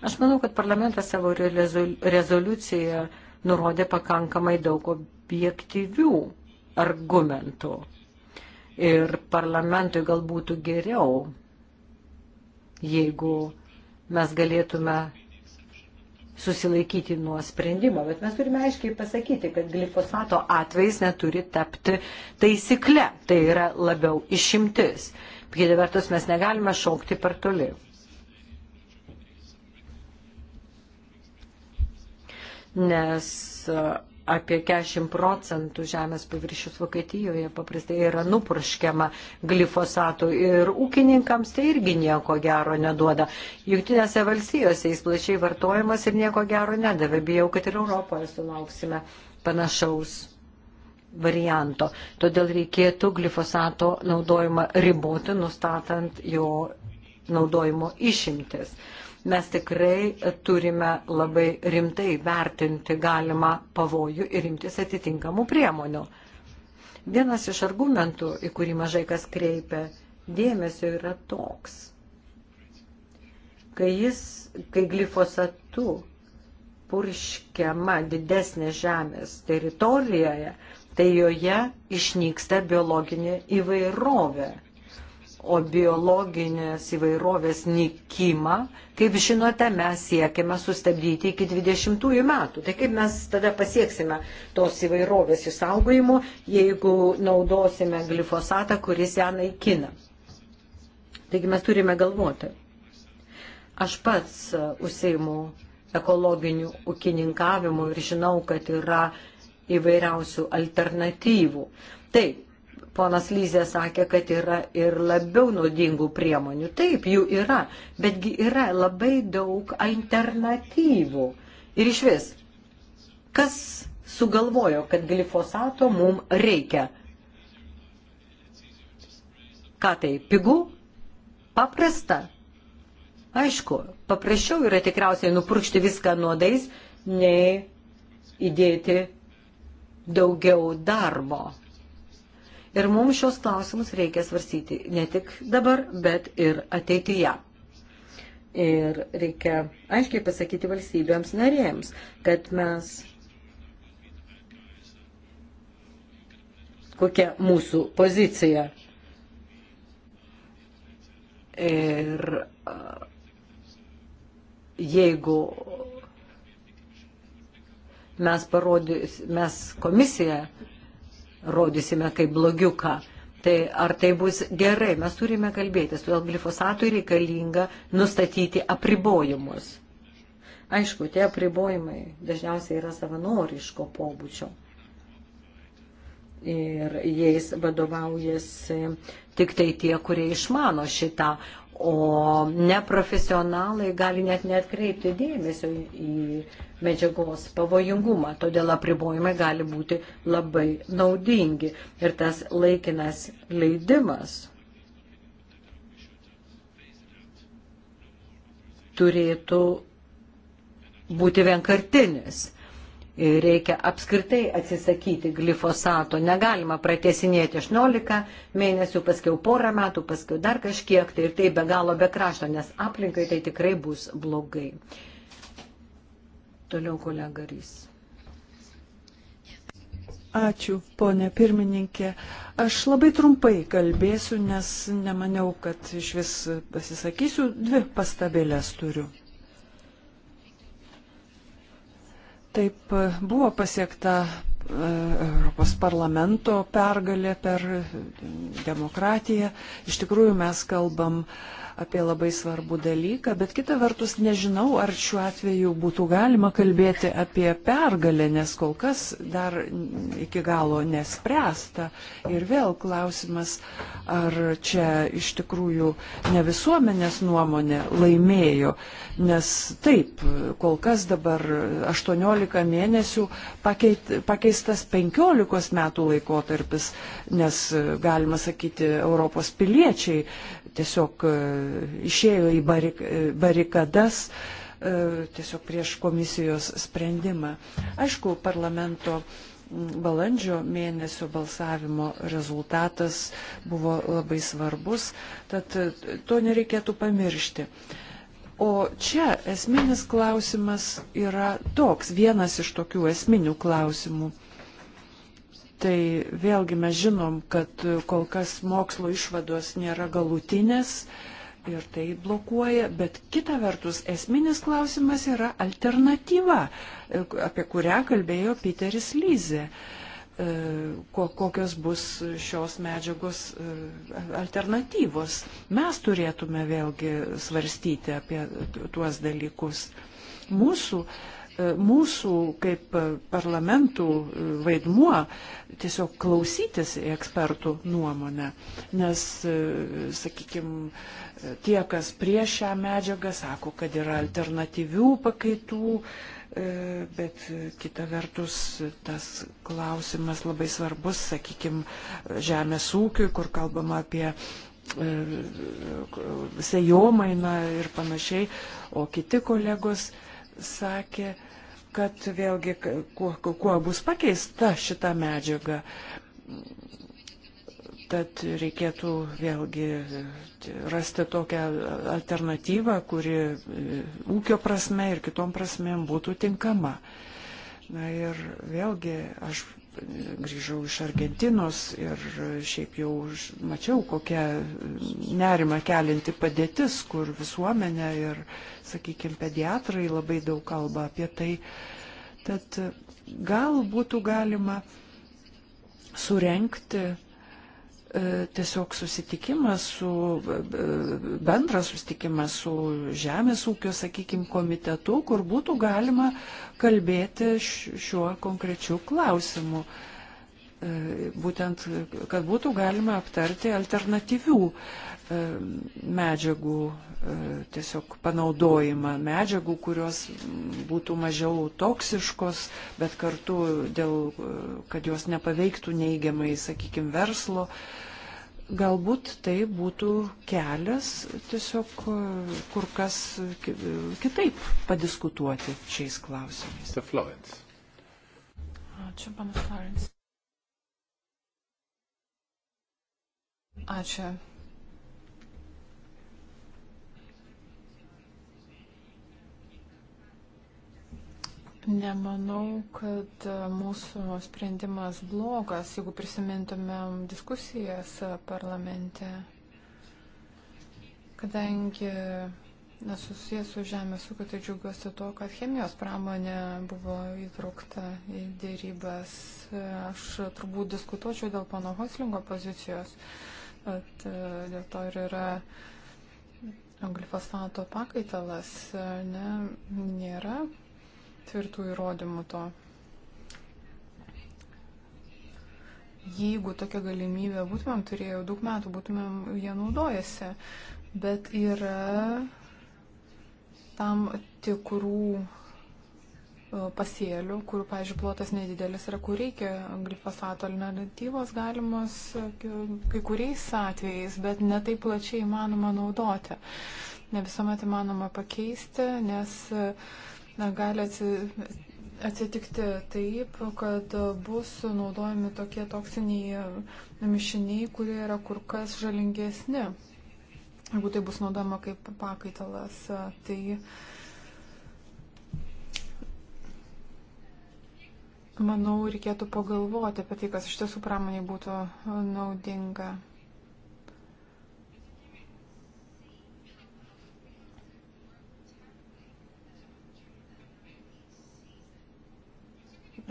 Aš manau, kad parlamentas savo rezoliuciją nurodė pakankamai daug objektyvių argumentų. Ir parlamentui gal būtų geriau, jeigu mes galėtume susilaikyti nuo sprendimo, bet mes turime aiškiai pasakyti, kad glifosato atvejs neturi tapti taisykle, tai yra labiau išimtis. Iš Kita vertus, mes negalime šaukti per toli. Nes apie 40 procentų žemės paviršius Vokietijoje paprastai yra nupurškiama glifosatų ir ūkininkams tai irgi nieko gero neduoda. Jungtinėse valstijose jis plačiai vartojamas ir nieko gero nedavė. Bijau, kad ir Europoje sulauksime panašaus varianto. Todėl reikėtų glifosato naudojimą riboti, nustatant jo naudojimo išimtis. Mes tikrai turime labai rimtai vertinti galimą pavojų ir imtis atitinkamų priemonių. Vienas iš argumentų, į kurį mažai kas kreipia dėmesio, yra toks. Kai, jis, kai glifosatu purškiama didesnė žemės teritorijoje, tai joje išnyksta biologinė įvairovė. O biologinės įvairovės nikimą, kaip žinote, mes siekime sustabdyti iki 20 metų. Tai kaip mes tada pasieksime tos įvairovės išsaugojimo, jeigu naudosime glifosatą, kuris ją naikina. Taigi mes turime galvoti. Aš pats uh, užseimu ekologinių ūkininkavimų ir žinau, kad yra įvairiausių alternatyvų. Taip, ponas Lyzė sakė, kad yra ir labiau naudingų priemonių. Taip, jų yra, betgi yra labai daug alternatyvų. Ir iš vis, kas sugalvojo, kad glifosato mum reikia? Ką tai, pigų? Paprasta. Aišku, paprasčiau yra tikriausiai nupurkšti viską nuodais, nei įdėti daugiau darbo. Ir mums šios klausimus reikia svarstyti ne tik dabar, bet ir ateityje. Ir reikia aiškiai pasakyti valstybėms narėms, kad mes kokia mūsų pozicija. Ir jeigu mes, parodys, mes komisiją rodysime kaip blogiuką. Tai ar tai bus gerai, mes turime kalbėtis, todėl glifosatui reikalinga nustatyti apribojimus. Aišku, tie apribojimai dažniausiai yra savanoriško pobūdžio ir jais vadovaujasi tik tai tie, kurie išmano šitą, o neprofesionalai gali net netkreipti dėmesio į medžiagos pavojingumą, todėl apribojimai gali būti labai naudingi. Ir tas laikinas leidimas turėtų būti vienkartinis. Ir reikia apskritai atsisakyti glifosato. Negalima pratesinėti 18 mėnesių, paskiau porą metų, paskiau dar kažkiek, tai ir tai be galo be krašto, nes aplinkai tai tikrai bus blogai. Toliau kolega Rys. Ačiū, ponė pirmininkė. Aš labai trumpai kalbėsiu, nes nemaniau, kad iš vis pasisakysiu. Dvi pastabėlės turiu. Taip buvo pasiekta e, Europos parlamento pergalė per demokratiją. Iš tikrųjų mes kalbam uh, apie labai svarbų dalyką, bet kita vertus nežinau, ar šiuo atveju būtų galima kalbėti apie pergalę, nes kol kas dar iki galo nespręsta. Ir vėl klausimas, ar čia iš tikrųjų ne visuomenės nuomonė laimėjo, nes taip, kol kas dabar 18 mėnesių pakeit, pakeistas 15 metų laikotarpis, nes galima sakyti, Europos piliečiai tiesiog e, išėjo į barik, e, barikadas e, tiesiog prieš komisijos sprendimą. Aišku, parlamento balandžio mėnesio balsavimo rezultatas buvo labai svarbus, tad to nereikėtų pamiršti. O čia esminis klausimas yra toks, vienas iš tokių esminių klausimų. Tai vėlgi mes žinom, kad kol kas mokslo išvados nėra galutinės ir tai blokuoja, bet kita vertus esminis klausimas yra alternatyva, apie kurią kalbėjo Piteris Lyzė. E, kokios bus šios medžiagos e, alternatyvos. Mes turėtume vėlgi svarstyti apie tuos dalykus. Mūsų uh, E, mūsų kaip parlamentų e, vaidmuo tiesiog klausytis ekspertų nuomonę, nes, e, sakykime, tie, kas prieš šią medžiagą, sako, kad yra alternatyvių pakaitų, bet kita vertus tas klausimas labai svarbus, sakykime, žemės ūkiui, kur kalbama apie sejomainą ir panašiai, o kiti kolegos sakė, kad vėlgi kuo, kuo bus pakeista šita medžiaga. Tad reikėtų vėlgi rasti tokią alternatyvą, kuri e, ūkio prasme ir kitom prasmėm būtų tinkama. Na ir vėlgi aš grįžau iš Argentinos ir šiaip jau mačiau, kokia nerima kelinti padėtis, kur visuomenė ir, sakykime, pediatrai labai daug kalba apie tai. Tad gal būtų galima surenkti E, tiesiog susitikimas su, e, e, bendras susitikimas su Žemės ūkio, sakykime, komitetu, kur būtų galima kalbėti šiuo konkrečiu klausimu. Būtent, kad būtų galima aptarti alternatyvių E, medžiagų e, tiesiog panaudojimą, medžiagų, kurios būtų mažiau toksiškos, bet kartu dėl, e, kad jos nepaveiktų neigiamai, sakykime, verslo. Galbūt tai būtų kelias tiesiog kur kas kitaip padiskutuoti šiais klausimais. Ačiū, panas Florence. Ačiū, Nemanau, kad e, mūsų sprendimas blogas, jeigu prisimintumėm diskusijas e, parlamente, kadangi nesusijęs su žemės ūkiu, tai džiaugiuosi to, kad chemijos pramonė buvo įtraukta į dėrybas. E, aš turbūt diskutuočiau dėl pono Hoslingo pozicijos, bet dėl to ir yra glifosato pakaitalas, ne, nėra tvirtų įrodymų to. Jeigu tokia galimybė būtumėm turėjau daug metų, būtumėm ją naudojasi, bet yra tam tikrų e, pasėlių, kurių, pavyzdžiui, plotas nedidelis yra, kur reikia glifosato alternatyvos galimos e, kai kuriais atvejais, bet netai plačiai įmanoma naudoti. Ne visuomet įmanoma pakeisti, nes uh, na, gali atsitikti taip, kad bus naudojami tokie toksiniai e, mišiniai, kurie yra kur kas žalingesni. Jeigu tai bus naudojama kaip pakaitalas, e, tai manau reikėtų pagalvoti apie tai, kas iš tiesų pramoniai būtų e, naudinga.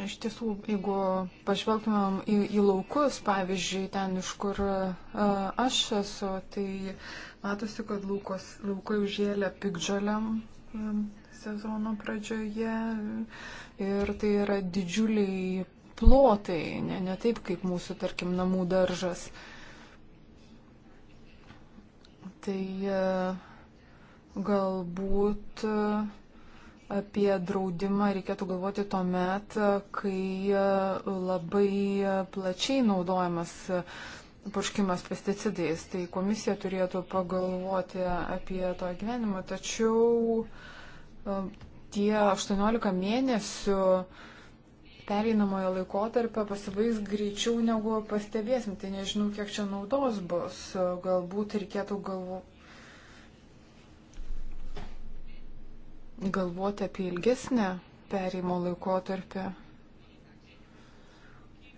iš tiesų, jeigu pažvelgtumėm į, į laukus, pavyzdžiui, ten, iš kur uh, aš esu, tai matosi, kad laukos, laukai užėlė pikdžioliam um, e, sezono pradžioje ir tai yra didžiuliai plotai, ne, ne taip kaip mūsų, tarkim, namų daržas. Tai uh, galbūt. Uh, apie draudimą reikėtų galvoti tuo met, kai e, labai e, plačiai naudojamas e, purškimas pesticidais. Tai komisija turėtų pagalvoti apie to gyvenimą. Tačiau tie 18 mėnesių pereinamojo laikotarpio pasibaigs greičiau negu pastebėsim. Tai nežinau, kiek čia naudos bus. Galbūt reikėtų galvoti galvoti apie ilgesnę perėjimo laikotarpį.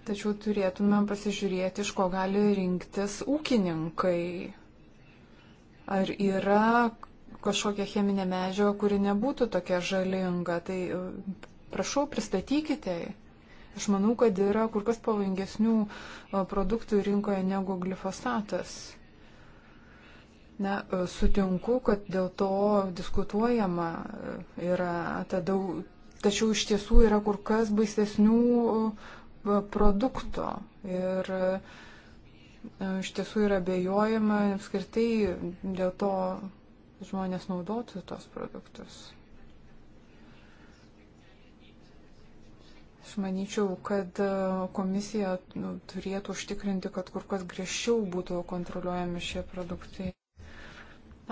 Tačiau turėtume pasižiūrėti, iš ko gali rinktis ūkininkai. Ar yra kažkokia cheminė medžiaga, kuri nebūtų tokia žalinga. Tai e, prašau, pristatykite. Aš manau, kad yra kur kas pavojingesnių e, produktų rinkoje negu glifosatas. Na, e, sutinku, kad dėl to diskutuojama e, yra, tada, tačiau iš tiesų yra kur kas baisesnių e, produkto. Ir iš tiesų yra bejojama apskritai dėl to žmonės naudotų tos produktus. Aš manyčiau, kad komisija nu, turėtų užtikrinti, kad kur kas griežčiau būtų kontroliuojami šie produktai.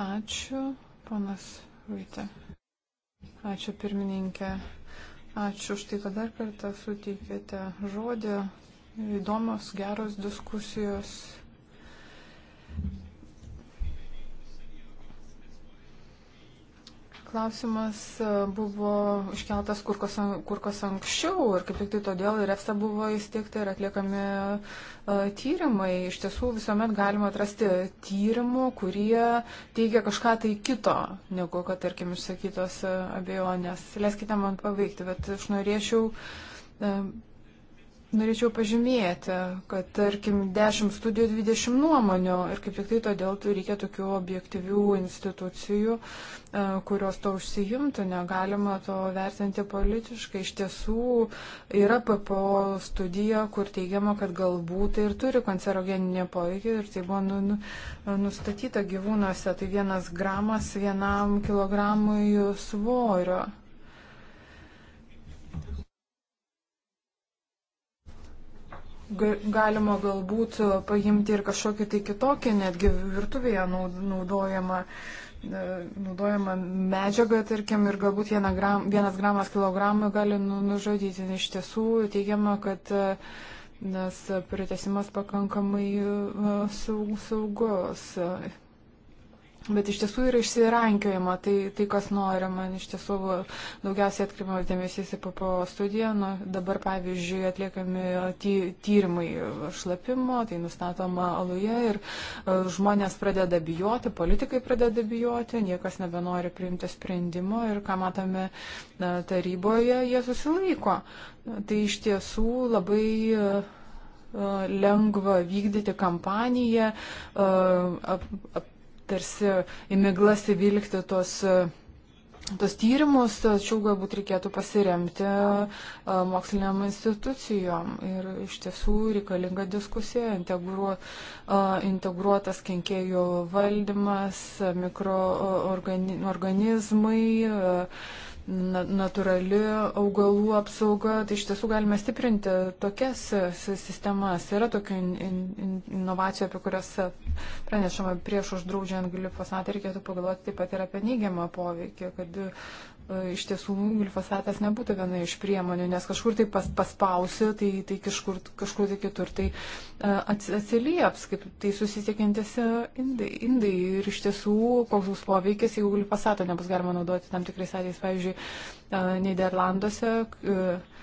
Ačiū, ponas Vytė. Ačiū, pirmininkė. Ačiū už tai, kad dar kartą suteikėte žodį. Įdomios, geros diskusijos. Klausimas e, buvo iškeltas kur kas, kur kas anksčiau ir kaip tik tai todėl ir EFSA buvo įsteigta ir atliekami e, tyrimai. Iš tiesų visuomet galima atrasti tyrimų, kurie teigia kažką tai kito, negu kad, tarkim, išsakytos e, abejonės. Leiskite man paveikti, bet aš norėčiau Norėčiau pažymėti, kad tarkim 10 studijų 20 nuomonių ir kaip tik tai todėl tai reikia tokių objektyvių institucijų, e, kurios to užsijimtų, negalima to vertinti politiškai. Iš tiesų yra PPO studija, kur teigiama, kad galbūt tai ir turi kancerogeninį poveikį ir tai buvo nu, nu, nustatyta gyvūnuose, tai vienas gramas vienam kilogramui svorio. galima galbūt paimti ir kažkokį tai kitokį, netgi virtuvėje naudojama, e, naudojama medžiaga, tarkim, ir galbūt gram, vienas gramas kilogramų gali nu, nužudyti. Iš tiesų teigiama, kad e, nes pritesimas pakankamai e, saugus bet iš tiesų yra išsirankiojama tai, tai kas nori. Man iš tiesų daugiausiai atkreipiamas dėmesys į PPO studiją. Nu, dabar, pavyzdžiui, atliekami ty, tyrimai šlapimo, tai nustatoma aluje ir e, žmonės pradeda bijoti, politikai pradeda bijoti, niekas nebenori priimti sprendimo ir ką matome taryboje, jie susilaiko. Tai iš tiesų labai e, lengva vykdyti kampaniją, e, ap, ap, tarsi įmiglas įvilgti tos e, tos tyrimus, tačiau galbūt reikėtų pasiremti e, moksliniam institucijom. Ir iš tiesų reikalinga diskusija, integruo, e, integruotas kenkėjų valdymas, mikroorganizmai. Mikroorgani, natūrali augalų apsauga, tai iš tiesų galime stiprinti tokias e, sistemas. Yra tokių in, in, inovacijų, apie kurias e, pranešama prieš uždraudžiant glifosatą, reikėtų pagalvoti taip pat ir apie neigiamą poveikį, kad E, iš tiesų glifosatas nebūtų viena iš priemonių, nes kažkur tai pas, paspausiu, tai, tai kažkur, kažkur tai kitur tai e, atsilieps, kaip tai susisiekintis e, indai, indai. Ir iš tiesų, koks bus poveikis, jeigu glifosato nebus galima naudoti tam tikrais atvejais, pavyzdžiui, Niderlanduose. Uh,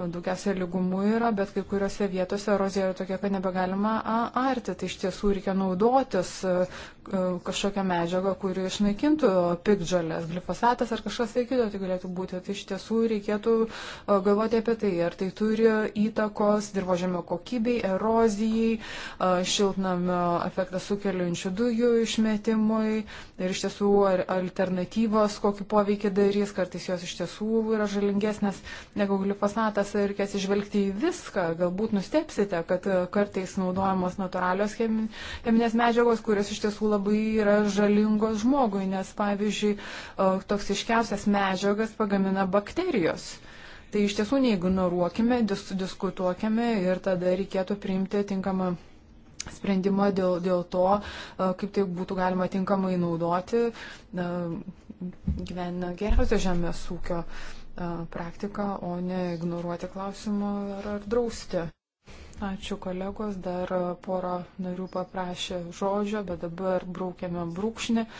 daugiausia lygumų yra, bet kai kuriuose vietose erozija yra tokia, kad nebegalima arti. Tai iš tiesų reikia naudotis e, e, kažkokią medžiagą, kuri išnaikintų pikdžalės, glifosatas ar kažkas tai kito tai galėtų būti. Tai iš tiesų reikėtų e, galvoti apie tai, ar tai turi įtakos dirbožėmio kokybei, erozijai, šiltnamio efektą sukeliančių dujų išmetimui ir iš tiesų ar alternatyvos, kokį poveikį darys, kartais jos iš tiesų yra žalingesnės negu glifosatas tas reikia atsižvelgti į viską. Galbūt nustepsite, kad e, kartais naudojamos natūralios cheminės medžiagos, kurios iš tiesų labai yra žalingos žmogui, nes pavyzdžiui, e, toksiškiausias medžiagas pagamina bakterijos. Tai iš tiesų neignoruokime, dis, diskutuokime ir tada reikėtų priimti tinkamą sprendimą dėl, dėl to, e, kaip tai būtų galima tinkamai naudoti gyvenant geriausią žemės ūkio uh, E, praktiką, o ne ignoruoti klausimą ar, ar drausti. Ačiū kolegos, dar e, pora narių paprašė žodžio, bet dabar braukiame brūkšnį e,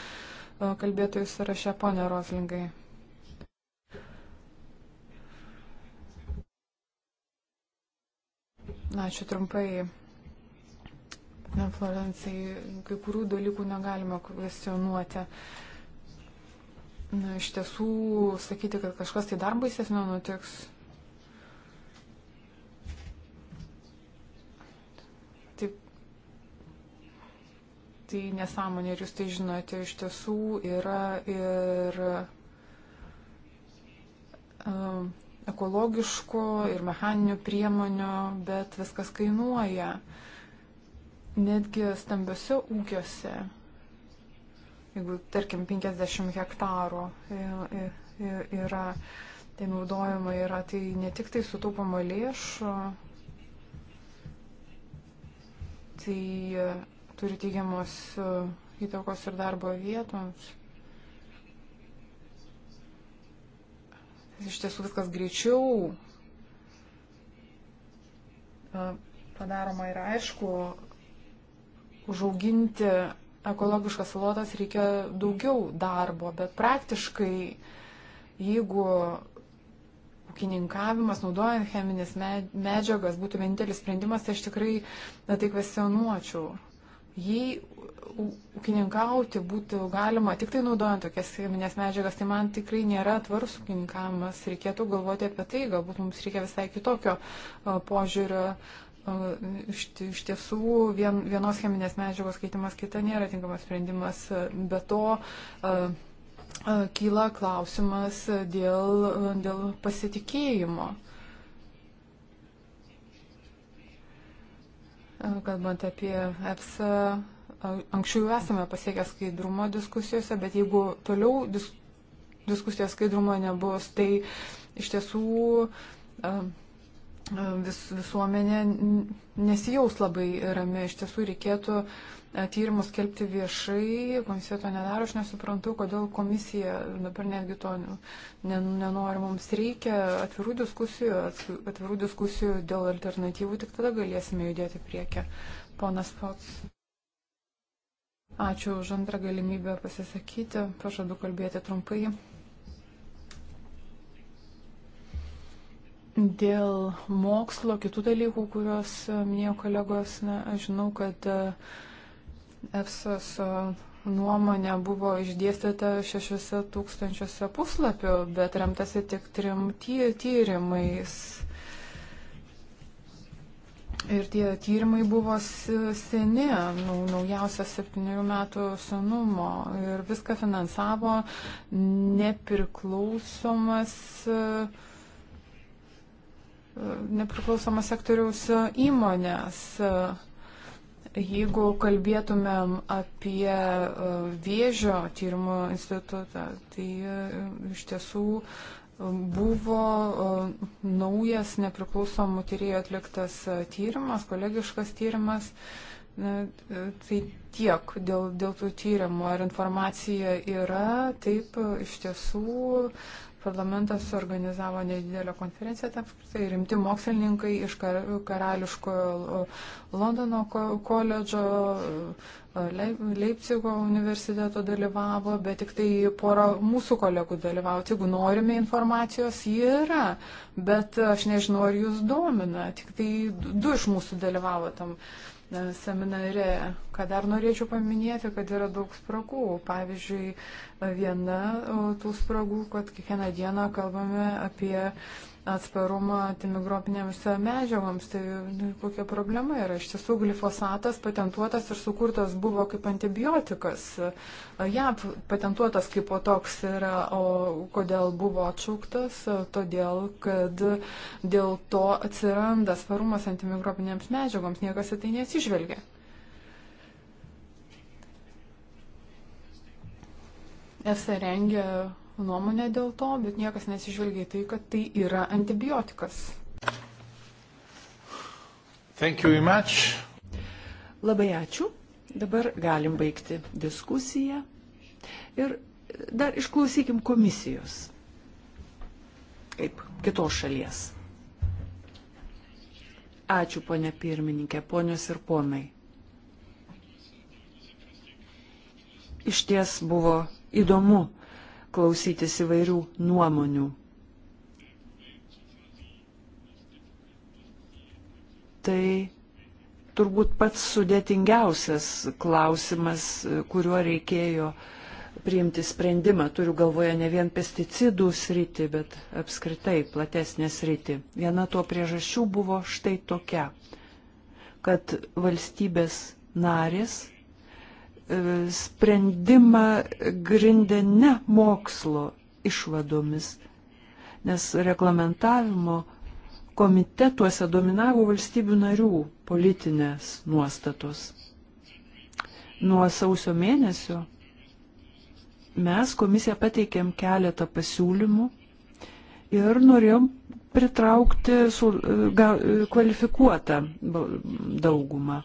kalbėtojų sąraše, ponė Roslingai. Ačiū trumpai. Ne, Florencijai, kai kurių dalykų negalima kvestionuoti. Uh, Na, iš tiesų, sakyti, kad kažkas tai dar baisesnio nutiks. Taip, tai nesąmonė ir jūs tai žinote, iš tiesų yra ir um, ekologiškų ir mechaninių priemonių, bet viskas kainuoja. Netgi stambiose ūkiuose jeigu tarkim 50 hektarų e, e, e, yra, tai naudojama yra, tai ne tik tai sutaupama lėšų, tai turi teigiamos įtakos ir darbo vietoms. Iš tiesų viskas greičiau padaroma ir aišku, užauginti ekologiškas salotas reikia daugiau darbo, bet praktiškai, jeigu ūkininkavimas, naudojant cheminės medžiagas, būtų vienintelis sprendimas, tai aš tikrai na, tai kvesionuočiau. Jei ūkininkauti būtų galima tik tai naudojant tokias cheminės medžiagas, tai man tikrai nėra tvarus ūkininkavimas. Reikėtų galvoti apie tai, galbūt mums reikia visai kitokio požiūrio Iš, iš tiesų vien, vienos cheminės medžiagos keitimas kita nėra tinkamas sprendimas. Be to a, a, kyla klausimas dėl, dėl pasitikėjimo. Kalbant apie EPSA, anksčiau esame pasiekę skaidrumo diskusijose, bet jeigu toliau dis, diskusijos skaidrumo nebus, tai iš tiesų a, vis, visuomenė nesijaus labai rami. Iš tiesų reikėtų e, tyrimus kelbti viešai, komisija to nedaro, aš nesuprantu, kodėl komisija dabar netgi to nenori. Mums reikia atvirų diskusijų, atvirų diskusijų dėl alternatyvų, tik tada galėsime judėti priekį. Ponas Pots. Ačiū už antrą galimybę pasisakyti, pažadu kalbėti trumpai. Dėl mokslo, kitų dalykų, kuriuos e, minėjo kolegos, na, aš žinau, kad e, EFSAS e, nuomonė buvo išdėstyta šešiuose tūkstančiuose puslapių, bet remtasi tik trim ty tyrimais. Ir tie tyrimai buvo seni, nu, naujausia septynių metų senumo. Ir viską finansavo nepriklausomas. Uh, nepriklausomos sektoriaus įmonės. Jeigu kalbėtumėm apie e, vėžio tyrimų institutą, tai e, iš tiesų e, buvo naujas nepriklausomų tyriejų atliktas tyrimas, kolegiškas tyrimas. Tai tiek dėl, dėl tų tyrimų, ar informacija yra, taip iš tiesų Parlamentas organizavo nedidelę konferenciją tam skirtai rimti mokslininkai iš kar, karališkojo e, Londono koledžo, e, Leipcigo universiteto dalyvavo, bet tik tai pora mūsų kolegų dalyvauti. Jeigu norime informacijos, ji yra, bet aš nežinau, ar jūs domina. Tik tai du iš mūsų dalyvavo tam uh, seminare. Ką dar norėčiau paminėti, kad yra daug spragų. Pavyzdžiui, viena tų spragų, kad kiekvieną dieną kalbame apie atsparumą timigropinėms medžiagoms. Tai nu, kokia problema yra? Iš tiesų glifosatas patentuotas ir sukurtas buvo kaip antibiotikas. JAV patentuotas kaip po toks yra, o kodėl buvo atšauktas? Todėl, kad dėl to atsiranda sparumas antimigropinėms medžiagoms, niekas į tai nesižvelgia. EFSA rengia nuomonę dėl to, bet niekas nesižvelgia į tai, kad tai yra antibiotikas. Labai ačiū. Dabar galim baigti diskusiją. Ir dar išklausykim komisijos. Kaip kitos šalies. Ačiū, ponė pirmininkė, ponios ir ponai. Iš ties buvo įdomu klausytis įvairių nuomonių. Tai turbūt pats sudėtingiausias klausimas, kuriuo reikėjo priimti sprendimą. Turiu galvoje ne vien pesticidų sritį, bet apskritai platesnė sritį. Viena to priežasčių buvo štai tokia, kad valstybės narės E, sprendimą grindę ne mokslo išvadomis, nes reglamentavimo komitetuose dominavo valstybių narių politinės nuostatos. Nuo sausio mėnesio mes komisiją pateikėm keletą pasiūlymų ir norėjom pritraukti su, e, ga, kvalifikuotą daugumą.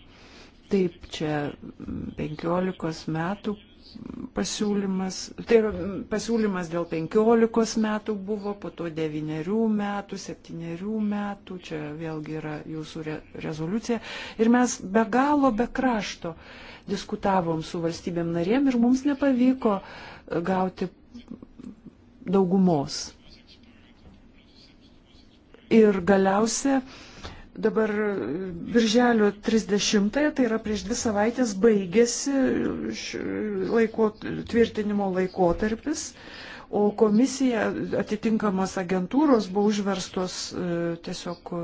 Taip, čia 15 metų pasiūlymas, tai yra pasiūlymas dėl 15 metų buvo, po to 9 metų, 7 metų, čia vėlgi yra jūsų re, rezoliucija. Ir mes be galo, be krašto diskutavom su valstybėm narėm ir mums nepavyko e, gauti daugumos. Ir galiausia, Dabar birželio 30, tai yra prieš dvi savaitės, baigėsi laiko, tvirtinimo laikotarpis, o komisija atitinkamos agentūros buvo užverstos e, tiesiog e,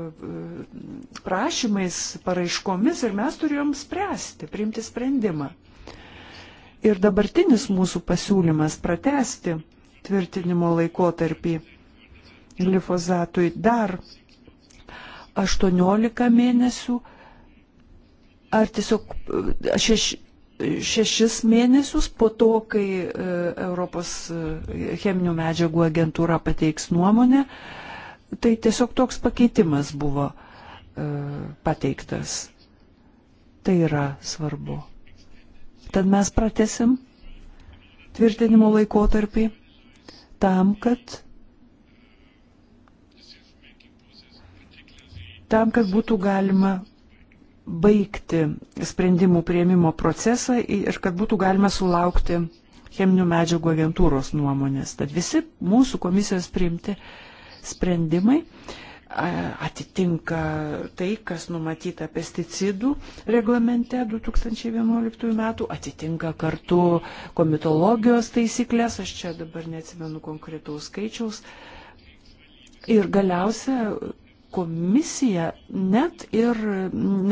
prašymais, paraiškomis ir mes turėjom spręsti, priimti sprendimą. Ir dabartinis mūsų pasiūlymas pratesti tvirtinimo laikotarpį glifozatui dar 18 mėnesių ar tiesiog e, šeš, šešis mėnesius po to, kai e, Europos e, cheminių medžiagų agentūra pateiks nuomonę. Tai tiesiog toks pakeitimas buvo pateiktas. Tai yra svarbu. Tad mes pratesim tvirtinimo laikotarpį tam, kad tam, kad būtų galima baigti sprendimų prieimimo procesą ir kad būtų galima sulaukti cheminių medžiagų agentūros nuomonės. Tad visi mūsų komisijos priimti sprendimai atitinka tai, kas numatyta pesticidų reglamente 2011 metų, atitinka kartu komitologijos taisyklės, aš čia dabar neatsimenu konkretaus skaičiaus. Ir galiausia komisija net ir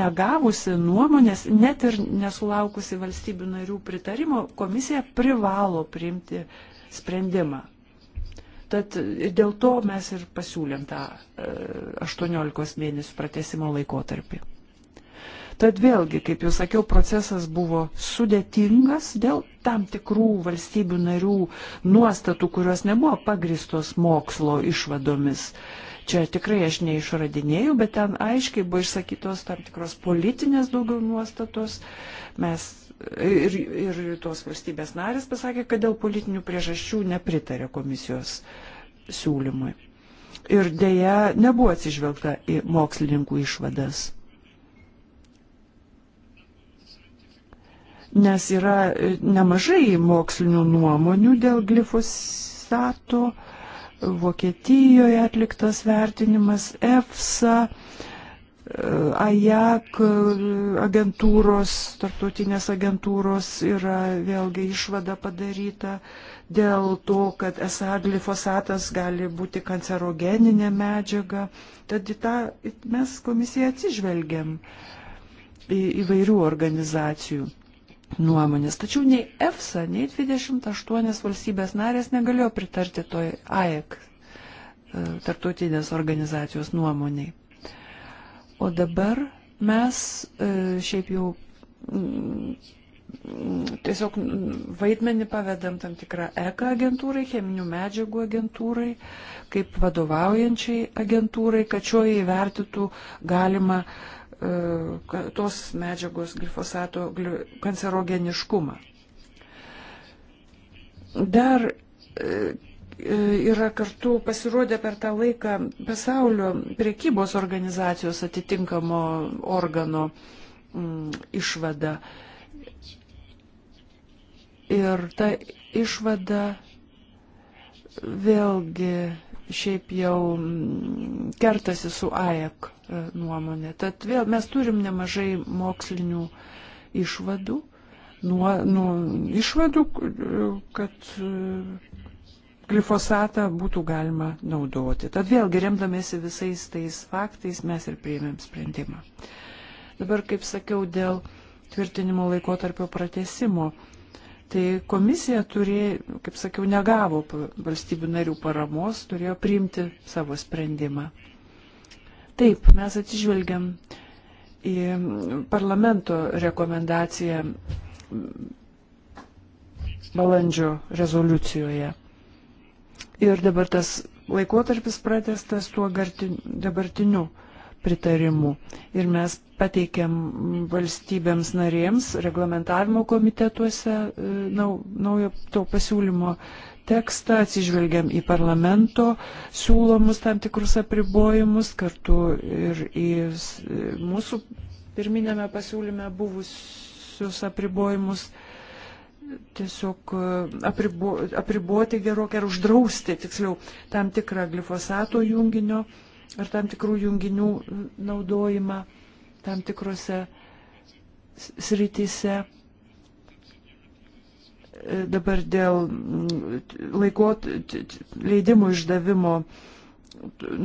negavusi nuomonės, net ir nesulaukusi valstybių narių pritarimo, komisija privalo priimti sprendimą. Tad dėl to mes ir pasiūlėm tą 18 e, mėnesių pratesimo laikotarpį. Tad vėlgi, kaip jau sakiau, procesas buvo sudėtingas dėl tam tikrų valstybių narių nuostatų, kurios nebuvo pagristos mokslo išvadomis. Uh, Čia tikrai aš neišradinėjau, bet ten aiškiai buvo išsakytos tam tikros politinės daugiau nuostatos. Mes ir, ir tos valstybės narės pasakė, kad dėl politinių priežasčių nepritarė komisijos siūlymui. Ir dėja nebuvo atsižvelgta į mokslininkų išvadas. Nes yra nemažai mokslinių nuomonių dėl glifosato Vokietijoje atliktas vertinimas, EFSA, e, AJAK e, agentūros, tarptautinės agentūros yra vėlgi išvada padaryta dėl to, kad esą glifosatas gali būti kancerogeninė medžiaga. Tad į tą mes komisiją atsižvelgiam į įvairių organizacijų nuomonės. Tačiau nei EFSA, nei 28 valstybės narės negalėjo pritarti toj AEK e, tarptautinės organizacijos nuomoniai. O dabar mes e, šiaip jau mm, mm, tiesiog vaidmenį pavedam tam tikrą ECA agentūrai, cheminių medžiagų agentūrai, kaip vadovaujančiai agentūrai, kad šio įvertytų galima uh, E, tos medžiagos glifosato kancerogeniškumą. Dar e, e, yra kartu pasirodę per tą laiką pasaulio priekybos organizacijos atitinkamo organo išvada. Ir ta išvada vėlgi šiaip jau mm, kertasi su AEK e, nuomonė. Tad vėl mes turim nemažai mokslinių išvadų, nuo, nuo išvadų, kad e, glifosatą būtų galima naudoti. Tad vėlgi remdamėsi visais tais faktais mes ir priėmėm sprendimą. Dabar, kaip sakiau, dėl tvirtinimo laikotarpio pratesimo Tai komisija turėjo, kaip sakiau, negavo valstybių narių paramos, turėjo priimti savo sprendimą. Taip, mes atsižvelgiam į parlamento rekomendaciją balandžio rezoliucijoje. Ir dabar tas laikotarpis pratestas tuo dabartiniu pritarimu. Ir mes pateikėm valstybėms narėms reglamentavimo komitetuose e, naujo to pasiūlymo tekstą, atsižvelgiam į parlamento siūlomus tam tikrus apribojimus, kartu ir į e, mūsų pirminėme pasiūlyme buvusius apribojimus tiesiog e, apribo, apriboti gerokai ar uždrausti, tiksliau, tam tikrą glifosato junginio uh, ar tam tikrų junginių naudojimą tam tikrose srityse. E, dabar dėl mm, laikot, leidimų išdavimo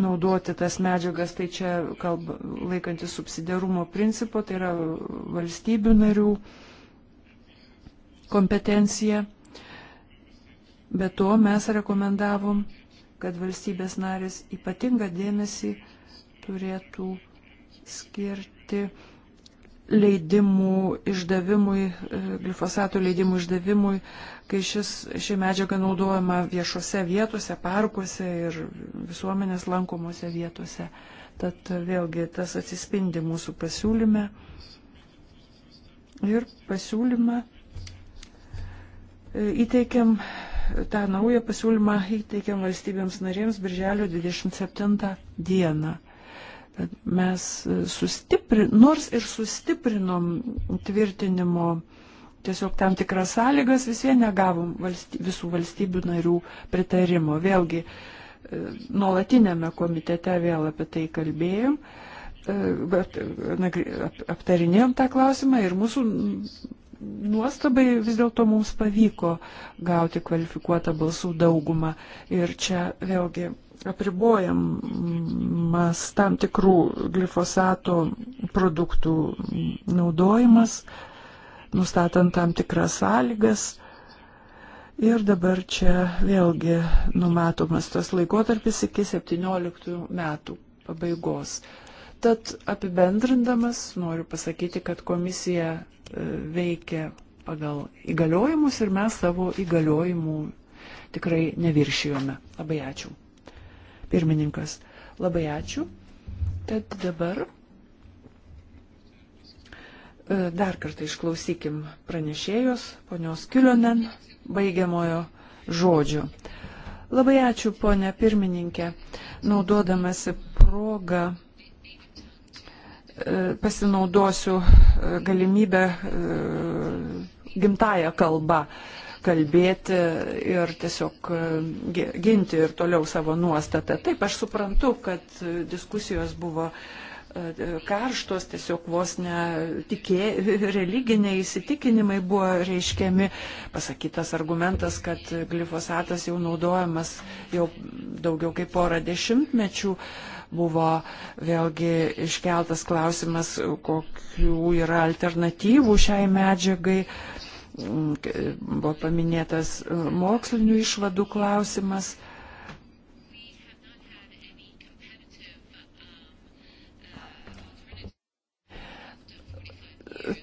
naudoti tas medžiagas, tai čia kalba, laikantis subsidiarumo principo, tai yra valstybių narių kompetencija. Be to mes rekomendavom kad valstybės narės ypatingą dėmesį turėtų skirti leidimų išdavimui, e, glifosato leidimų išdavimui, kai šis, ši medžiaga naudojama viešose vietose, parkuose ir visuomenės lankomose vietose. Tad vėlgi tas atsispindi mūsų pasiūlyme. Ir pasiūlymą e, įteikiam tą naują pasiūlymą įteikėm valstybėms narėms birželio 27 dieną. Bet mes sustipri, nors ir sustiprinom tvirtinimo tiesiog tam tikras sąlygas, vis vien negavom valsty, visų valstybių narių pritarimo. Vėlgi, e, nuolatinėme komitete vėl apie tai kalbėjom e, bet nagri, aptarinėjom tą klausimą ir mūsų nuostabai vis dėlto mums pavyko gauti kvalifikuotą balsų daugumą. Ir čia vėlgi apribojamas tam tikrų glifosato produktų naudojimas, nustatant tam tikras sąlygas. Ir dabar čia vėlgi numatomas tas laikotarpis iki 17 metų pabaigos. Tad apibendrindamas noriu pasakyti, kad komisija veikia pagal įgaliojimus ir mes savo įgaliojimų tikrai neviršijome. Labai ačiū. Pirmininkas, labai ačiū. Tad dabar e, dar kartą išklausykim pranešėjos, ponios Kilionen, baigiamojo žodžio. Labai ačiū, ponė pirmininkė, naudodamasi progą E, pasinaudosiu e, galimybę e, gimtają kalbą kalbėti ir tiesiog ginti ir toliau savo nuostatą. Taip, aš suprantu, kad diskusijos buvo karštos, tiesiog vos ne tikė, religiniai įsitikinimai buvo reiškiami. Pasakytas argumentas, kad glifosatas jau naudojamas jau daugiau kaip porą dešimtmečių. Uh, buvo vėlgi iškeltas klausimas, kokių yra alternatyvų šiai medžiagai. Mm, buvo paminėtas e, mokslinių išvadų klausimas.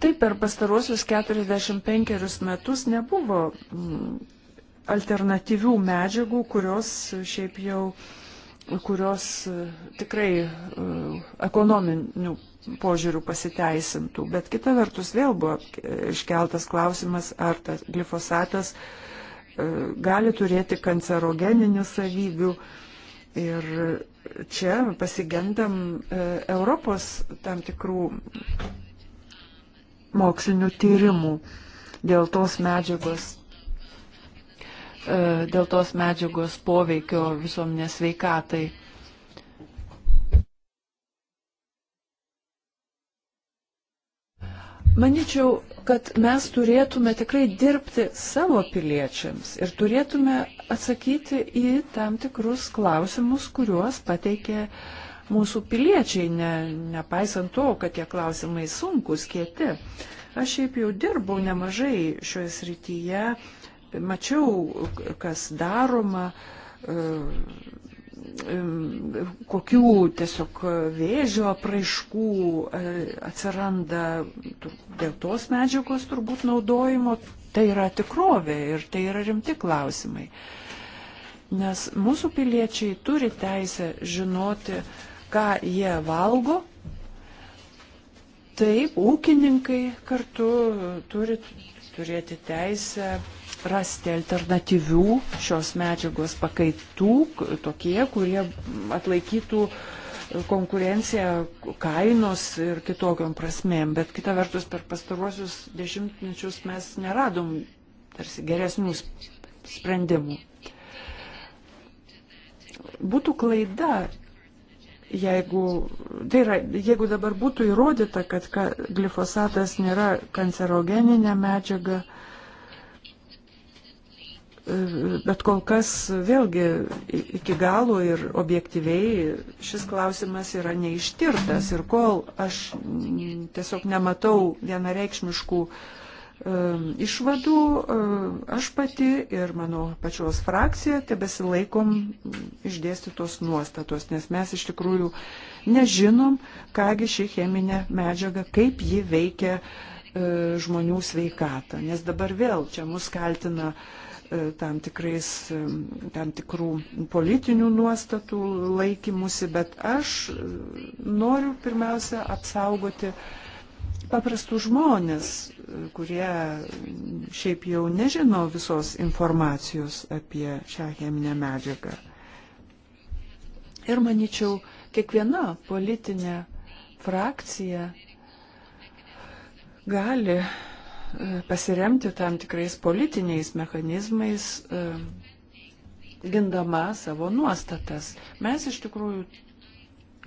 Taip, per pastaruosius 45 metus nebuvo mm, alternatyvių medžiagų, kurios šiaip jau uh, kurios e, tikrai e, ekonominių požiūrių pasiteisintų. Bet kita vertus vėl buvo iškeltas klausimas, ar tas glifosatas e, gali turėti kancerogeninių savybių. Ir čia pasigendam Europos tam tikrų mokslinių tyrimų dėl tos medžiagos E, dėl tos medžiagos poveikio visuomenės veikatai. Maničiau, kad mes turėtume tikrai dirbti savo piliečiams ir turėtume atsakyti į tam tikrus klausimus, kuriuos pateikė mūsų piliečiai, ne, nepaisant to, kad tie klausimai sunkus, kieti. Aš šiaip jau dirbau nemažai šioje srityje, mačiau, kas daroma, e, kokių tiesiog vėžio apraiškų e, atsiranda dėl tos medžiagos turbūt naudojimo, tai yra tikrovė ir tai yra rimti klausimai. Nes mūsų piliečiai turi teisę žinoti, ką jie valgo. Taip, ūkininkai kartu turi turėti teisę rasti alternatyvių šios medžiagos pakaitų, tokie, kurie atlaikytų konkurenciją kainos ir kitokiam prasmėm. Bet kita vertus, per pastaruosius dešimtmečius mes neradom tarsi geresnių sprendimų. Būtų klaida jeigu, tai yra, jeigu dabar būtų įrodyta, kad ka, glifosatas nėra kancerogeninė medžiaga, bet kol kas vėlgi iki galo ir objektyviai šis klausimas yra neištirtas ir kol aš tiesiog nematau vienareikšmiškų uh, išvadų aš pati ir mano pačios frakcija tebesilaikom mm, išdėstytos nuostatos, nes mes iš tikrųjų nežinom, kągi ši cheminė medžiaga, kaip ji veikia e, žmonių sveikatą. Nes dabar vėl čia mus kaltina e, tam, tikrais, tam tikrų politinių nuostatų laikymusi, bet aš e, noriu pirmiausia apsaugoti uh, paprastus žmonės, kurie šiaip jau nežino visos informacijos apie šią cheminę medžiagą. Ir manyčiau, kiekviena politinė frakcija gali e, pasiremti tam tikrais politiniais mechanizmais, e, gindama savo nuostatas. Mes iš tikrųjų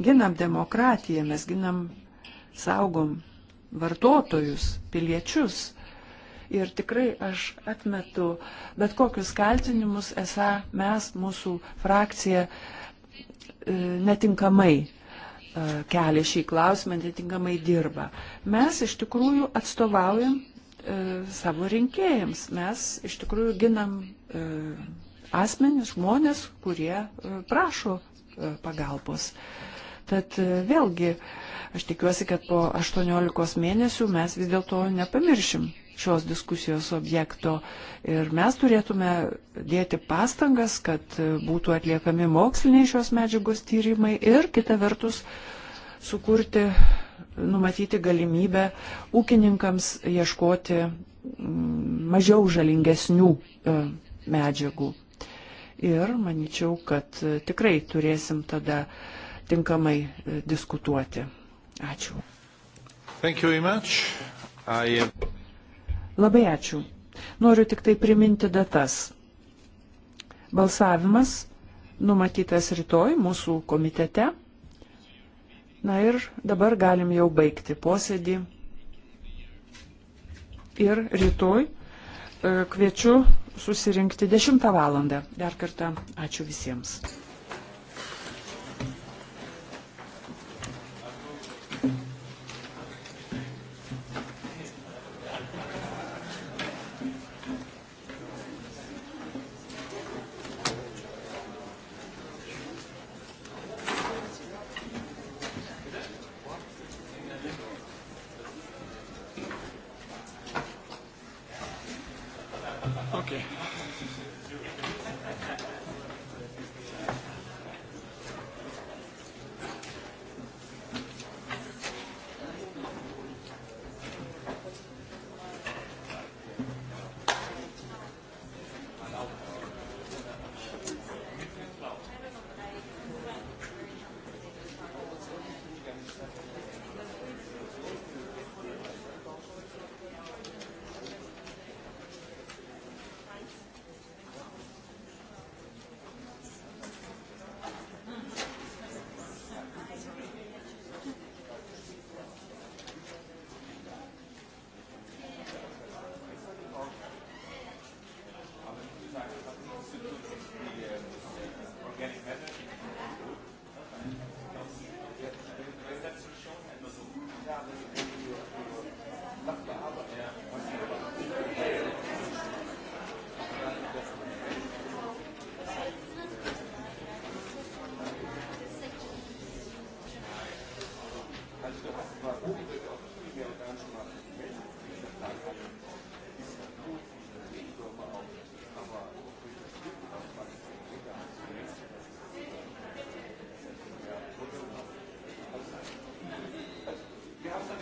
ginam demokratiją, mes ginam, saugom vartotojus, piliečius. Ir tikrai aš atmetu bet kokius kaltinimus, esą mes, mūsų frakcija, e, netinkamai e, kelia šį klausimą, netinkamai dirba. Mes iš tikrųjų atstovaujam e, savo rinkėjams. Mes iš tikrųjų ginam asmenis, žmonės, kurie prašo pagalbos. Tad vėlgi, uh, Aš tikiuosi, kad po 18 mėnesių mes vis dėlto nepamiršim šios diskusijos objekto ir mes turėtume dėti pastangas, kad būtų atliekami moksliniai šios medžiagos tyrimai ir kita vertus sukurti, numatyti galimybę ūkininkams ieškoti mm, mažiau žalingesnių e, medžiagų. Ir manyčiau, kad e, tikrai turėsim tada tinkamai e, diskutuoti. Ačiū. I... Labai ačiū. Noriu tik tai priminti datas. Balsavimas numatytas rytoj mūsų komitete. Na ir dabar galim jau baigti posėdį. Ir rytoj e, kviečiu susirinkti 10 valandą. Dar kartą ačiū visiems.